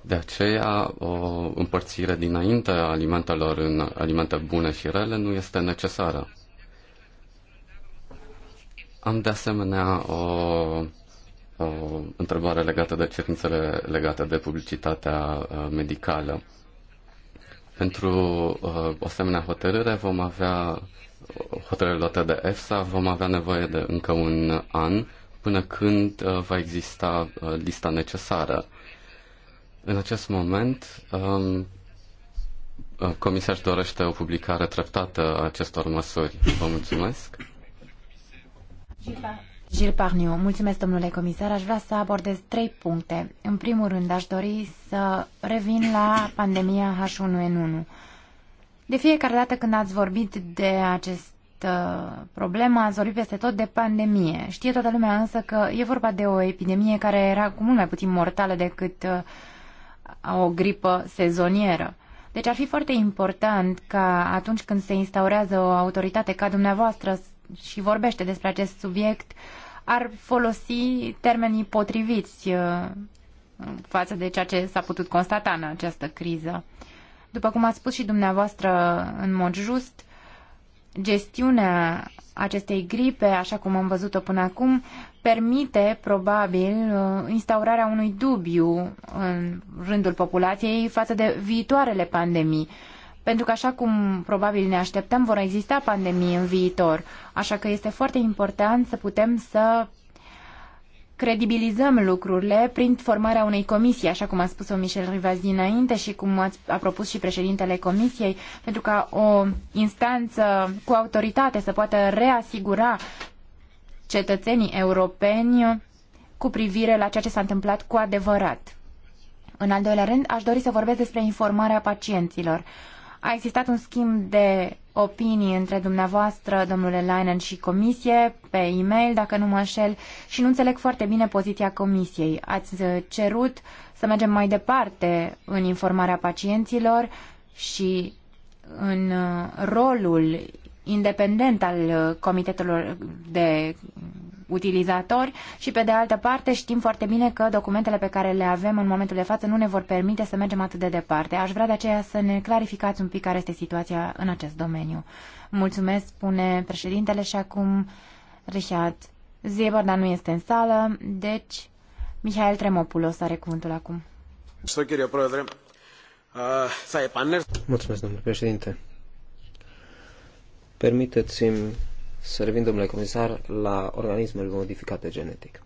de aceea, o împărțire dinainte a alimentelor în alimente bune și rele nu este necesară. Am de asemenea o, o întrebare legată de cerințele legate de publicitatea uh, medicală. Pentru uh, o asemenea hotărâre vom avea hotărâre luată de EFSA, vom avea nevoie de încă un an până când uh, va exista lista necesară în acest moment, um, uh, comisar dorește o publicare treptată a acestor măsuri. Vă mulțumesc. Gilles Parniu, mulțumesc domnule comisar. Aș vrea să abordez trei puncte. În primul rând, aș dori să revin la pandemia H1N1. De fiecare dată când ați vorbit de acest problemă ați vorbit peste tot de pandemie. Știe toată lumea însă că e vorba de o epidemie care era cu mult mai puțin mortală decât uh, o gripă sezonieră. Deci ar fi foarte important ca atunci când se instaurează o autoritate ca dumneavoastră și vorbește despre acest subiect, ar folosi termenii potriviți uh, față de ceea ce s-a putut constata în această criză. După cum ați spus și dumneavoastră în mod just, gestiunea acestei gripe, așa cum am văzut-o până acum, permite probabil instaurarea unui dubiu în rândul populației față de viitoarele pandemii. Pentru că așa cum probabil ne așteptăm, vor exista pandemii în viitor. Așa că este foarte important să putem să credibilizăm lucrurile prin formarea unei comisii, așa cum a spus-o Michel Rivazi dinainte și cum a propus și președintele comisiei, pentru ca o instanță cu autoritate să poată reasigura cetățenii europeni cu privire la ceea ce s-a întâmplat cu adevărat. În al doilea rând, aș dori să vorbesc despre informarea pacienților. A existat un schimb de opinii între dumneavoastră, domnule Leinen și comisie, pe e-mail, dacă nu mă înșel, și nu înțeleg foarte bine poziția comisiei. Ați uh, cerut să mergem mai departe în informarea pacienților și în uh, rolul independent al uh, comitetelor de utilizatori și pe de altă parte știm foarte bine că documentele pe care le avem în momentul de față nu ne vor permite să mergem atât de departe. Aș vrea de aceea să ne clarificați un pic care este situația în acest domeniu. Mulțumesc, spune președintele și acum Richard Zeber, dar nu este în sală, deci Mihail Tremopulos are cuvântul acum. Mulțumesc, domnule președinte. Permiteți-mi să revin, domnule comisar, la organismele modificate genetic.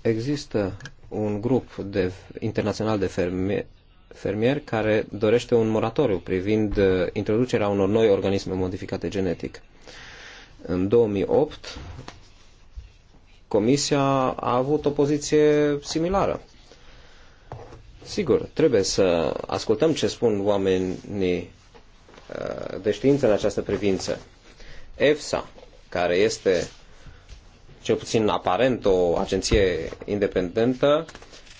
Există un grup de, internațional de fermieri fermier care dorește un moratoriu privind uh, introducerea unor noi organisme modificate genetic. În 2008, Comisia a avut o poziție similară. Sigur, trebuie să ascultăm ce spun oamenii Uh, de știință în această privință. EFSA, care este cel puțin aparent o agenție independentă,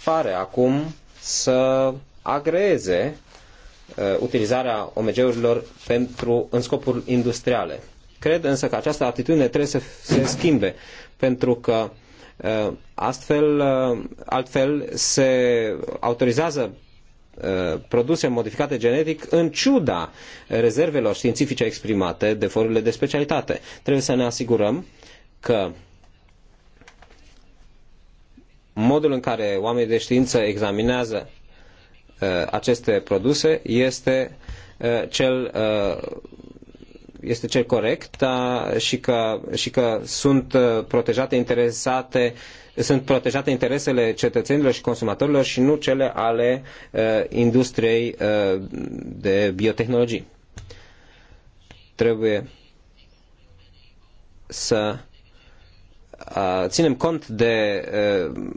pare acum să agreeze uh, utilizarea OMG-urilor pentru, în scopuri industriale. Cred însă că această atitudine trebuie să se schimbe, pentru că uh, astfel, altfel se autorizează Uh, produse modificate genetic în ciuda rezervelor științifice exprimate de forurile de specialitate. Trebuie să ne asigurăm că modul în care oamenii de știință examinează uh, aceste produse este uh, cel este cel corect da, și, că, și că sunt protejate, interesate sunt protejate interesele cetățenilor și consumatorilor și nu cele ale uh, industriei uh, de biotehnologii. Trebuie să uh, ținem cont de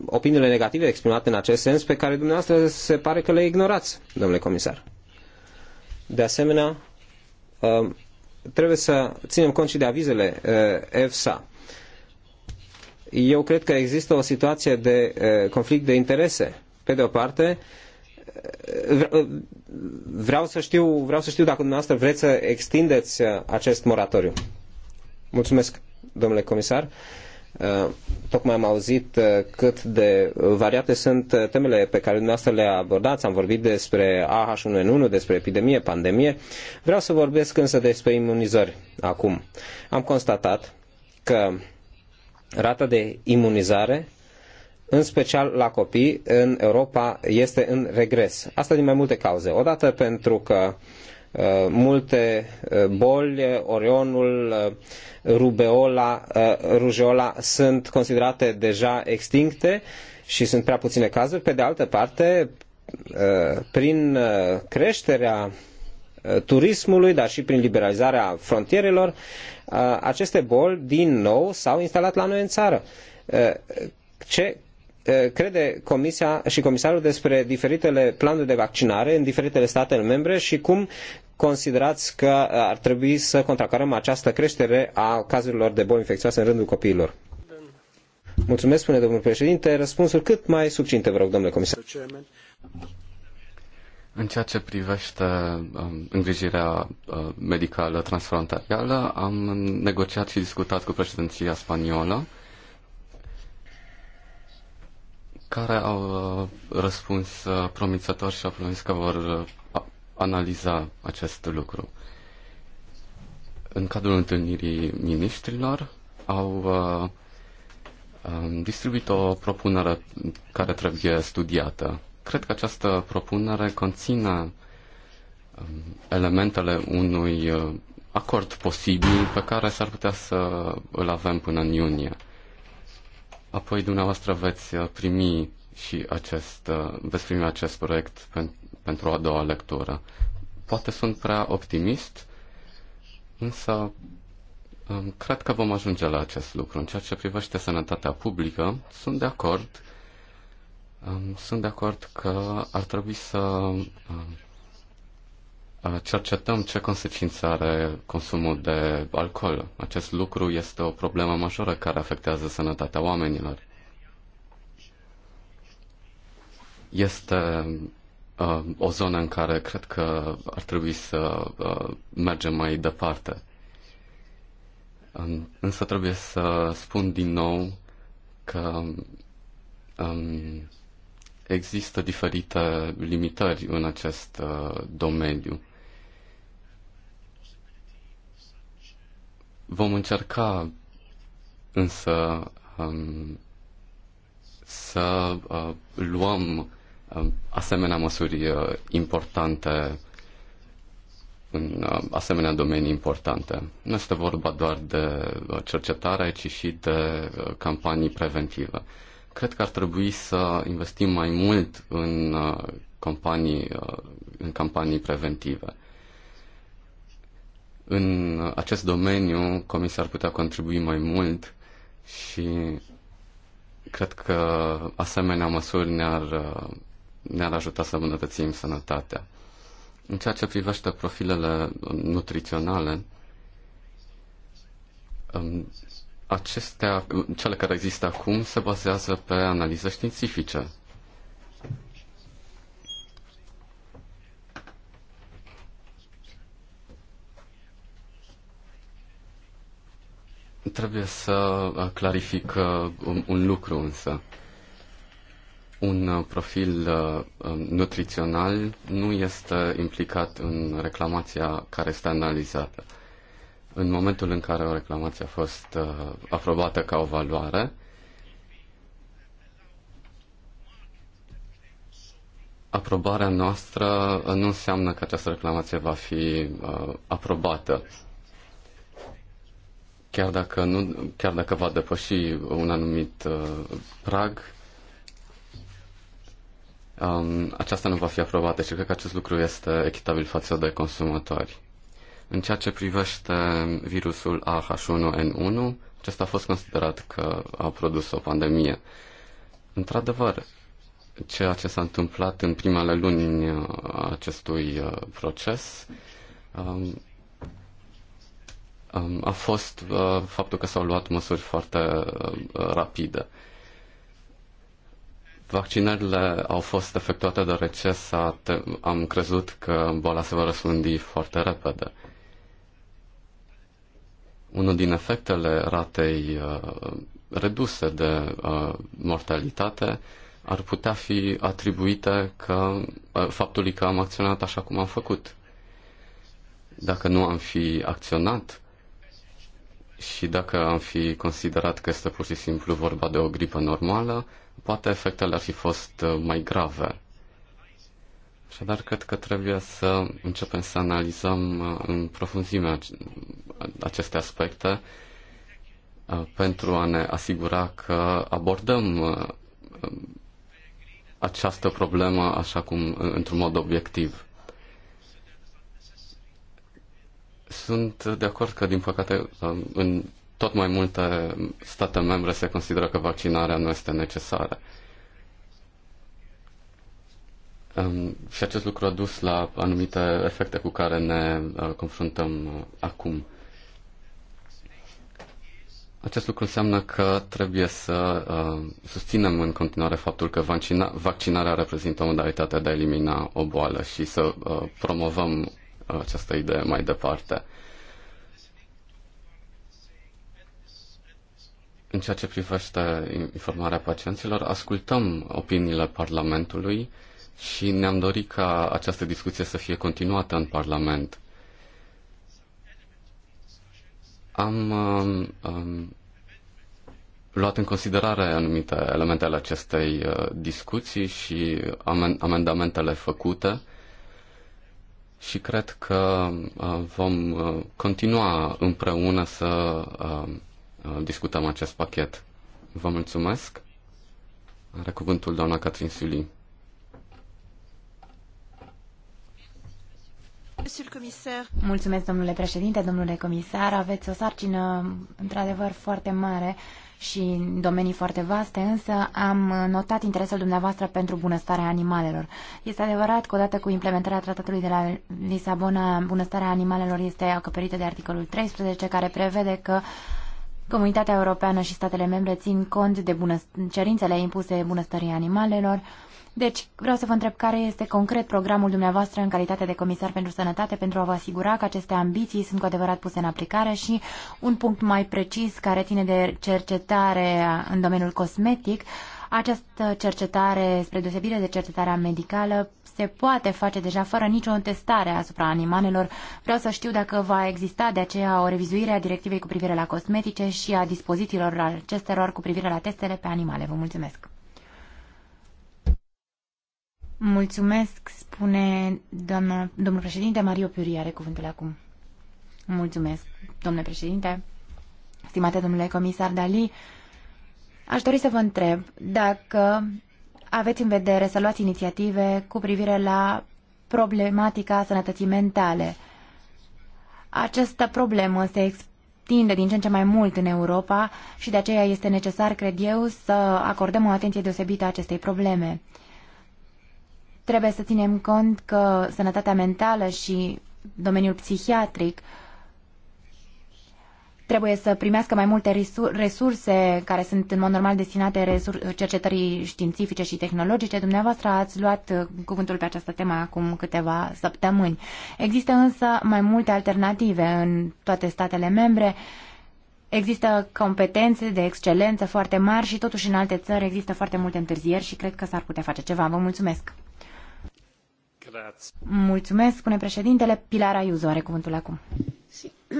opiniile negative exprimate în acest sens pe care dumneavoastră se pare că le ignorați, domnule comisar. De asemenea, trebuie să ținem cont și de avizele EFSA eu cred că există o situație de eh, conflict de interese. Pe de o parte, eh, eh, vreau să știu, vreau să știu dacă dumneavoastră vreți să extindeți acest moratoriu. Mulțumesc, domnule comisar. Tocmai am auzit cât de variate sunt temele pe care dumneavoastră le abordați. Am vorbit despre AH1N1, despre epidemie, pandemie. Vreau să vorbesc însă despre imunizări acum. Am constatat că Rata de imunizare, în special la copii, în Europa este în regres. Asta din mai multe cauze. Odată pentru că uh, multe uh, boli, orionul, uh, rubeola, rujeola sunt considerate deja extincte și sunt prea puține cazuri. Pe de altă parte, prin creșterea turismului, dar și prin liberalizarea frontierelor, aceste boli din nou s-au instalat la noi în țară. Ce crede Comisia și Comisarul despre diferitele planuri de vaccinare în diferitele state membre și cum considerați că ar trebui să contracarăm această creștere a cazurilor de boli infecțioase în rândul copiilor? Mulțumesc, spune domnul președinte. Răspunsuri cât mai succinte, vă rog, domnule comisar. În ceea ce privește um, îngrijirea uh, medicală transfrontalieră, am negociat și discutat cu președinția spaniolă, care au uh, răspuns uh, promițător și au promis că vor uh, analiza acest lucru. În cadrul întâlnirii miniștrilor au uh, um, distribuit o propunere care trebuie studiată Cred că această propunere conține um, elementele unui uh, acord posibil pe care s-ar putea să îl avem până în iunie. Apoi dumneavoastră veți uh, primi și acest, uh, veți primi acest proiect pentru a doua lectură. Poate sunt prea optimist, însă um, cred că vom ajunge la acest lucru. În ceea ce privește sănătatea publică, sunt de acord sunt de acord că ar trebui să cercetăm ce consecințe are consumul de alcool. Acest lucru este o problemă majoră care afectează sănătatea oamenilor. Este uh, o zonă în care cred că ar trebui să uh, mergem mai departe. Um, însă trebuie să spun din nou că um, există diferite limitări în acest uh, domeniu. Vom încerca însă um, să uh, luăm um, asemenea măsuri uh, importante în asemenea domenii importante. Nu este vorba doar de cercetare, ci și de campanii preventive. Cred că ar trebui să investim mai mult în uh, companii, uh, în campanii preventive. În acest domeniu, Comisia ar putea contribui mai mult și cred că asemenea măsuri ne-ar, uh, ne-ar ajuta să îmbunătățim sănătatea. În ceea ce privește profilele nutriționale, um, acestea, cele care există acum, se bazează pe analize științifice. Trebuie să uh, clarific uh, un, un lucru însă. Un uh, profil um, nutrițional nu este implicat în reclamația care este analizată în momentul în care o reclamație a fost uh, aprobată ca o valoare, aprobarea noastră nu înseamnă că această reclamație va fi uh, aprobată. Chiar dacă, nu, chiar dacă va depăși un anumit uh, prag, um, aceasta nu va fi aprobată și cred că acest lucru este echitabil față de consumatori. În ceea ce privește virusul AH1N1, acesta a fost considerat că a produs o pandemie. Într-adevăr, ceea ce s-a întâmplat în primele luni uh, acestui uh, proces um, um, a fost uh, faptul că s-au luat măsuri foarte rapide. Vaccinările au fost efectuate deoarece am crezut că boala se va răspândi foarte repede. Unul din efectele ratei uh, reduse de uh, mortalitate ar putea fi atribuite că, uh, faptului că am acționat așa cum am făcut. Dacă nu am fi acționat și dacă am fi considerat că este pur și simplu vorba de o gripă normală, poate efectele ar fi fost mai grave. Așadar, cred că trebuie să începem să analizăm uh, în profunzime aceste aspecte uh, pentru a ne asigura că abordăm uh, această problemă așa cum într-un mod obiectiv. Sunt de acord că, din păcate, um, în tot mai multe state membre se consideră că vaccinarea nu este necesară. Um, și acest lucru a dus la anumite efecte cu care ne uh, confruntăm uh, acum. Acest lucru înseamnă că trebuie să uh, susținem în continuare faptul că vaccina- vaccinarea reprezintă o modalitate de a elimina o boală și să uh, promovăm uh, această idee mai departe. În ceea ce privește informarea pacienților, ascultăm opiniile Parlamentului uh, și ne-am dorit ca această discuție să fie continuată în Parlament. Am um, um luat în considerare anumite elemente ale acestei uh, discuții și amendamentele făcute și cred că uh, vom uh, continua împreună să discutăm acest pachet. Vă mulțumesc. Are cuvântul doamna Catrin Siuli. Mulțumesc, domnule președinte, domnule comisar. Aveți o sarcină, într-adevăr, foarte mare și în domenii foarte vaste, însă am notat interesul dumneavoastră pentru bunăstarea animalelor. Este adevărat că odată cu implementarea tratatului de la Lisabona, bunăstarea animalelor este acoperită de articolul 13, care prevede că Comunitatea Europeană și statele membre țin cont de bună... cerințele impuse bunăstării animalelor, uh, deci, vreau să vă întreb care este concret programul dumneavoastră în calitate de comisar pentru sănătate pentru a vă asigura că aceste ambiții sunt cu adevărat puse în aplicare și un punct mai precis care ține de cercetare în domeniul cosmetic. Această cercetare, spre deosebire de cercetarea medicală, se poate face deja fără nicio testare asupra animalelor. Vreau să știu dacă va exista de aceea o revizuire a directivei cu privire la cosmetice și a dispozițiilor acestor cu privire la testele pe animale. Vă mulțumesc! Mulțumesc, spune doamna, domnul președinte. Mario Piuri are cuvântul acum. Mulțumesc, domnule președinte. Stimate domnule comisar Dali, aș dori să vă întreb dacă aveți în vedere să luați inițiative cu privire la problematica sănătății mentale. Această problemă se extinde din ce în ce mai mult în Europa și de aceea este necesar, cred eu, să acordăm o atenție deosebită acestei probleme. Trebuie să ținem cont că sănătatea mentală și domeniul psihiatric trebuie să primească mai multe resurse care sunt în mod normal destinate cercetării științifice și tehnologice. Dumneavoastră ați luat uh, cuvântul pe această temă acum câteva săptămâni. Există însă mai multe alternative în toate statele membre. Există competențe de excelență foarte mari și totuși în alte țări există foarte multe întârzieri și cred că s-ar putea face ceva. Vă mulțumesc! Mulțumesc, spune președintele. Pilar Ayuso are cuvântul acum.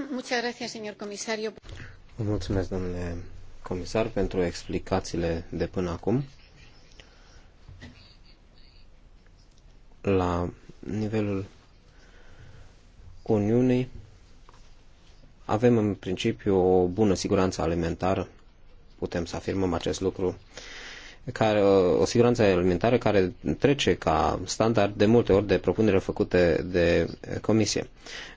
Mulțumesc, domnule comisar, pentru explicațiile de până acum. La nivelul Uniunii avem în principiu o bună siguranță alimentară, putem să afirmăm acest lucru care, o siguranță alimentară care trece ca standard de multe ori de propunere făcute de comisie.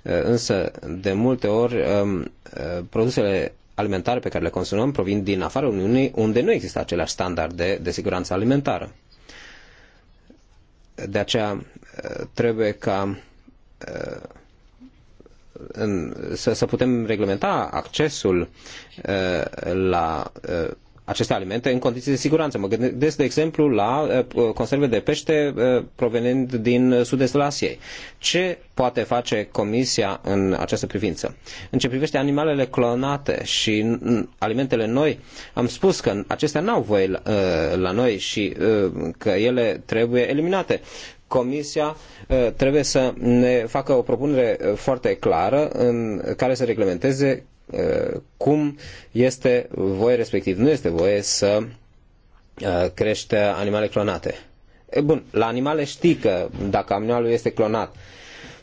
Uh, însă, de multe ori, um, uh, produsele alimentare pe care le consumăm provin din afara Uniunii, unde nu există aceleași standard de de siguranță alimentară. De aceea, uh, trebuie ca să, să putem reglementa accesul la aceste alimente în condiții de siguranță. Mă gândesc, de exemplu, la uh, conserve de pește uh, provenind din sud-estul Asiei. Ce poate face Comisia în această privință? În ce privește animalele clonate și alimentele noi, am spus că acestea n-au voie uh, la noi și că ele trebuie eliminate. Comisia trebuie să ne facă o propunere foarte clară în care să reglementeze Uh, cum este voie, respectiv nu este voie să uh, crește animale clonate. E, bun, la animale știi că dacă animalul este clonat,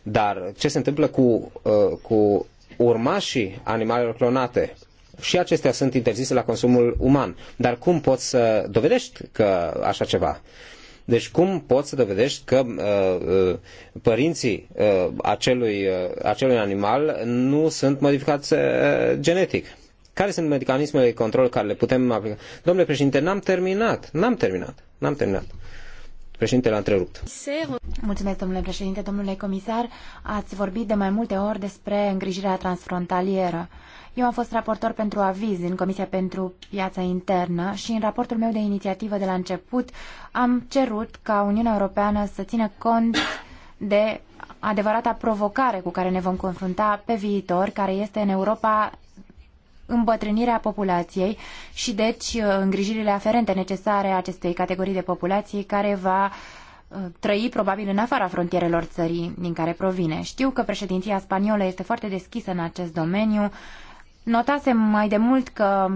dar ce se întâmplă cu, uh, cu urmașii animalelor clonate? Și acestea sunt interzise la consumul uman. Dar cum poți să dovedești că așa ceva? Uh, deci cum poți să dovedești că uh, uh, părinții uh, acelui, uh, acelui animal nu sunt modificați uh, genetic? Care sunt mecanismele de control care le putem aplica? Domnule președinte, n-am terminat. N-am terminat. N-am terminat. Președinte l a întrerupt. Mulțumesc, domnule președinte, domnule comisar. Ați vorbit de mai multe ori despre îngrijirea transfrontalieră. Eu am fost raportor pentru aviz în Comisia pentru Piața Internă și în raportul meu de inițiativă de la început am cerut ca Uniunea Europeană să țină cont de adevărata provocare cu care ne vom confrunta pe viitor, care este în Europa îmbătrânirea populației și deci îngrijirile aferente necesare acestei categorii de populație care va uh, trăi probabil în afara frontierelor țării din care provine. Știu că președinția spaniolă este foarte deschisă în acest domeniu Notasem mai de mult că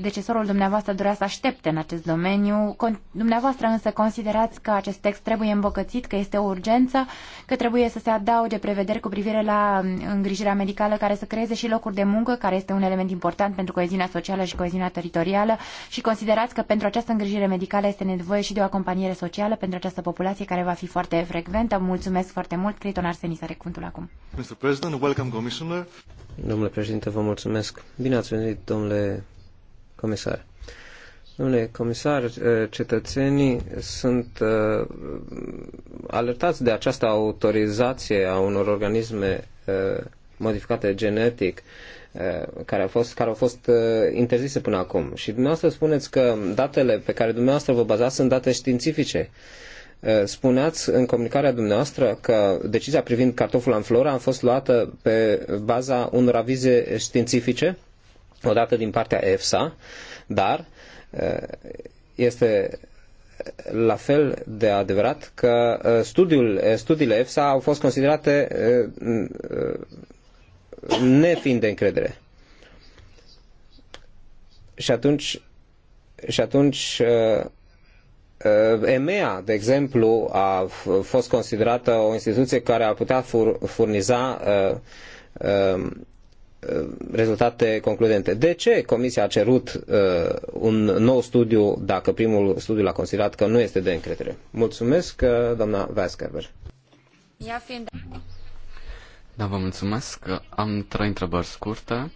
decesorul dumneavoastră dorea să aștepte în acest domeniu. Dumneavoastră însă considerați că acest text trebuie îmbogățit, că este o urgență, că trebuie să se adauge prevederi cu privire la mm, îngrijirea medicală care să creeze și locuri de muncă, care este un element important pentru coeziunea socială și coeziunea teritorială și considerați că pentru această îngrijire medicală este nevoie și de o acompaniere socială pentru această populație care va fi foarte frecventă. Mulțumesc foarte mult. Criton Arsenis are cuvântul acum. Mr. President, welcome, Commissioner. Domnule președinte, vă mulțumesc Mulțumesc. Bine ați venit, domnule comisar. Domnule comisar, eh, cetățenii sunt eh, alertați de această autorizație a unor organisme eh, modificate genetic care au fost, care au fost interzise până acum. Și dumneavoastră spuneți că datele pe care dumneavoastră vă bazați sunt date științifice. Uh, Eh, spuneați în comunicarea dumneavoastră că decizia privind cartoful în floră a fost luată pe baza unor avize științifice, odată din partea EFSA, dar eh, este la fel de adevărat că eh, studiul, studiile EFSA au fost considerate nefiind de încredere. Și atunci, și atunci Uh, EMEA, de exemplu, a fost considerată o instituție care ar putea furniza uh, um, uh, rezultate concludente. De ce Comisia a cerut un nou studiu dacă primul studiu l-a considerat că nu este de încredere? Mulțumesc, doamna Weisgerber. Da, vă mulțumesc. Am trei întrebări scurte.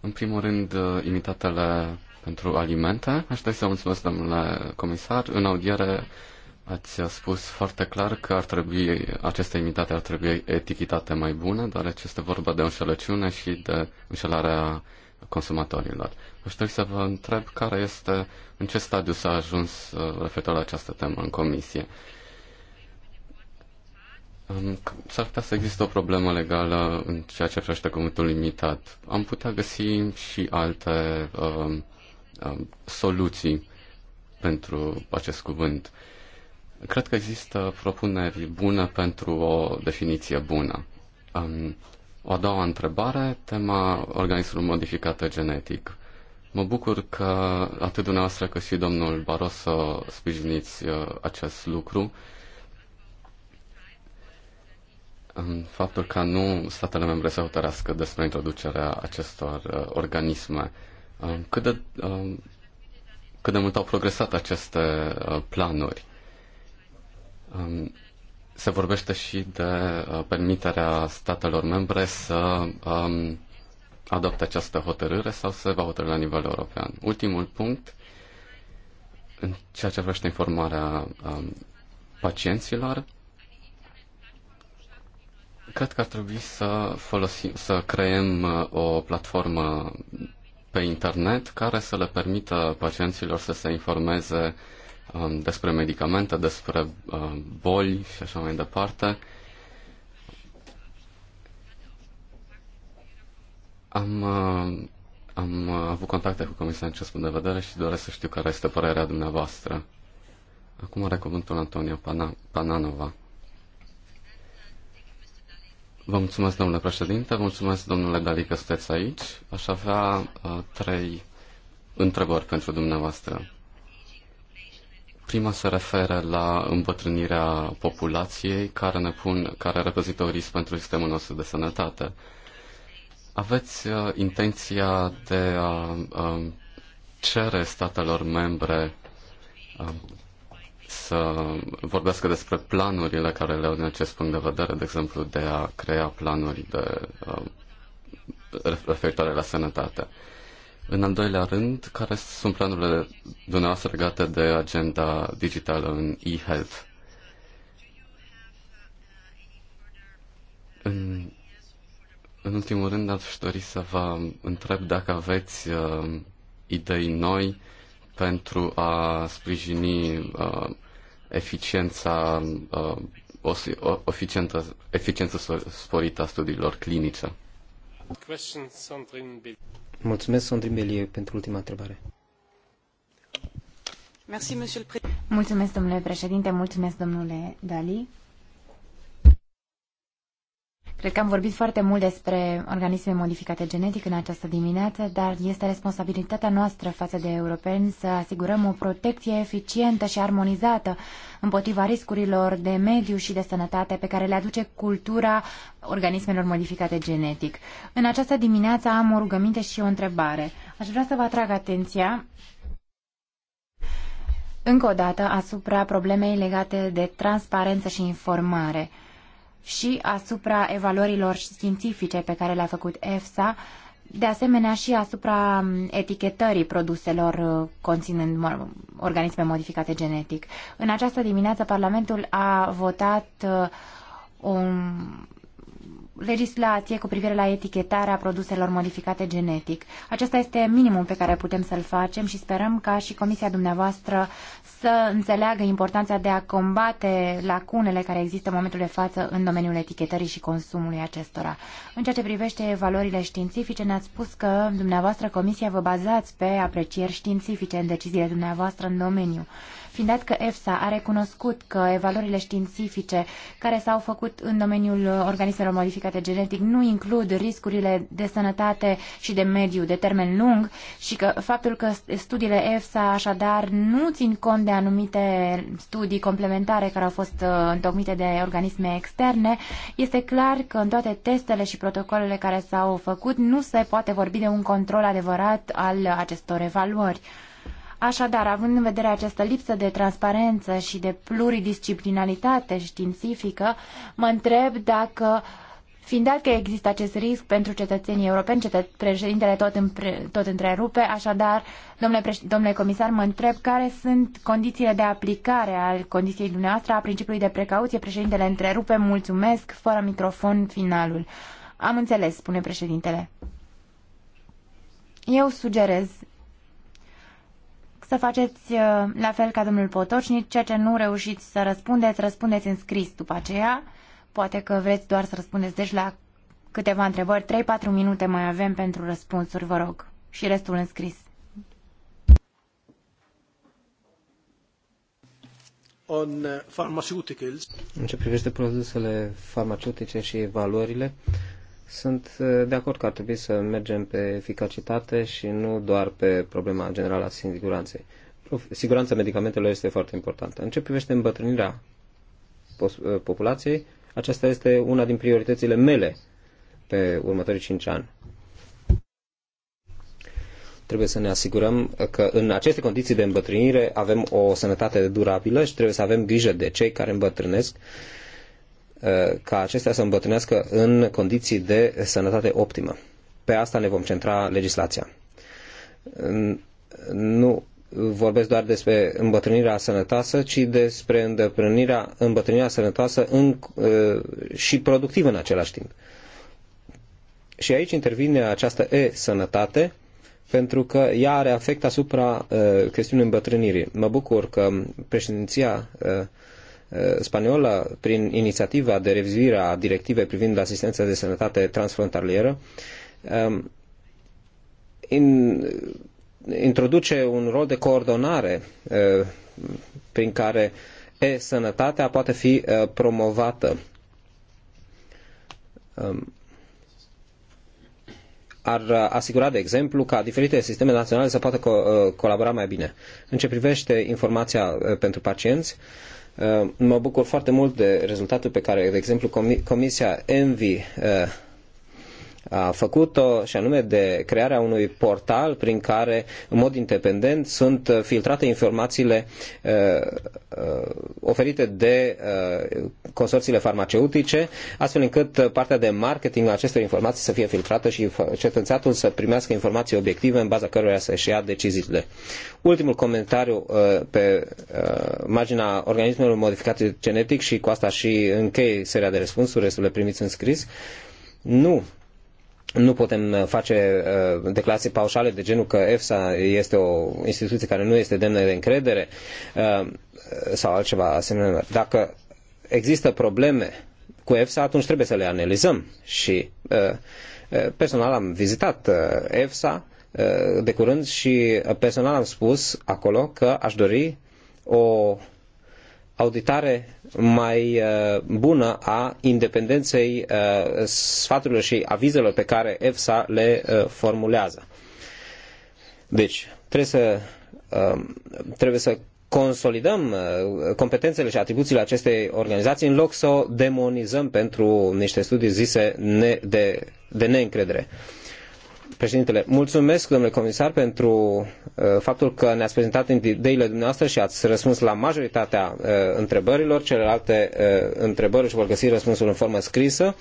În primul rând, imitatele pentru alimente. Aș trebui să mulțumesc, domnule comisar. În audiere ați spus foarte clar că ar trebui, aceste imitate ar trebui etichetate mai bune, deoarece este vorba de înșelăciune și de înșelarea consumatorilor. Aș trebui să vă întreb care este, în ce stadiu s-a ajuns uh, referitor la această temă în comisie. S-ar putea să există o problemă legală în ceea ce privește cuvântul limitat. Am putea găsi și alte uh, Um, soluții pentru acest cuvânt. Cred că există propuneri bune pentru o definiție bună. Um, o a doua întrebare, tema organismului modificat genetic. Mă bucur că atât dumneavoastră cât și domnul Barroso sprijiniți uh, acest lucru. Um, faptul că nu statele membre se hotărească despre introducerea acestor uh, organisme cât de, cât de mult au progresat aceste uh, planuri? Se vorbește și de uh, permiterea statelor membre să um, adopte această hotărâre sau se va hotărâ la nivel european. Ultimul punct, în ceea ce vrește informarea um, pacienților, cred că ar trebui să folosim, să creăm uh, o platformă pe internet care să le permită pacienților să se informeze um, despre medicamente, despre um, boli și așa mai departe. Am, um, am avut contacte cu Comisia în acest punct de vedere și doresc să știu care este părerea dumneavoastră. Acum are cuvântul Antonia Pana- Pananova. Vă mulțumesc, domnule președinte, vă mulțumesc, domnule Dali, că sunteți aici. Aș avea uh, trei întrebări pentru dumneavoastră. Prima se referă la îmbătrânirea populației care, ne pun, care reprezintă un risc pentru sistemul nostru de sănătate. Aveți uh, intenția de a uh, cere statelor membre uh, să vorbească despre planurile care le au din acest punct de vedere, de exemplu, de a crea planuri de uh, referitoare la sănătate. În al doilea rând, care sunt planurile dumneavoastră legate de agenda digitală în e-health? În, în ultimul rând, aș dori să vă întreb dacă aveți uh, idei noi uh, pentru a sprijini uh, eficiența uh, o, o, eficientă, eficiență sporită a studiilor clinice. Mulțumesc, Sandrin Belie, pentru ultima întrebare. Mulțumesc, domnule președinte, mulțumesc, domnule Dali. Cred că am vorbit foarte mult despre organisme modificate genetic în această dimineață, dar este responsabilitatea noastră față de europeni să asigurăm o protecție eficientă și armonizată împotriva riscurilor de mediu și de sănătate pe care le aduce cultura organismelor modificate genetic. În această dimineață am o rugăminte și o întrebare. Aș vrea să vă atrag atenția încă o dată asupra problemei legate de transparență și informare și asupra evaluărilor științifice pe care le-a făcut EFSA, de asemenea și asupra etichetării produselor uh, conținând organisme modificate genetic. În această dimineață Parlamentul a votat o uh, legislație cu privire la etichetarea produselor modificate genetic. Acesta este minimul pe care putem să-l facem și sperăm ca și Comisia dumneavoastră să înțeleagă importanța de a combate lacunele care există în momentul de față în domeniul etichetării și consumului acestora. În ceea ce privește valorile științifice, ne-ați spus că dumneavoastră Comisia vă bazați pe aprecieri științifice în deciziile dumneavoastră în domeniu. Fiind dat că EFSA a recunoscut că evaluările științifice care s-au făcut în domeniul organismelor modificate genetic nu includ riscurile de sănătate și de mediu de termen lung și că faptul că studiile EFSA așadar nu țin cont de anumite studii complementare care au fost uh, întocmite de organisme externe, este clar că în toate testele și protocolele care s-au făcut nu se poate vorbi de un control adevărat al acestor evaluări. Așadar, având în vedere această lipsă de transparență și de pluridisciplinaritate științifică, mă întreb dacă Fiind dat că există acest risc pentru cetățenii europeni, cetă- președintele tot, împre- tot întrerupe, așadar, domnule, preș- domnule comisar, mă întreb care sunt condițiile de aplicare al condiției dumneavoastră a principiului de precauție. Președintele întrerupe, mulțumesc, fără microfon, finalul. Am înțeles, spune președintele. Eu sugerez să faceți uh, la fel ca domnul Potocnic, ceea ce nu reușiți să răspundeți, răspundeți în scris după aceea. Poate că vreți doar să răspundeți deci la câteva întrebări. 3-4 minute mai avem pentru răspunsuri, vă rog, și restul în scris. On uh, pharmaceuticals. În ce privește produsele farmaceutice și valorile, sunt uh, de acord că ar trebui să mergem pe eficacitate și nu doar pe problema generală a siguranței. Siguranța medicamentelor este foarte importantă. În ce privește îmbătrânirea uh, populației, aceasta este una din prioritățile mele pe următorii 5 ani. Trebuie să ne asigurăm că în aceste condiții de îmbătrânire avem o sănătate durabilă și trebuie să avem grijă de cei care îmbătrânesc Uh, ca acestea să îmbătrânească în condiții de sănătate optimă. Pe asta ne vom centra legislația. Nu vorbesc doar despre îmbătrânirea sănătoasă, ci despre îmbătrânirea, îmbătrânirea sănătoasă în, uh, și productivă în același timp. Și aici intervine această e-sănătate, pentru că ea are efect asupra uh, chestiunii îmbătrânirii. Mă bucur că președinția uh, Uh, spaniolă, prin inițiativa de revizuire a directivei privind asistența de sănătate transfrontalieră, um, in, introduce un rol de coordonare uh, prin care e-sănătatea poate fi uh, promovată. Um, ar asigura, de exemplu, ca diferite sisteme naționale să poată co colabora mai bine. În ce privește informația pentru pacienți, Mă bucur foarte mult de rezultatul pe care, de exemplu, Comisia Envi uh, a făcut-o, și anume de crearea unui portal prin care, în mod independent, sunt filtrate informațiile uh, uh, oferite de uh, consorțiile farmaceutice, astfel încât partea de marketing a acestor informații să fie filtrată și cetățeanul să primească informații obiective în baza cărora să își ia deciziile. Ultimul comentariu pe marginea organismelor modificate genetic și cu asta și închei seria de răspunsuri, restul le primiți în scris. Nu, nu putem uh, face uh, declarații paușale de genul că EFSA este o instituție care nu este demnă de încredere uh, sau altceva asemenea. Dacă există probleme cu EFSA, atunci trebuie să le analizăm și uh, uh personal am vizitat uh, EFSA de curând și personal am spus acolo că aș dori o auditare mai uh, bună a independenței uh, sfaturilor și avizelor pe care EFSA le uh, formulează. Deci, trebuie să, um, trebuie să consolidăm competențele și atribuțiile acestei organizații în loc să o demonizăm pentru niște studii zise de, de neîncredere. Președintele, mulțumesc, domnule comisar, pentru uh, faptul că ne-ați prezentat ideile dumneavoastră și ați răspuns la majoritatea uh, întrebărilor. Celelalte uh, întrebări își vor găsi răspunsul în formă scrisă.